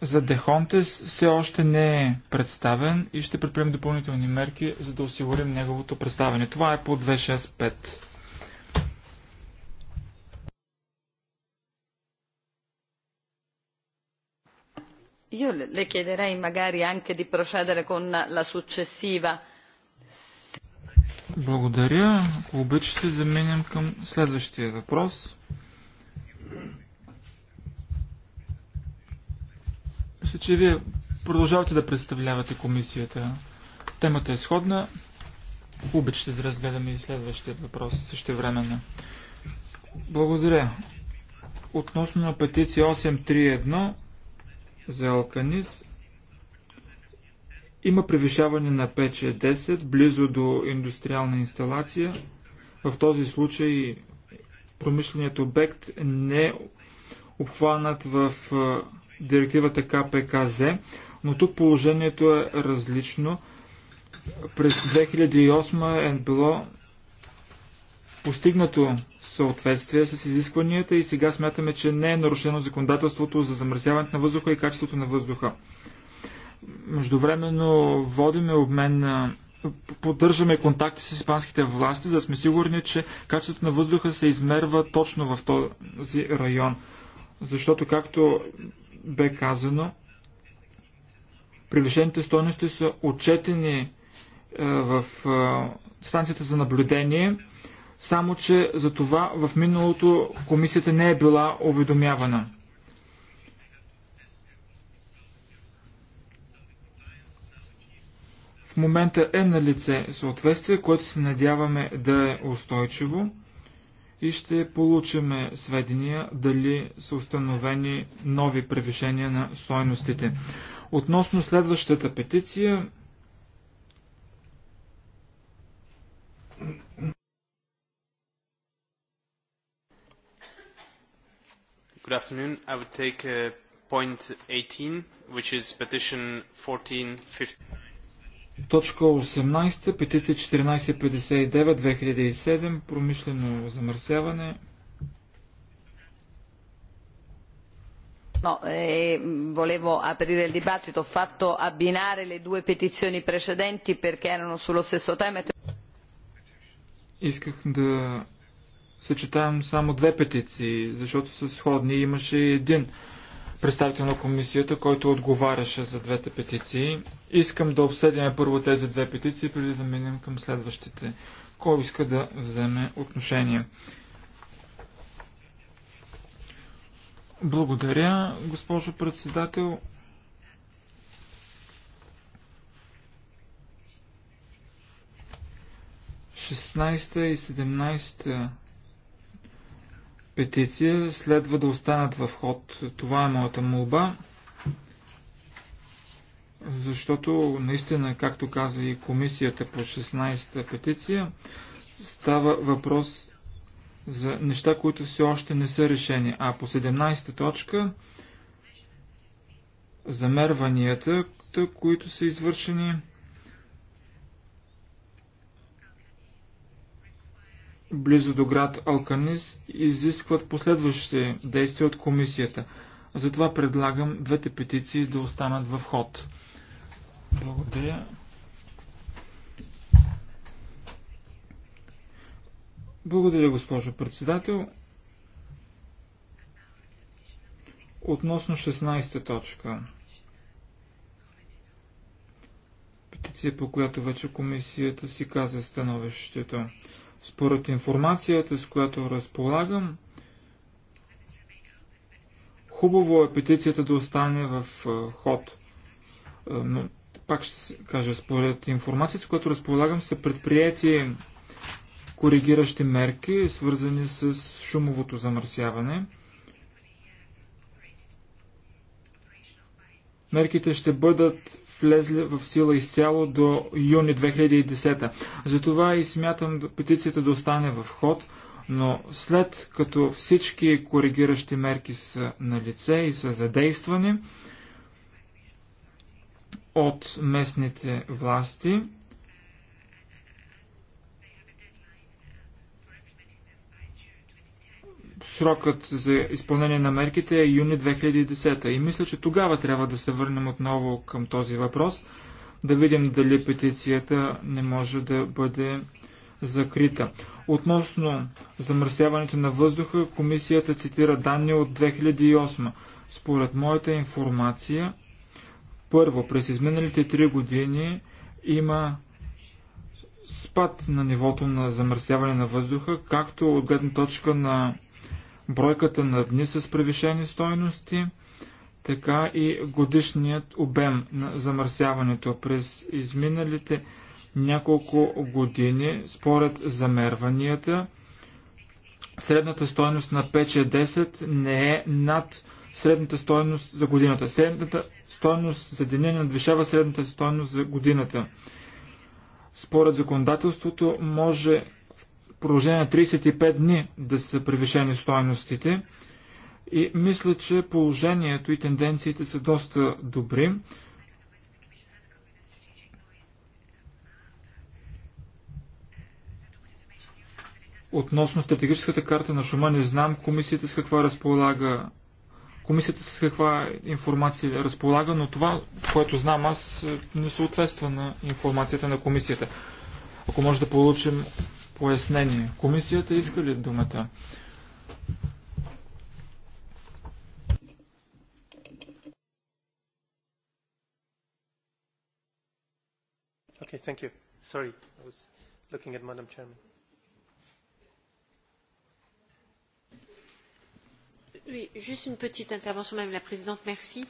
S4: за Дехонтес все още не е представен и ще предприемем допълнителни мерки, за да осигурим неговото представяне. Това е по 265.
S3: Io le chiederei magari anche di procedere con la successiva.
S4: Благодаря. Ако обичате да към следващия въпрос. Мисля, че вие продължавате да представлявате комисията. Темата е сходна. Обичате да разгледаме и следващия въпрос също времено. Благодаря. Относно на петиция 831 за Алканис, има превишаване на 5-10 близо до индустриална инсталация. В този случай промишленият обект не е обхванат в директивата КПКЗ, но тук положението е различно. През 2008 е било постигнато съответствие с изискванията и сега смятаме, че не е нарушено законодателството за замърсяването на въздуха и качеството на въздуха. Междувременно водиме обмен на поддържаме контакти с испанските власти, за да сме сигурни, че качеството на въздуха се измерва точно в този район. Защото, както бе казано, превишените стойности са отчетени е, в е, станцията за наблюдение, само че за това в миналото комисията не е била уведомявана. В момента е на лице съответствие, което се надяваме да е устойчиво и ще получим сведения дали са установени нови превишения на стойностите. Относно следващата петиция,
S1: Good afternoon. I would take uh, point 18, which is petition
S4: Точка 18, петиция 1459-2007, промишлено замърсяване.
S3: No, eh, volevo aprire il dibattito, ho fatto abbinare le due petizioni precedenti perché erano sullo stesso tema.
S4: Исках да съчетаем само две петиции, защото са сходни. Имаше един представител на комисията, който отговаряше за двете петиции. Искам да обсъдим първо тези две петиции, преди да минем към следващите. Кой иска да вземе отношение? Благодаря, госпожо председател. Шестнайста и седемнайста петиция следва да останат в ход. Това е моята молба, защото наистина, както каза и комисията по 16-та петиция, става въпрос за неща, които все още не са решени. А по 17-та точка замерванията, които са извършени близо до град Алканис изискват последващи действия от комисията. Затова предлагам двете петиции да останат в ход. Благодаря. Благодаря, госпожо председател. Относно 16-та точка, петиция, по която вече комисията си каза становището. Според информацията, с която разполагам, хубаво е петицията да остане в ход. Но пак ще кажа, според информацията, с която разполагам, са предприяти коригиращи мерки, свързани с шумовото замърсяване. Мерките ще бъдат влезли в сила изцяло до юни 2010. Затова и смятам петицията да остане в ход, но след като всички коригиращи мерки са на лице и са задействани от местните власти, срокът за изпълнение на мерките е юни 2010 и мисля, че тогава трябва да се върнем отново към този въпрос, да видим дали петицията не може да бъде закрита. Относно замърсяването на въздуха, комисията цитира данни от 2008. Според моята информация, първо, през изминалите три години има спад на нивото на замърсяване на въздуха, както от гледна точка на бройката на дни с превишени стойности, така и годишният обем на замърсяването през изминалите няколко години, според замерванията, средната стойност на 5-10 не е над средната стойност за годината. Средната стойност за деня не надвишава средната стойност за годината. Според законодателството може продължение на 35 дни да са превишени стоеностите. И мисля, че положението и тенденциите са доста добри. Относно стратегическата карта на шума, не знам комисията с каква разполага комисията с каква информация разполага, но това, което знам аз, не съответства на информацията на комисията. Ако може да получим пояснение. Комисията иска ли думата?
S2: Okay, thank you. Sorry, I
S3: was looking at Madam Chairman.
S4: Oui, juste une petite intervention, Madame la Présidente, merci,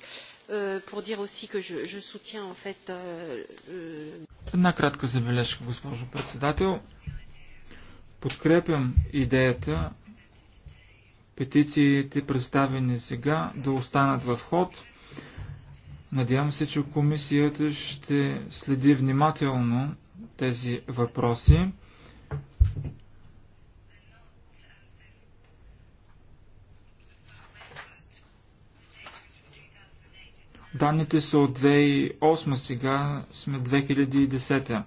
S4: euh, pour dire aussi que je, je soutiens en fait. Euh, euh... Една кратка забележка, госпожо председател. Подкрепям идеята петициите, представени сега, да останат в ход. Надявам се, че комисията ще следи внимателно тези въпроси. Данните са от 2008, сега сме 2010.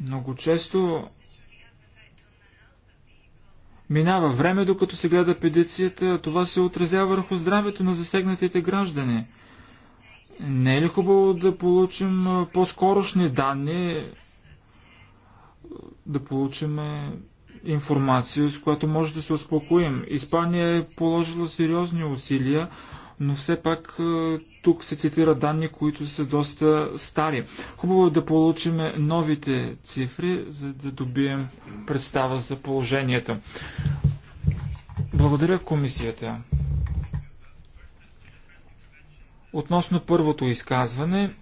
S4: Много често минава време, докато се гледа педицията, а това се отразява върху здравето на засегнатите граждани. Не е ли хубаво да получим по-скорошни данни, да получим информация, с която може да се успокоим? Испания е положила сериозни усилия но все пак е, тук се цитира данни, които са доста стари. Хубаво е да получим новите цифри, за да добием представа за положението. Благодаря комисията. Относно първото изказване,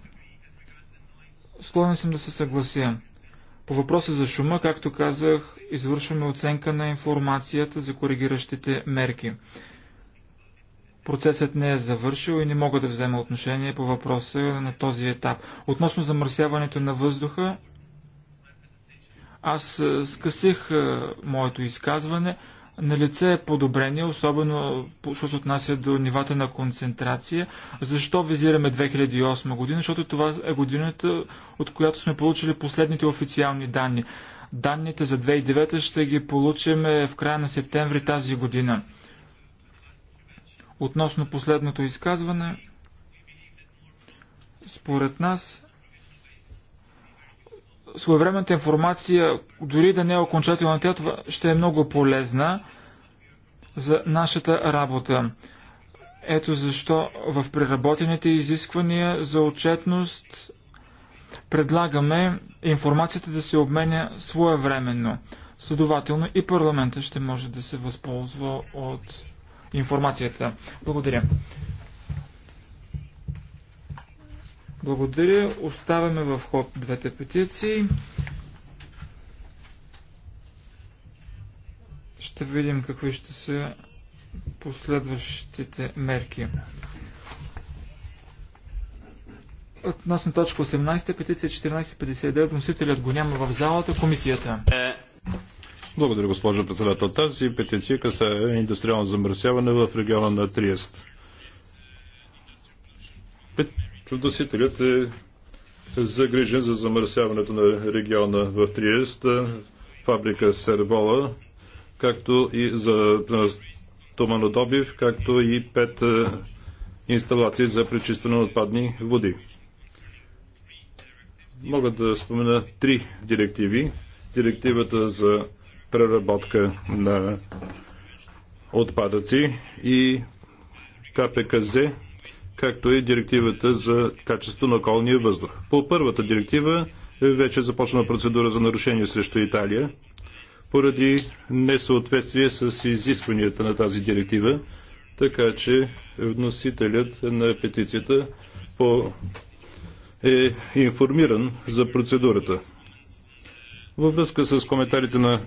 S4: склонен съм да се съглася. По въпроса за шума, както казах, извършваме оценка на информацията за коригиращите мерки. Процесът не е завършил и не мога да взема отношение по въпроса на този етап. Относно замърсяването на въздуха, аз е, скъсих е, моето изказване. На лице е подобрение, особено що се отнася до нивата на концентрация. Защо визираме 2008 година? Защото това е годината, от която сме получили последните официални данни. Данните за 2009 ще ги получим е, в края на септември тази година. Относно последното изказване, според нас своевременната информация, дори да не е окончателна, тя ще е много полезна за нашата работа. Ето защо в преработените изисквания за отчетност предлагаме информацията да се обменя своевременно. Следователно и парламента ще може да се възползва от информацията. Благодаря. Благодаря. Оставяме в ход двете петиции. Ще видим какви ще са последващите мерки. Относно точка 18, петиция 1459, вносителят го няма в залата, комисията.
S2: Е, благодаря, госпожо председател. Тази петиция каса индустриално замърсяване в региона на Триест. Вносителят е загрижен за замърсяването на региона в Триест, фабрика Сервола, както и за томанодобив, както и пет е, инсталации за пречистване на отпадни води. Мога да спомена три директиви. Директивата за преработка на отпадъци и КПКЗ, както и директивата за качество на околния въздух. По първата директива вече започна процедура за нарушение срещу Италия поради несъответствие с изискванията на тази директива, така че вносителят на петицията по е информиран за процедурата. Във връзка с коментарите на,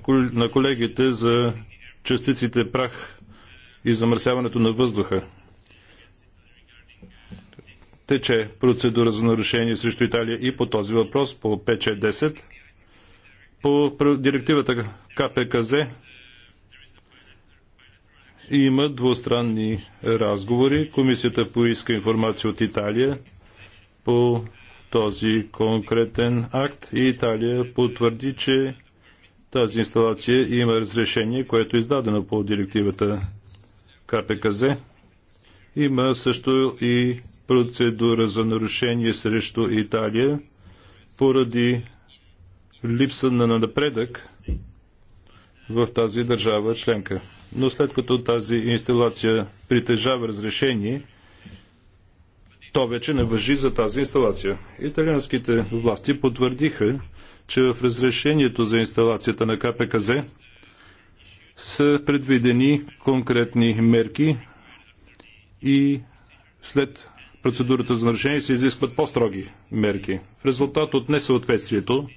S2: колегите за частиците прах и замърсяването на въздуха. Тече процедура за нарушение срещу Италия и по този въпрос по ПЧ10, По директивата КПКЗ има двустранни разговори. Комисията поиска информация от Италия по този конкретен акт и Италия потвърди, че тази инсталация има разрешение, което е издадено по директивата КПКЗ. Има също и процедура за нарушение срещу Италия поради липса на напредък в тази държава членка. Но след като тази инсталация притежава разрешение, то вече не въжи за тази инсталация. Италианските власти потвърдиха, че в разрешението за инсталацията на КПКЗ са предвидени конкретни мерки и след процедурата за нарушение се изискват по-строги мерки. В резултат от несъответствието,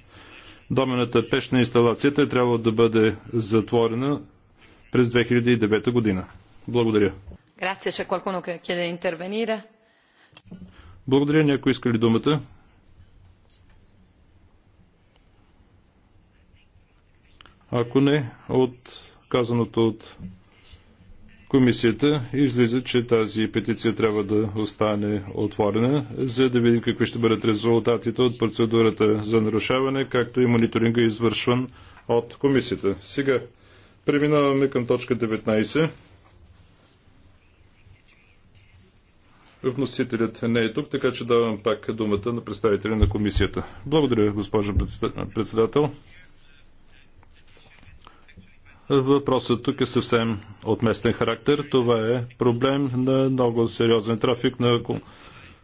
S2: домената пеш на инсталацията е трябва да бъде затворена през 2009 година. Благодаря.
S3: Grazie, c'è qualcuno che chiede di intervenire?
S2: Благодаря. Някой иска ли думата? Ако не, от казаното от комисията излиза, че тази петиция трябва да остане отворена, за да видим какви ще бъдат резултатите от процедурата за нарушаване, както и мониторинга извършван от комисията. Сега преминаваме към точка 19. Вносителят не е тук, така че давам пак думата на представителя на комисията. Благодаря, госпожо председател. Въпросът тук е съвсем отместен характер. Това е проблем на много сериозен трафик на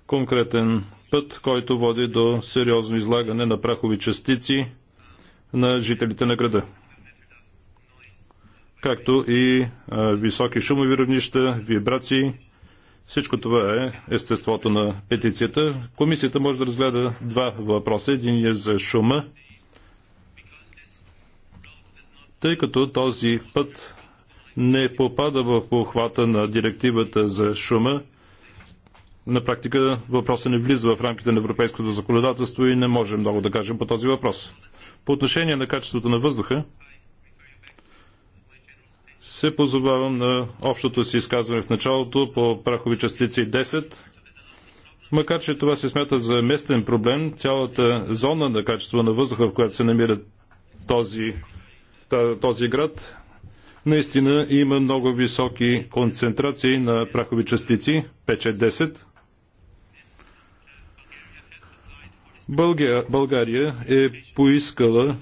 S2: конкретен път, който води до сериозно излагане на прахови частици на жителите на града. Както и високи шумови равнища, вибрации – всичко това е естеството на петицията. Комисията може да разгледа два въпроса. Един е за шума, тъй като този път не попада в похвата на директивата за шума. На практика въпросът не влиза в рамките на европейското законодателство и не можем много да кажем по този въпрос. По отношение на качеството на въздуха, се позовавам на общото си изказване в началото по прахови частици 10. Макар, че това се смята за местен проблем, цялата зона на качество на въздуха, в която се намира този, този град, наистина има много високи концентрации на прахови частици, 5-10. България е поискала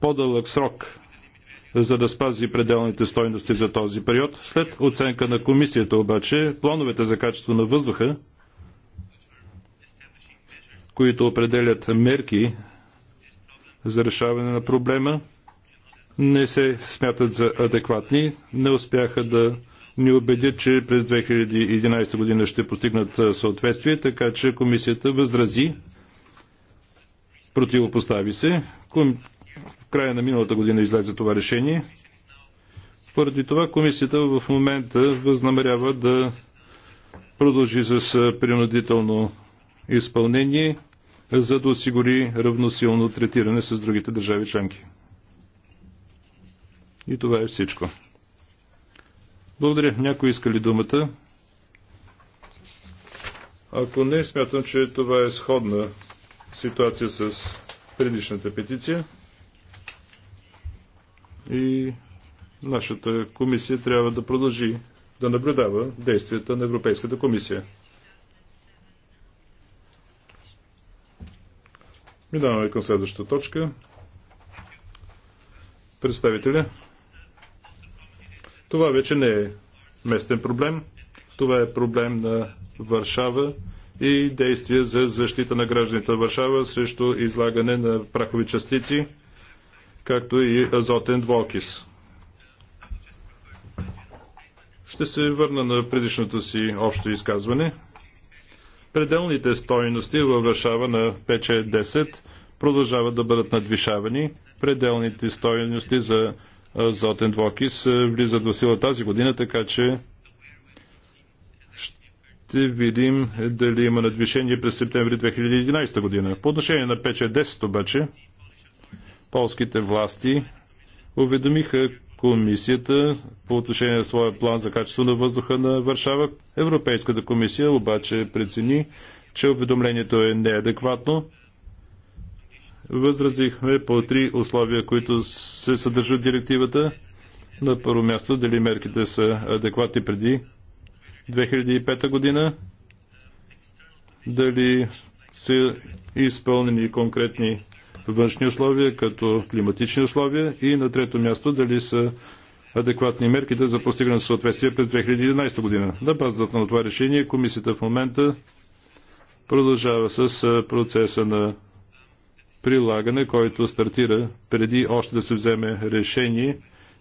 S2: по-дълъг срок за да спази пределните стойности за този период. След оценка на комисията обаче, плановете за качество на въздуха, които определят мерки за решаване на проблема, не се смятат за адекватни, не успяха да ни убедят, че през 2011 година ще постигнат съответствие, така че комисията възрази, противопостави се. В края на миналата година излезе това решение. Поради това комисията в момента възнамерява да продължи с принудително изпълнение, за да осигури равносилно третиране с другите държави членки. И това е всичко. Благодаря. Някой иска ли думата? Ако не, смятам, че това е сходна ситуация с предишната петиция и нашата комисия трябва да продължи да наблюдава действията на Европейската комисия. Минаваме към следващата точка. Представителя. Това вече не е местен проблем. Това е проблем на Варшава и действия за защита на гражданите на Варшава срещу излагане на прахови частици както и азотен двокис. Ще се върна на предишното си общо изказване. Пределните стойности във Варшава на ПЧ-10 продължават да бъдат надвишавани. Пределните стойности за азотен двокис е, влизат в сила тази година, така че ще видим дали има надвишение през септември 2011 година. По отношение на ПЧ-10 обаче, Полските власти уведомиха комисията по отношение на своя план за качество на въздуха на Варшава. Европейската комисия обаче прецени, че уведомлението е неадекватно. Възразихме по три условия, които се съдържат в директивата. На първо място, дали мерките са адекватни преди 2005 година, дали са изпълнени конкретни външни условия, като климатични условия и на трето място дали са адекватни мерките за постигане на съответствие през 2011 година. На базата на това решение комисията в момента продължава с процеса на прилагане, който стартира преди още да се вземе решение,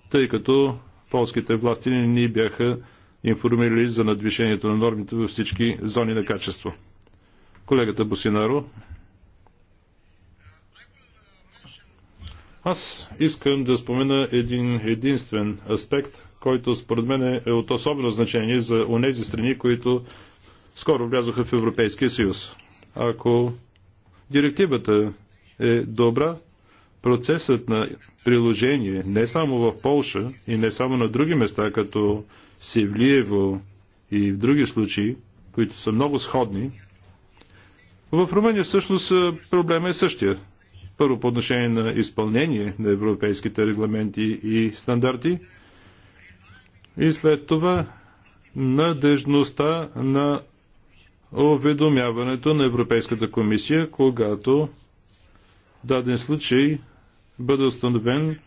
S2: тъй като полските власти не ни бяха информирали за надвишението на нормите във всички зони на качество. Колегата Босинаро Аз искам да спомена един единствен аспект, който според мен е от особено значение за онези страни, които скоро влязоха в Европейския съюз. Ако директивата е добра, процесът на приложение не само в Полша и не само на други места, като Севлиево и в други случаи, които са много сходни, в Румъния всъщност проблема е същия. Първо по отношение на изпълнение на европейските регламенти и стандарти. И след това надежността на уведомяването на Европейската комисия, когато даден случай бъде установен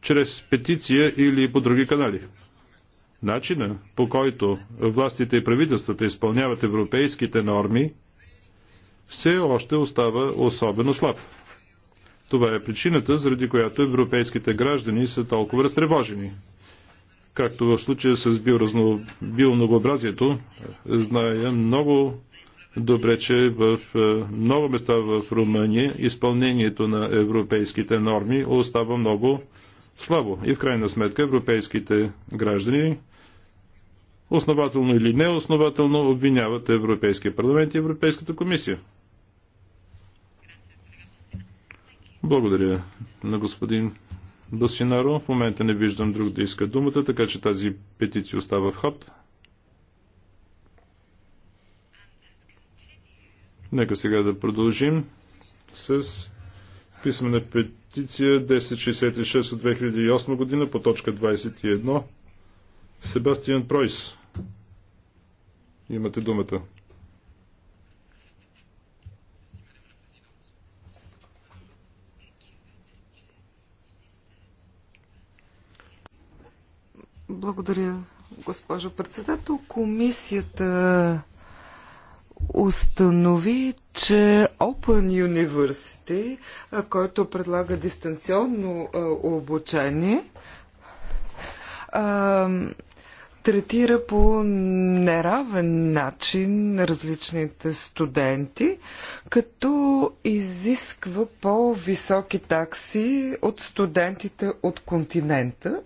S2: чрез петиция или по други канали. Начина по който властите и правителствата изпълняват европейските норми все още остава особено слаб. Това е причината, заради която европейските граждани са толкова разтревожени. Както в случая с биоразно... биомногообразието, зная много добре, че в е, много места в Румъния изпълнението на европейските норми остава много слабо. И в крайна сметка европейските граждани основателно или неоснователно обвиняват Европейския парламент и Европейската комисия. Благодаря на господин Босинаро. В момента не виждам друг да иска думата, така че тази петиция остава в ход. Нека сега да продължим с писмена петиция 1066 от 2008 година по точка 21. Себастиан Пройс. Имате думата.
S1: Благодаря, госпожо председател. Комисията установи, че Open University, който предлага дистанционно обучение, третира по неравен начин различните студенти, като изисква по-високи такси от студентите от континента,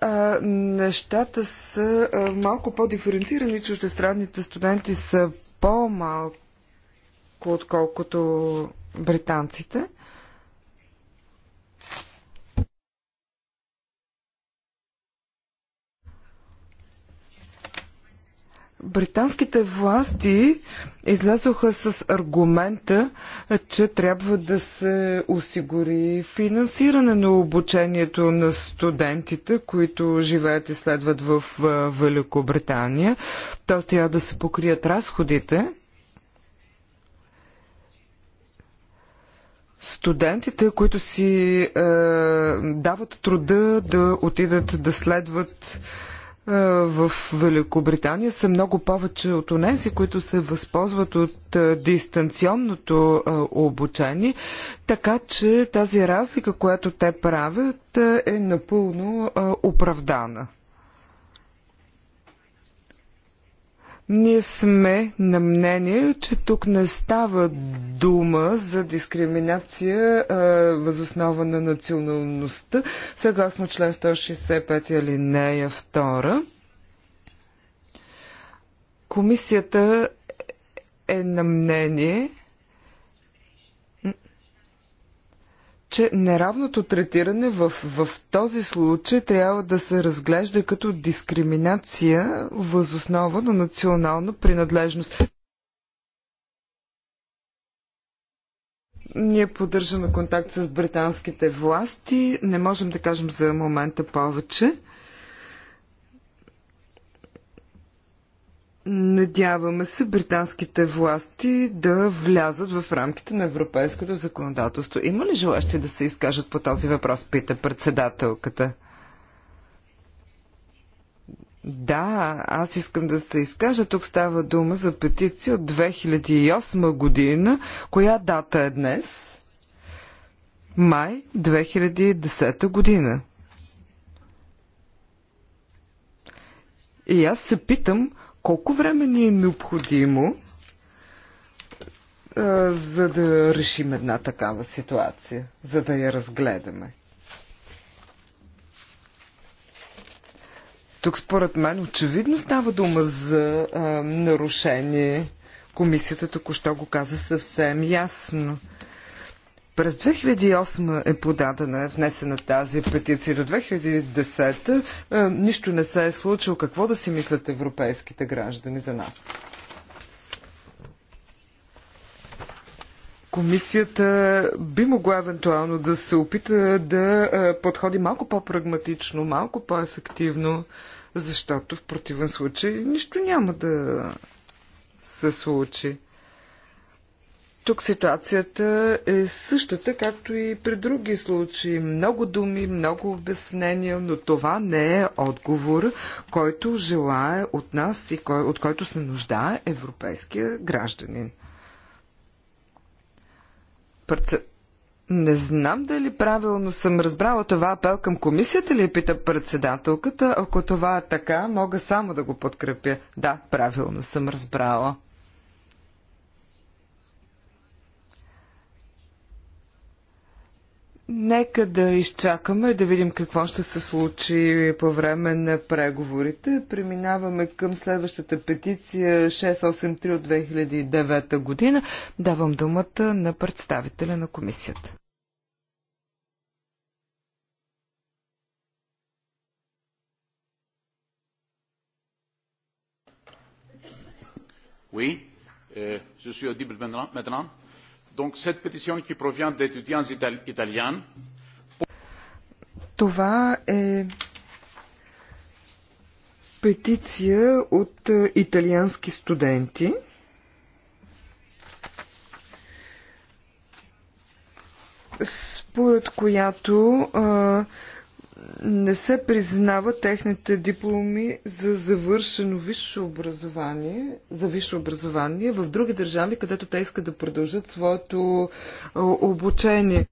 S1: а, нещата са а, малко по-диференцирани. Чуждестранните студенти са по-малко, отколкото британците. британските власти излязоха с аргумента, че трябва да се осигури финансиране на обучението на студентите, които живеят и следват в Великобритания. Тоест трябва да се покрият разходите. Студентите, които си е, дават труда да отидат да следват е, в Великобритания са много повече от онези, които се възползват от дистанционното обучение, така че тази разлика, която те правят, е напълно оправдана. Ние сме на мнение, че тук не става дума за дискриминация а, възоснова на националността, съгласно член 165 алинея 2. Комисията е на мнение, че неравното третиране в, в този случай трябва да се разглежда като дискриминация възоснова на национална принадлежност. Ние поддържаме контакт с британските власти. Не можем да кажем за момента повече. Надяваме се британските власти да влязат в рамките на европейското законодателство. Има ли желащи да се изкажат по този въпрос, пита председателката? Да, аз искам да се изкажа. Тук става дума за петиция от 2008 година. Коя дата е днес? Май 2010 година. И аз се питам, колко време ни е необходимо, а, за да решим една такава ситуация, за да я разгледаме? Тук според мен очевидно става дума за а, нарушение. Комисията току-що го каза съвсем ясно. През 2008 е подадена, е внесена тази петиция. До 2010 е, нищо не се е случило. Какво да си мислят европейските граждани за нас? Комисията би могла евентуално да се опита да е, подходи малко по-прагматично, малко по-ефективно, защото в противен случай нищо няма да се случи. Тук ситуацията е същата, както и при други случаи. Много думи, много обяснения, но това не е отговор, който желае от нас и кой, от който се нуждае европейския гражданин. Пърце... Не знам дали правилно съм разбрала това апел към комисията ли, пита председателката. Ако това е така, мога само да го подкрепя. Да, правилно съм разбрала. Нека да изчакаме да видим какво ще се случи по време на преговорите. Преминаваме към следващата петиция 683 от 2009 година. Давам думата на представителя на комисията.
S4: Oui, euh, je suis Odile Medran, Donc cette pétition qui provient d'étudiants italiens.
S1: Това е петиция от италиански студенти. според която а, не се признават техните дипломи за завършено висше образование, за висше образование в други държави, където те искат да продължат своето обучение.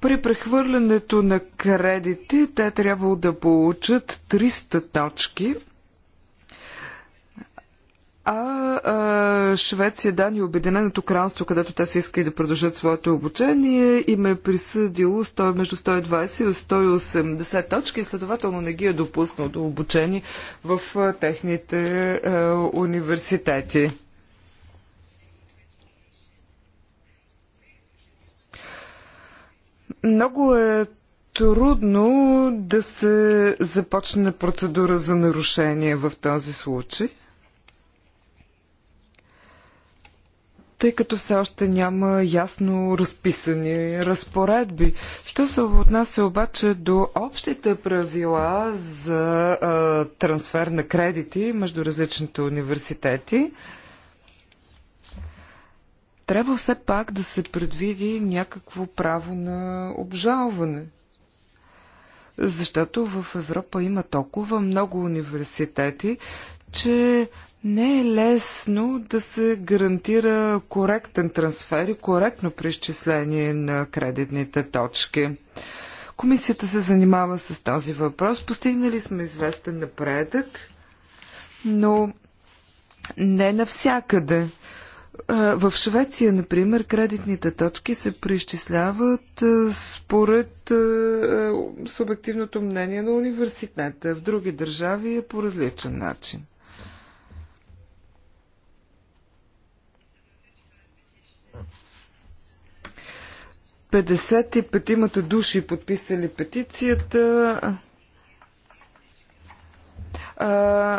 S1: При прехвърлянето на кредити те трябва да получат 300 точки – а, а Швеция, Дания и Обединеното кралство, където те са искали да продължат своето обучение, им е присъдило 100, между 120 и 180 точки и следователно не ги е допуснал до обучение в а, техните а, университети. Много е трудно да се започне процедура за нарушение в този случай. тъй като все още няма ясно разписани разпоредби. Що се отнася обаче до общите правила за а, трансфер на кредити между различните университети, трябва все пак да се предвиди някакво право на обжалване. Защото в Европа има толкова много университети, че не е лесно да се гарантира коректен трансфер и коректно преизчисление на кредитните точки. Комисията се занимава с този въпрос. Постигнали сме известен напредък, но не навсякъде. В Швеция, например, кредитните точки се преизчисляват според субективното мнение на университета. В други държави е по различен начин. 55-мата души подписали петицията. А,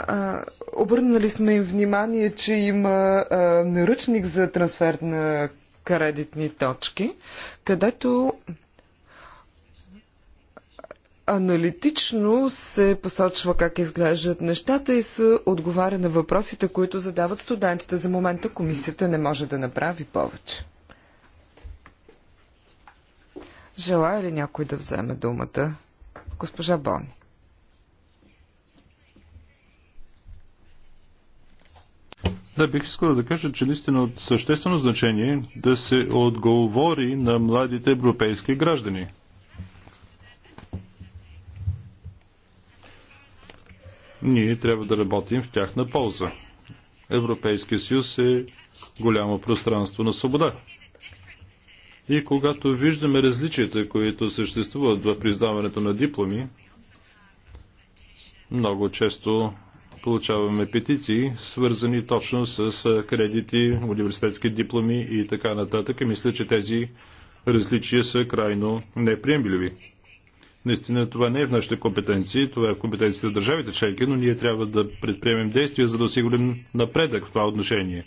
S1: а, обърнали сме им внимание, че има а, наръчник за трансфер на кредитни точки, където аналитично се посочва как изглеждат нещата и се отговаря на въпросите, които задават студентите. За момента комисията не може да направи повече. Желая ли някой да вземе думата? Госпожа Бони.
S2: Да, бих искал да кажа, че наистина от съществено значение да се отговори на младите европейски граждани. Ние трябва да работим в тяхна полза. Европейския съюз е голямо пространство на свобода. И когато виждаме различията, които съществуват в признаването на дипломи, много често получаваме петиции, свързани точно с кредити, университетски дипломи и така нататък. И мисля, че тези различия са крайно неприемливи. Наистина това не е в нашите компетенции, това е в компетенциите на държавите членки, но ние трябва да предприемем действия, за да осигурим напредък в това отношение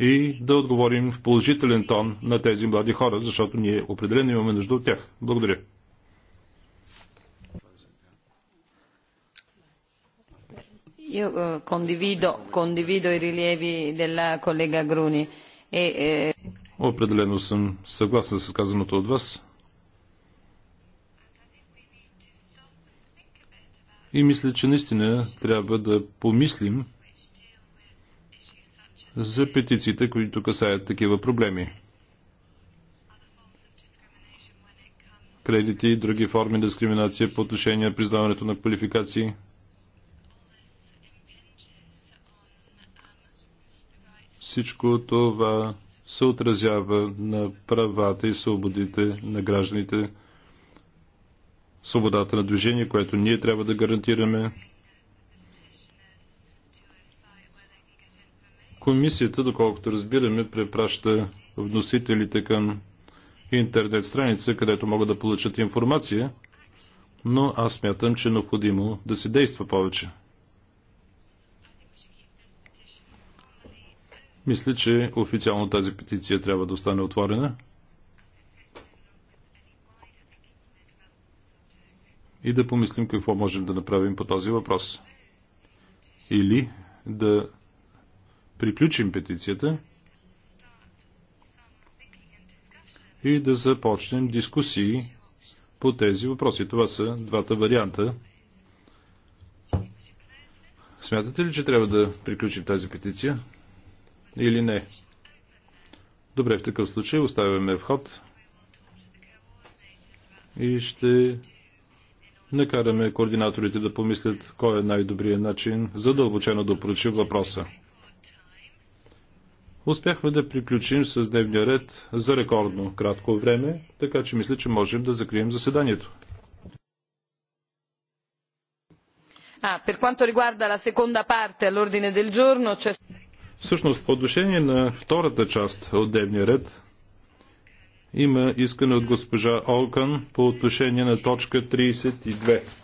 S2: и да отговорим в положителен тон на тези млади хора, защото ние определено имаме нужда от тях. Благодаря.
S3: Io eh, condivido, condivido i rilievi della collega Gruni. E, e...
S2: Определено съм съгласен с казаното от вас. И мисля, че наистина трябва да помислим за петициите, които касаят такива проблеми. Кредити и други форми дискриминация по отношение на признаването на квалификации. Всичко това се отразява на правата и свободите на гражданите, свободата на движение, което ние трябва да гарантираме, Комисията, доколкото разбираме, препраща вносителите към интернет страница, където могат да получат информация, но аз смятам, че е необходимо да се действа повече. Мисля, че официално тази петиция трябва да остане отворена. И да помислим какво можем да направим по този въпрос. Или да приключим петицията и да започнем дискусии по тези въпроси. Това са двата варианта. Смятате ли, че трябва да приключим тази петиция или не? Добре, в такъв случай оставяме вход и ще накараме координаторите да помислят кой е най-добрият начин задълбочено да проучи въпроса. Успяхме да приключим с дневния ред за рекордно кратко време, така че мисля, че можем да закрием заседанието. Всъщност, по отношение на втората част от дневния ред, има искане от госпожа Олкан по отношение на точка 32.